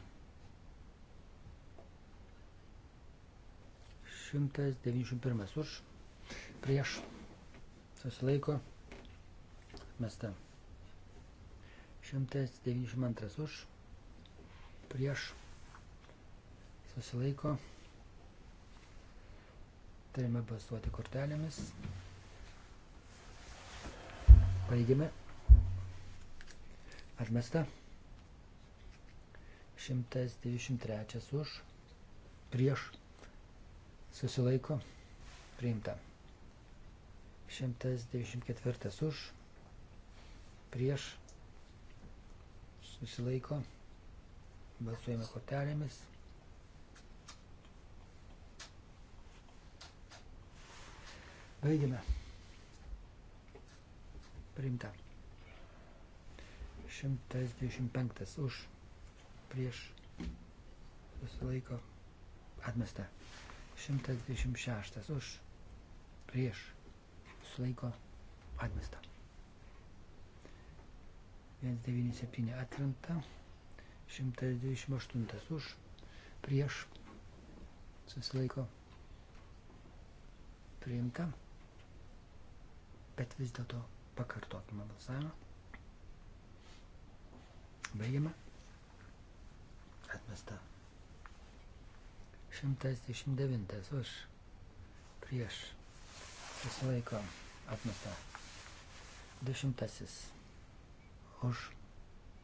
191 už. Prieš. Susilaiko. Atmesta. 192 už. Prieš. Susilaiko. Turime balsuoti kortelėmis. Baigiame. Atmesta. 123 už. Prieš. Susilaiko. Priimta. 124 už. Prieš. Susilaiko. Balsuojame kortelėmis. Baigime. Priimta. 125 už prieš susilaiko atmesta. 126 už prieš susilaiko atmesta. 197 atrenta. 128 už prieš susilaiko priimta. Bet vis dėlto pakartokime balsavimą. Baigiame. Atmesta. 129 už. Prieš. Susilaiko. Atmesta. 200 už.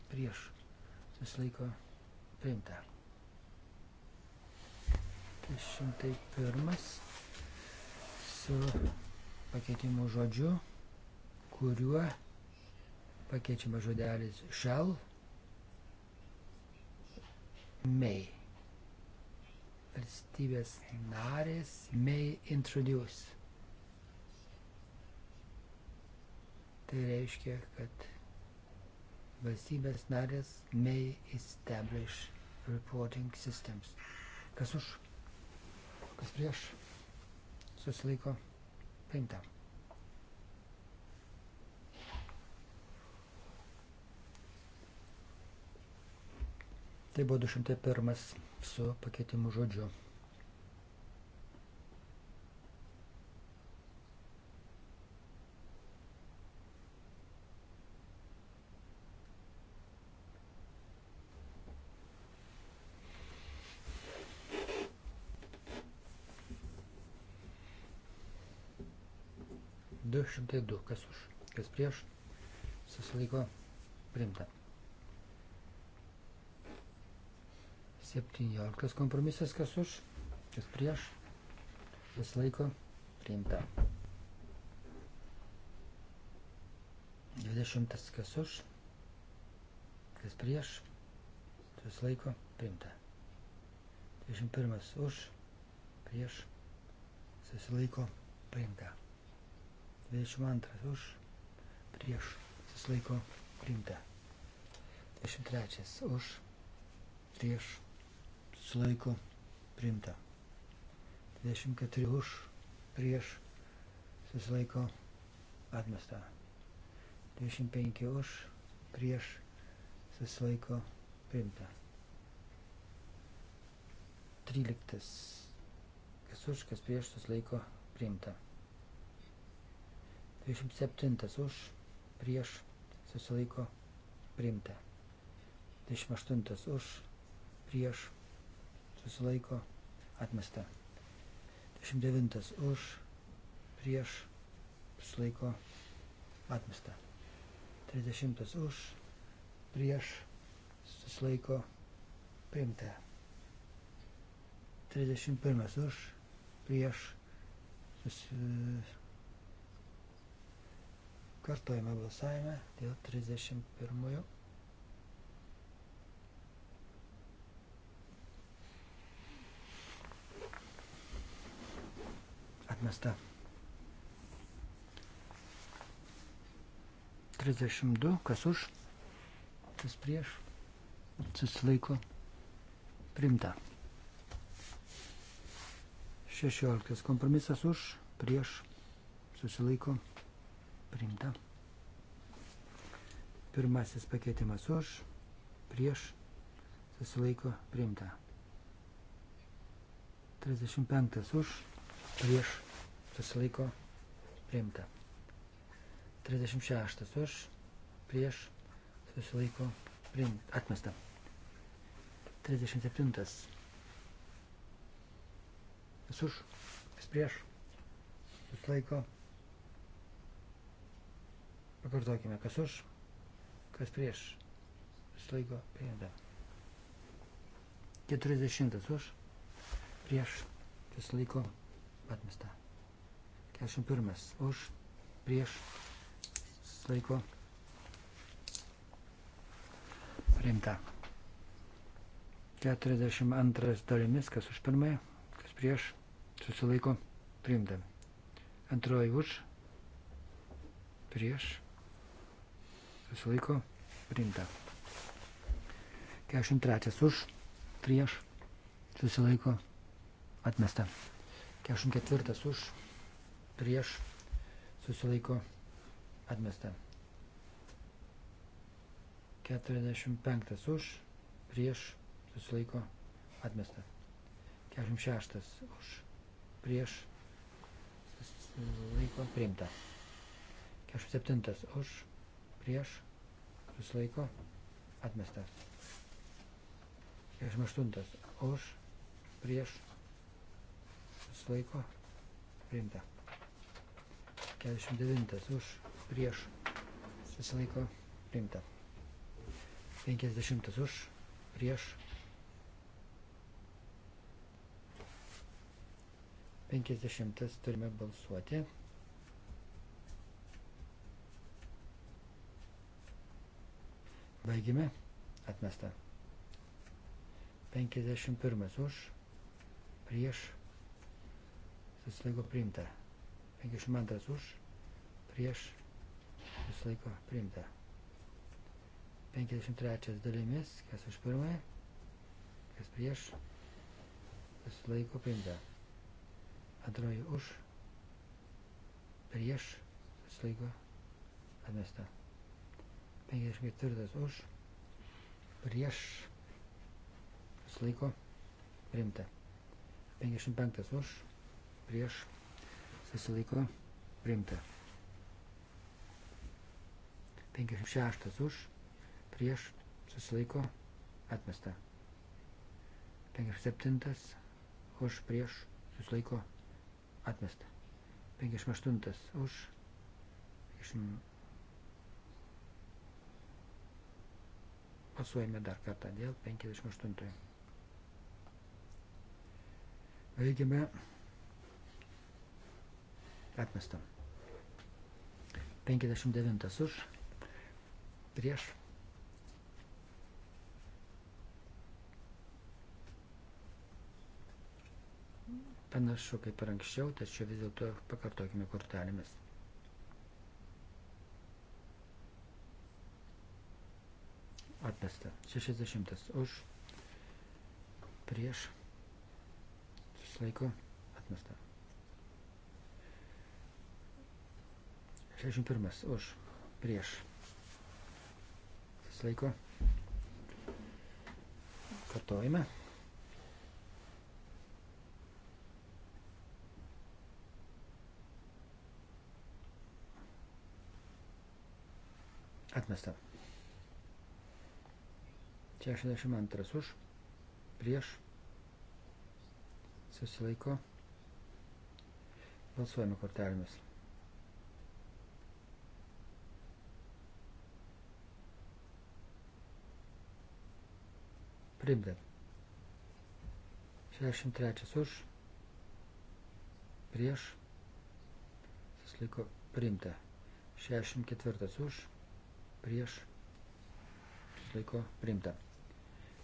Prieš. Susilaiko. Priimta. 301 su pakeitimu žodžiu, kuriuo pakeičiama žodelis shall May. Valstybės narės may introduce. Tai reiškia, kad valstybės narės may establish reporting systems. Kas už? Kas prieš? Susilaiko. Priimta. Tai buvo 201 su pakeitimu žodžiu. Du šimtai du, kas už, kas prieš, susilaiko primta. 17 kompromisas, kas už, kas prieš, vis laiko priimta. 20 kas už, kas prieš, vis laiko priimta. 21 už, prieš, susilaiko priimta. 22 už, prieš, susilaiko priimta. 23 už, prieš, sulaiko primta. 24 už, prieš susilaiko atmesta. 25 už, prieš susilaiko primta. 13. Kas už, kas prieš susilaiko primta. 27 už, prieš susilaiko primta. 28 už, prieš susilaiko atmesta. 29 už, prieš, susilaiko atmesta. 30 už, prieš, susilaiko priimta. 31 už, prieš, susilaiko kartojame balsavime dėl 31 atmesta. 32, kas už, kas prieš, susilaiko, primta. 16, kompromisas už, prieš, susilaiko, primta. Pirmasis pakeitimas už, prieš, susilaiko, primta. 35 už, prieš, susilaiko priimta. 36 už, prieš, susilaiko priimta, atmesta. 37 vis už, vis prieš, susilaiko. Pakartokime, kas už, kas prieš, susilaiko priimta. 40 už, prieš, susilaiko atmesta. 41. Už, prieš, laiko. Rimta. 42 dalimis, kas už pirmąją, kas prieš, susilaiko, priimdami. Antroji už, prieš, susilaiko, priimta. 43 už, prieš, susilaiko, atmesta. 44 už, prieš susilaiko atmesta. 45 už prieš susilaiko atmesta. 46 už prieš susilaiko priimta. 47 už prieš susilaiko atmestas. 48 už prieš susilaiko priimta. 49 už prieš susilaiko priimta. 50 už prieš. 50 turime balsuoti. Baigime. Atmesta. 51 už prieš susilaiko priimta. 52 už, prieš visą laiką priimta. 53 dalimis, kas už pirmąją, kas prieš, visą laiką priimta. Antroji už, prieš visą laiką atmesta. 54 už, prieš visą laiką priimta. 55 už, prieš susilaiko priimta. 56 už, prieš susilaiko atmesta. 57 už, prieš susilaiko atmesta. 58 už, 50. Pasuojame dar kartą dėl 58. Baigiame Atmesta. 59 už. Prieš. Panašu kaip ir anksčiau, tačiau vis dėlto pakartokime kortelėmis. Atmesta. 60 už. Prieš. Susilaiko. Atmesta. 61 už prieš. Susilaiko. Kartojame. Atmesta. 62 už prieš. Susilaiko. Balsuojame kortelėmis. Priimta. 63 už. Prieš. Susiliko. Priimta. 64 už. Prieš. Susiliko. Priimta.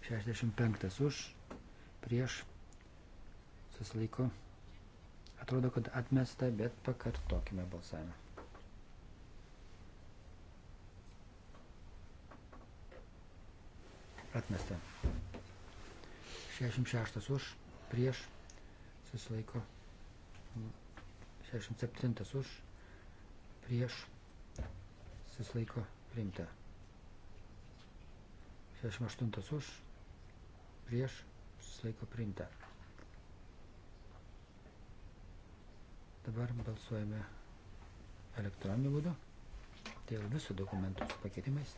65 už. Prieš. Susiliko. Atrodo, kad atmesta, bet pakartokime balsavimą. atmesta. 66 už, prieš, susilaiko. 67 už, prieš, susilaiko, priimta. 68 už, prieš, susilaiko, priimta. Dabar balsuojame elektroniniu būdu dėl visų dokumentų su pakeitimais.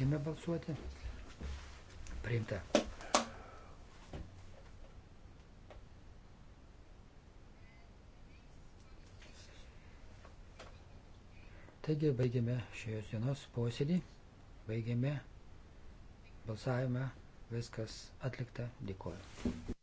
Baigėme balsuoti. Priimta. Taigi baigėme šios dienos posėdį, baigėme balsavimą, viskas atlikta, dėkoju.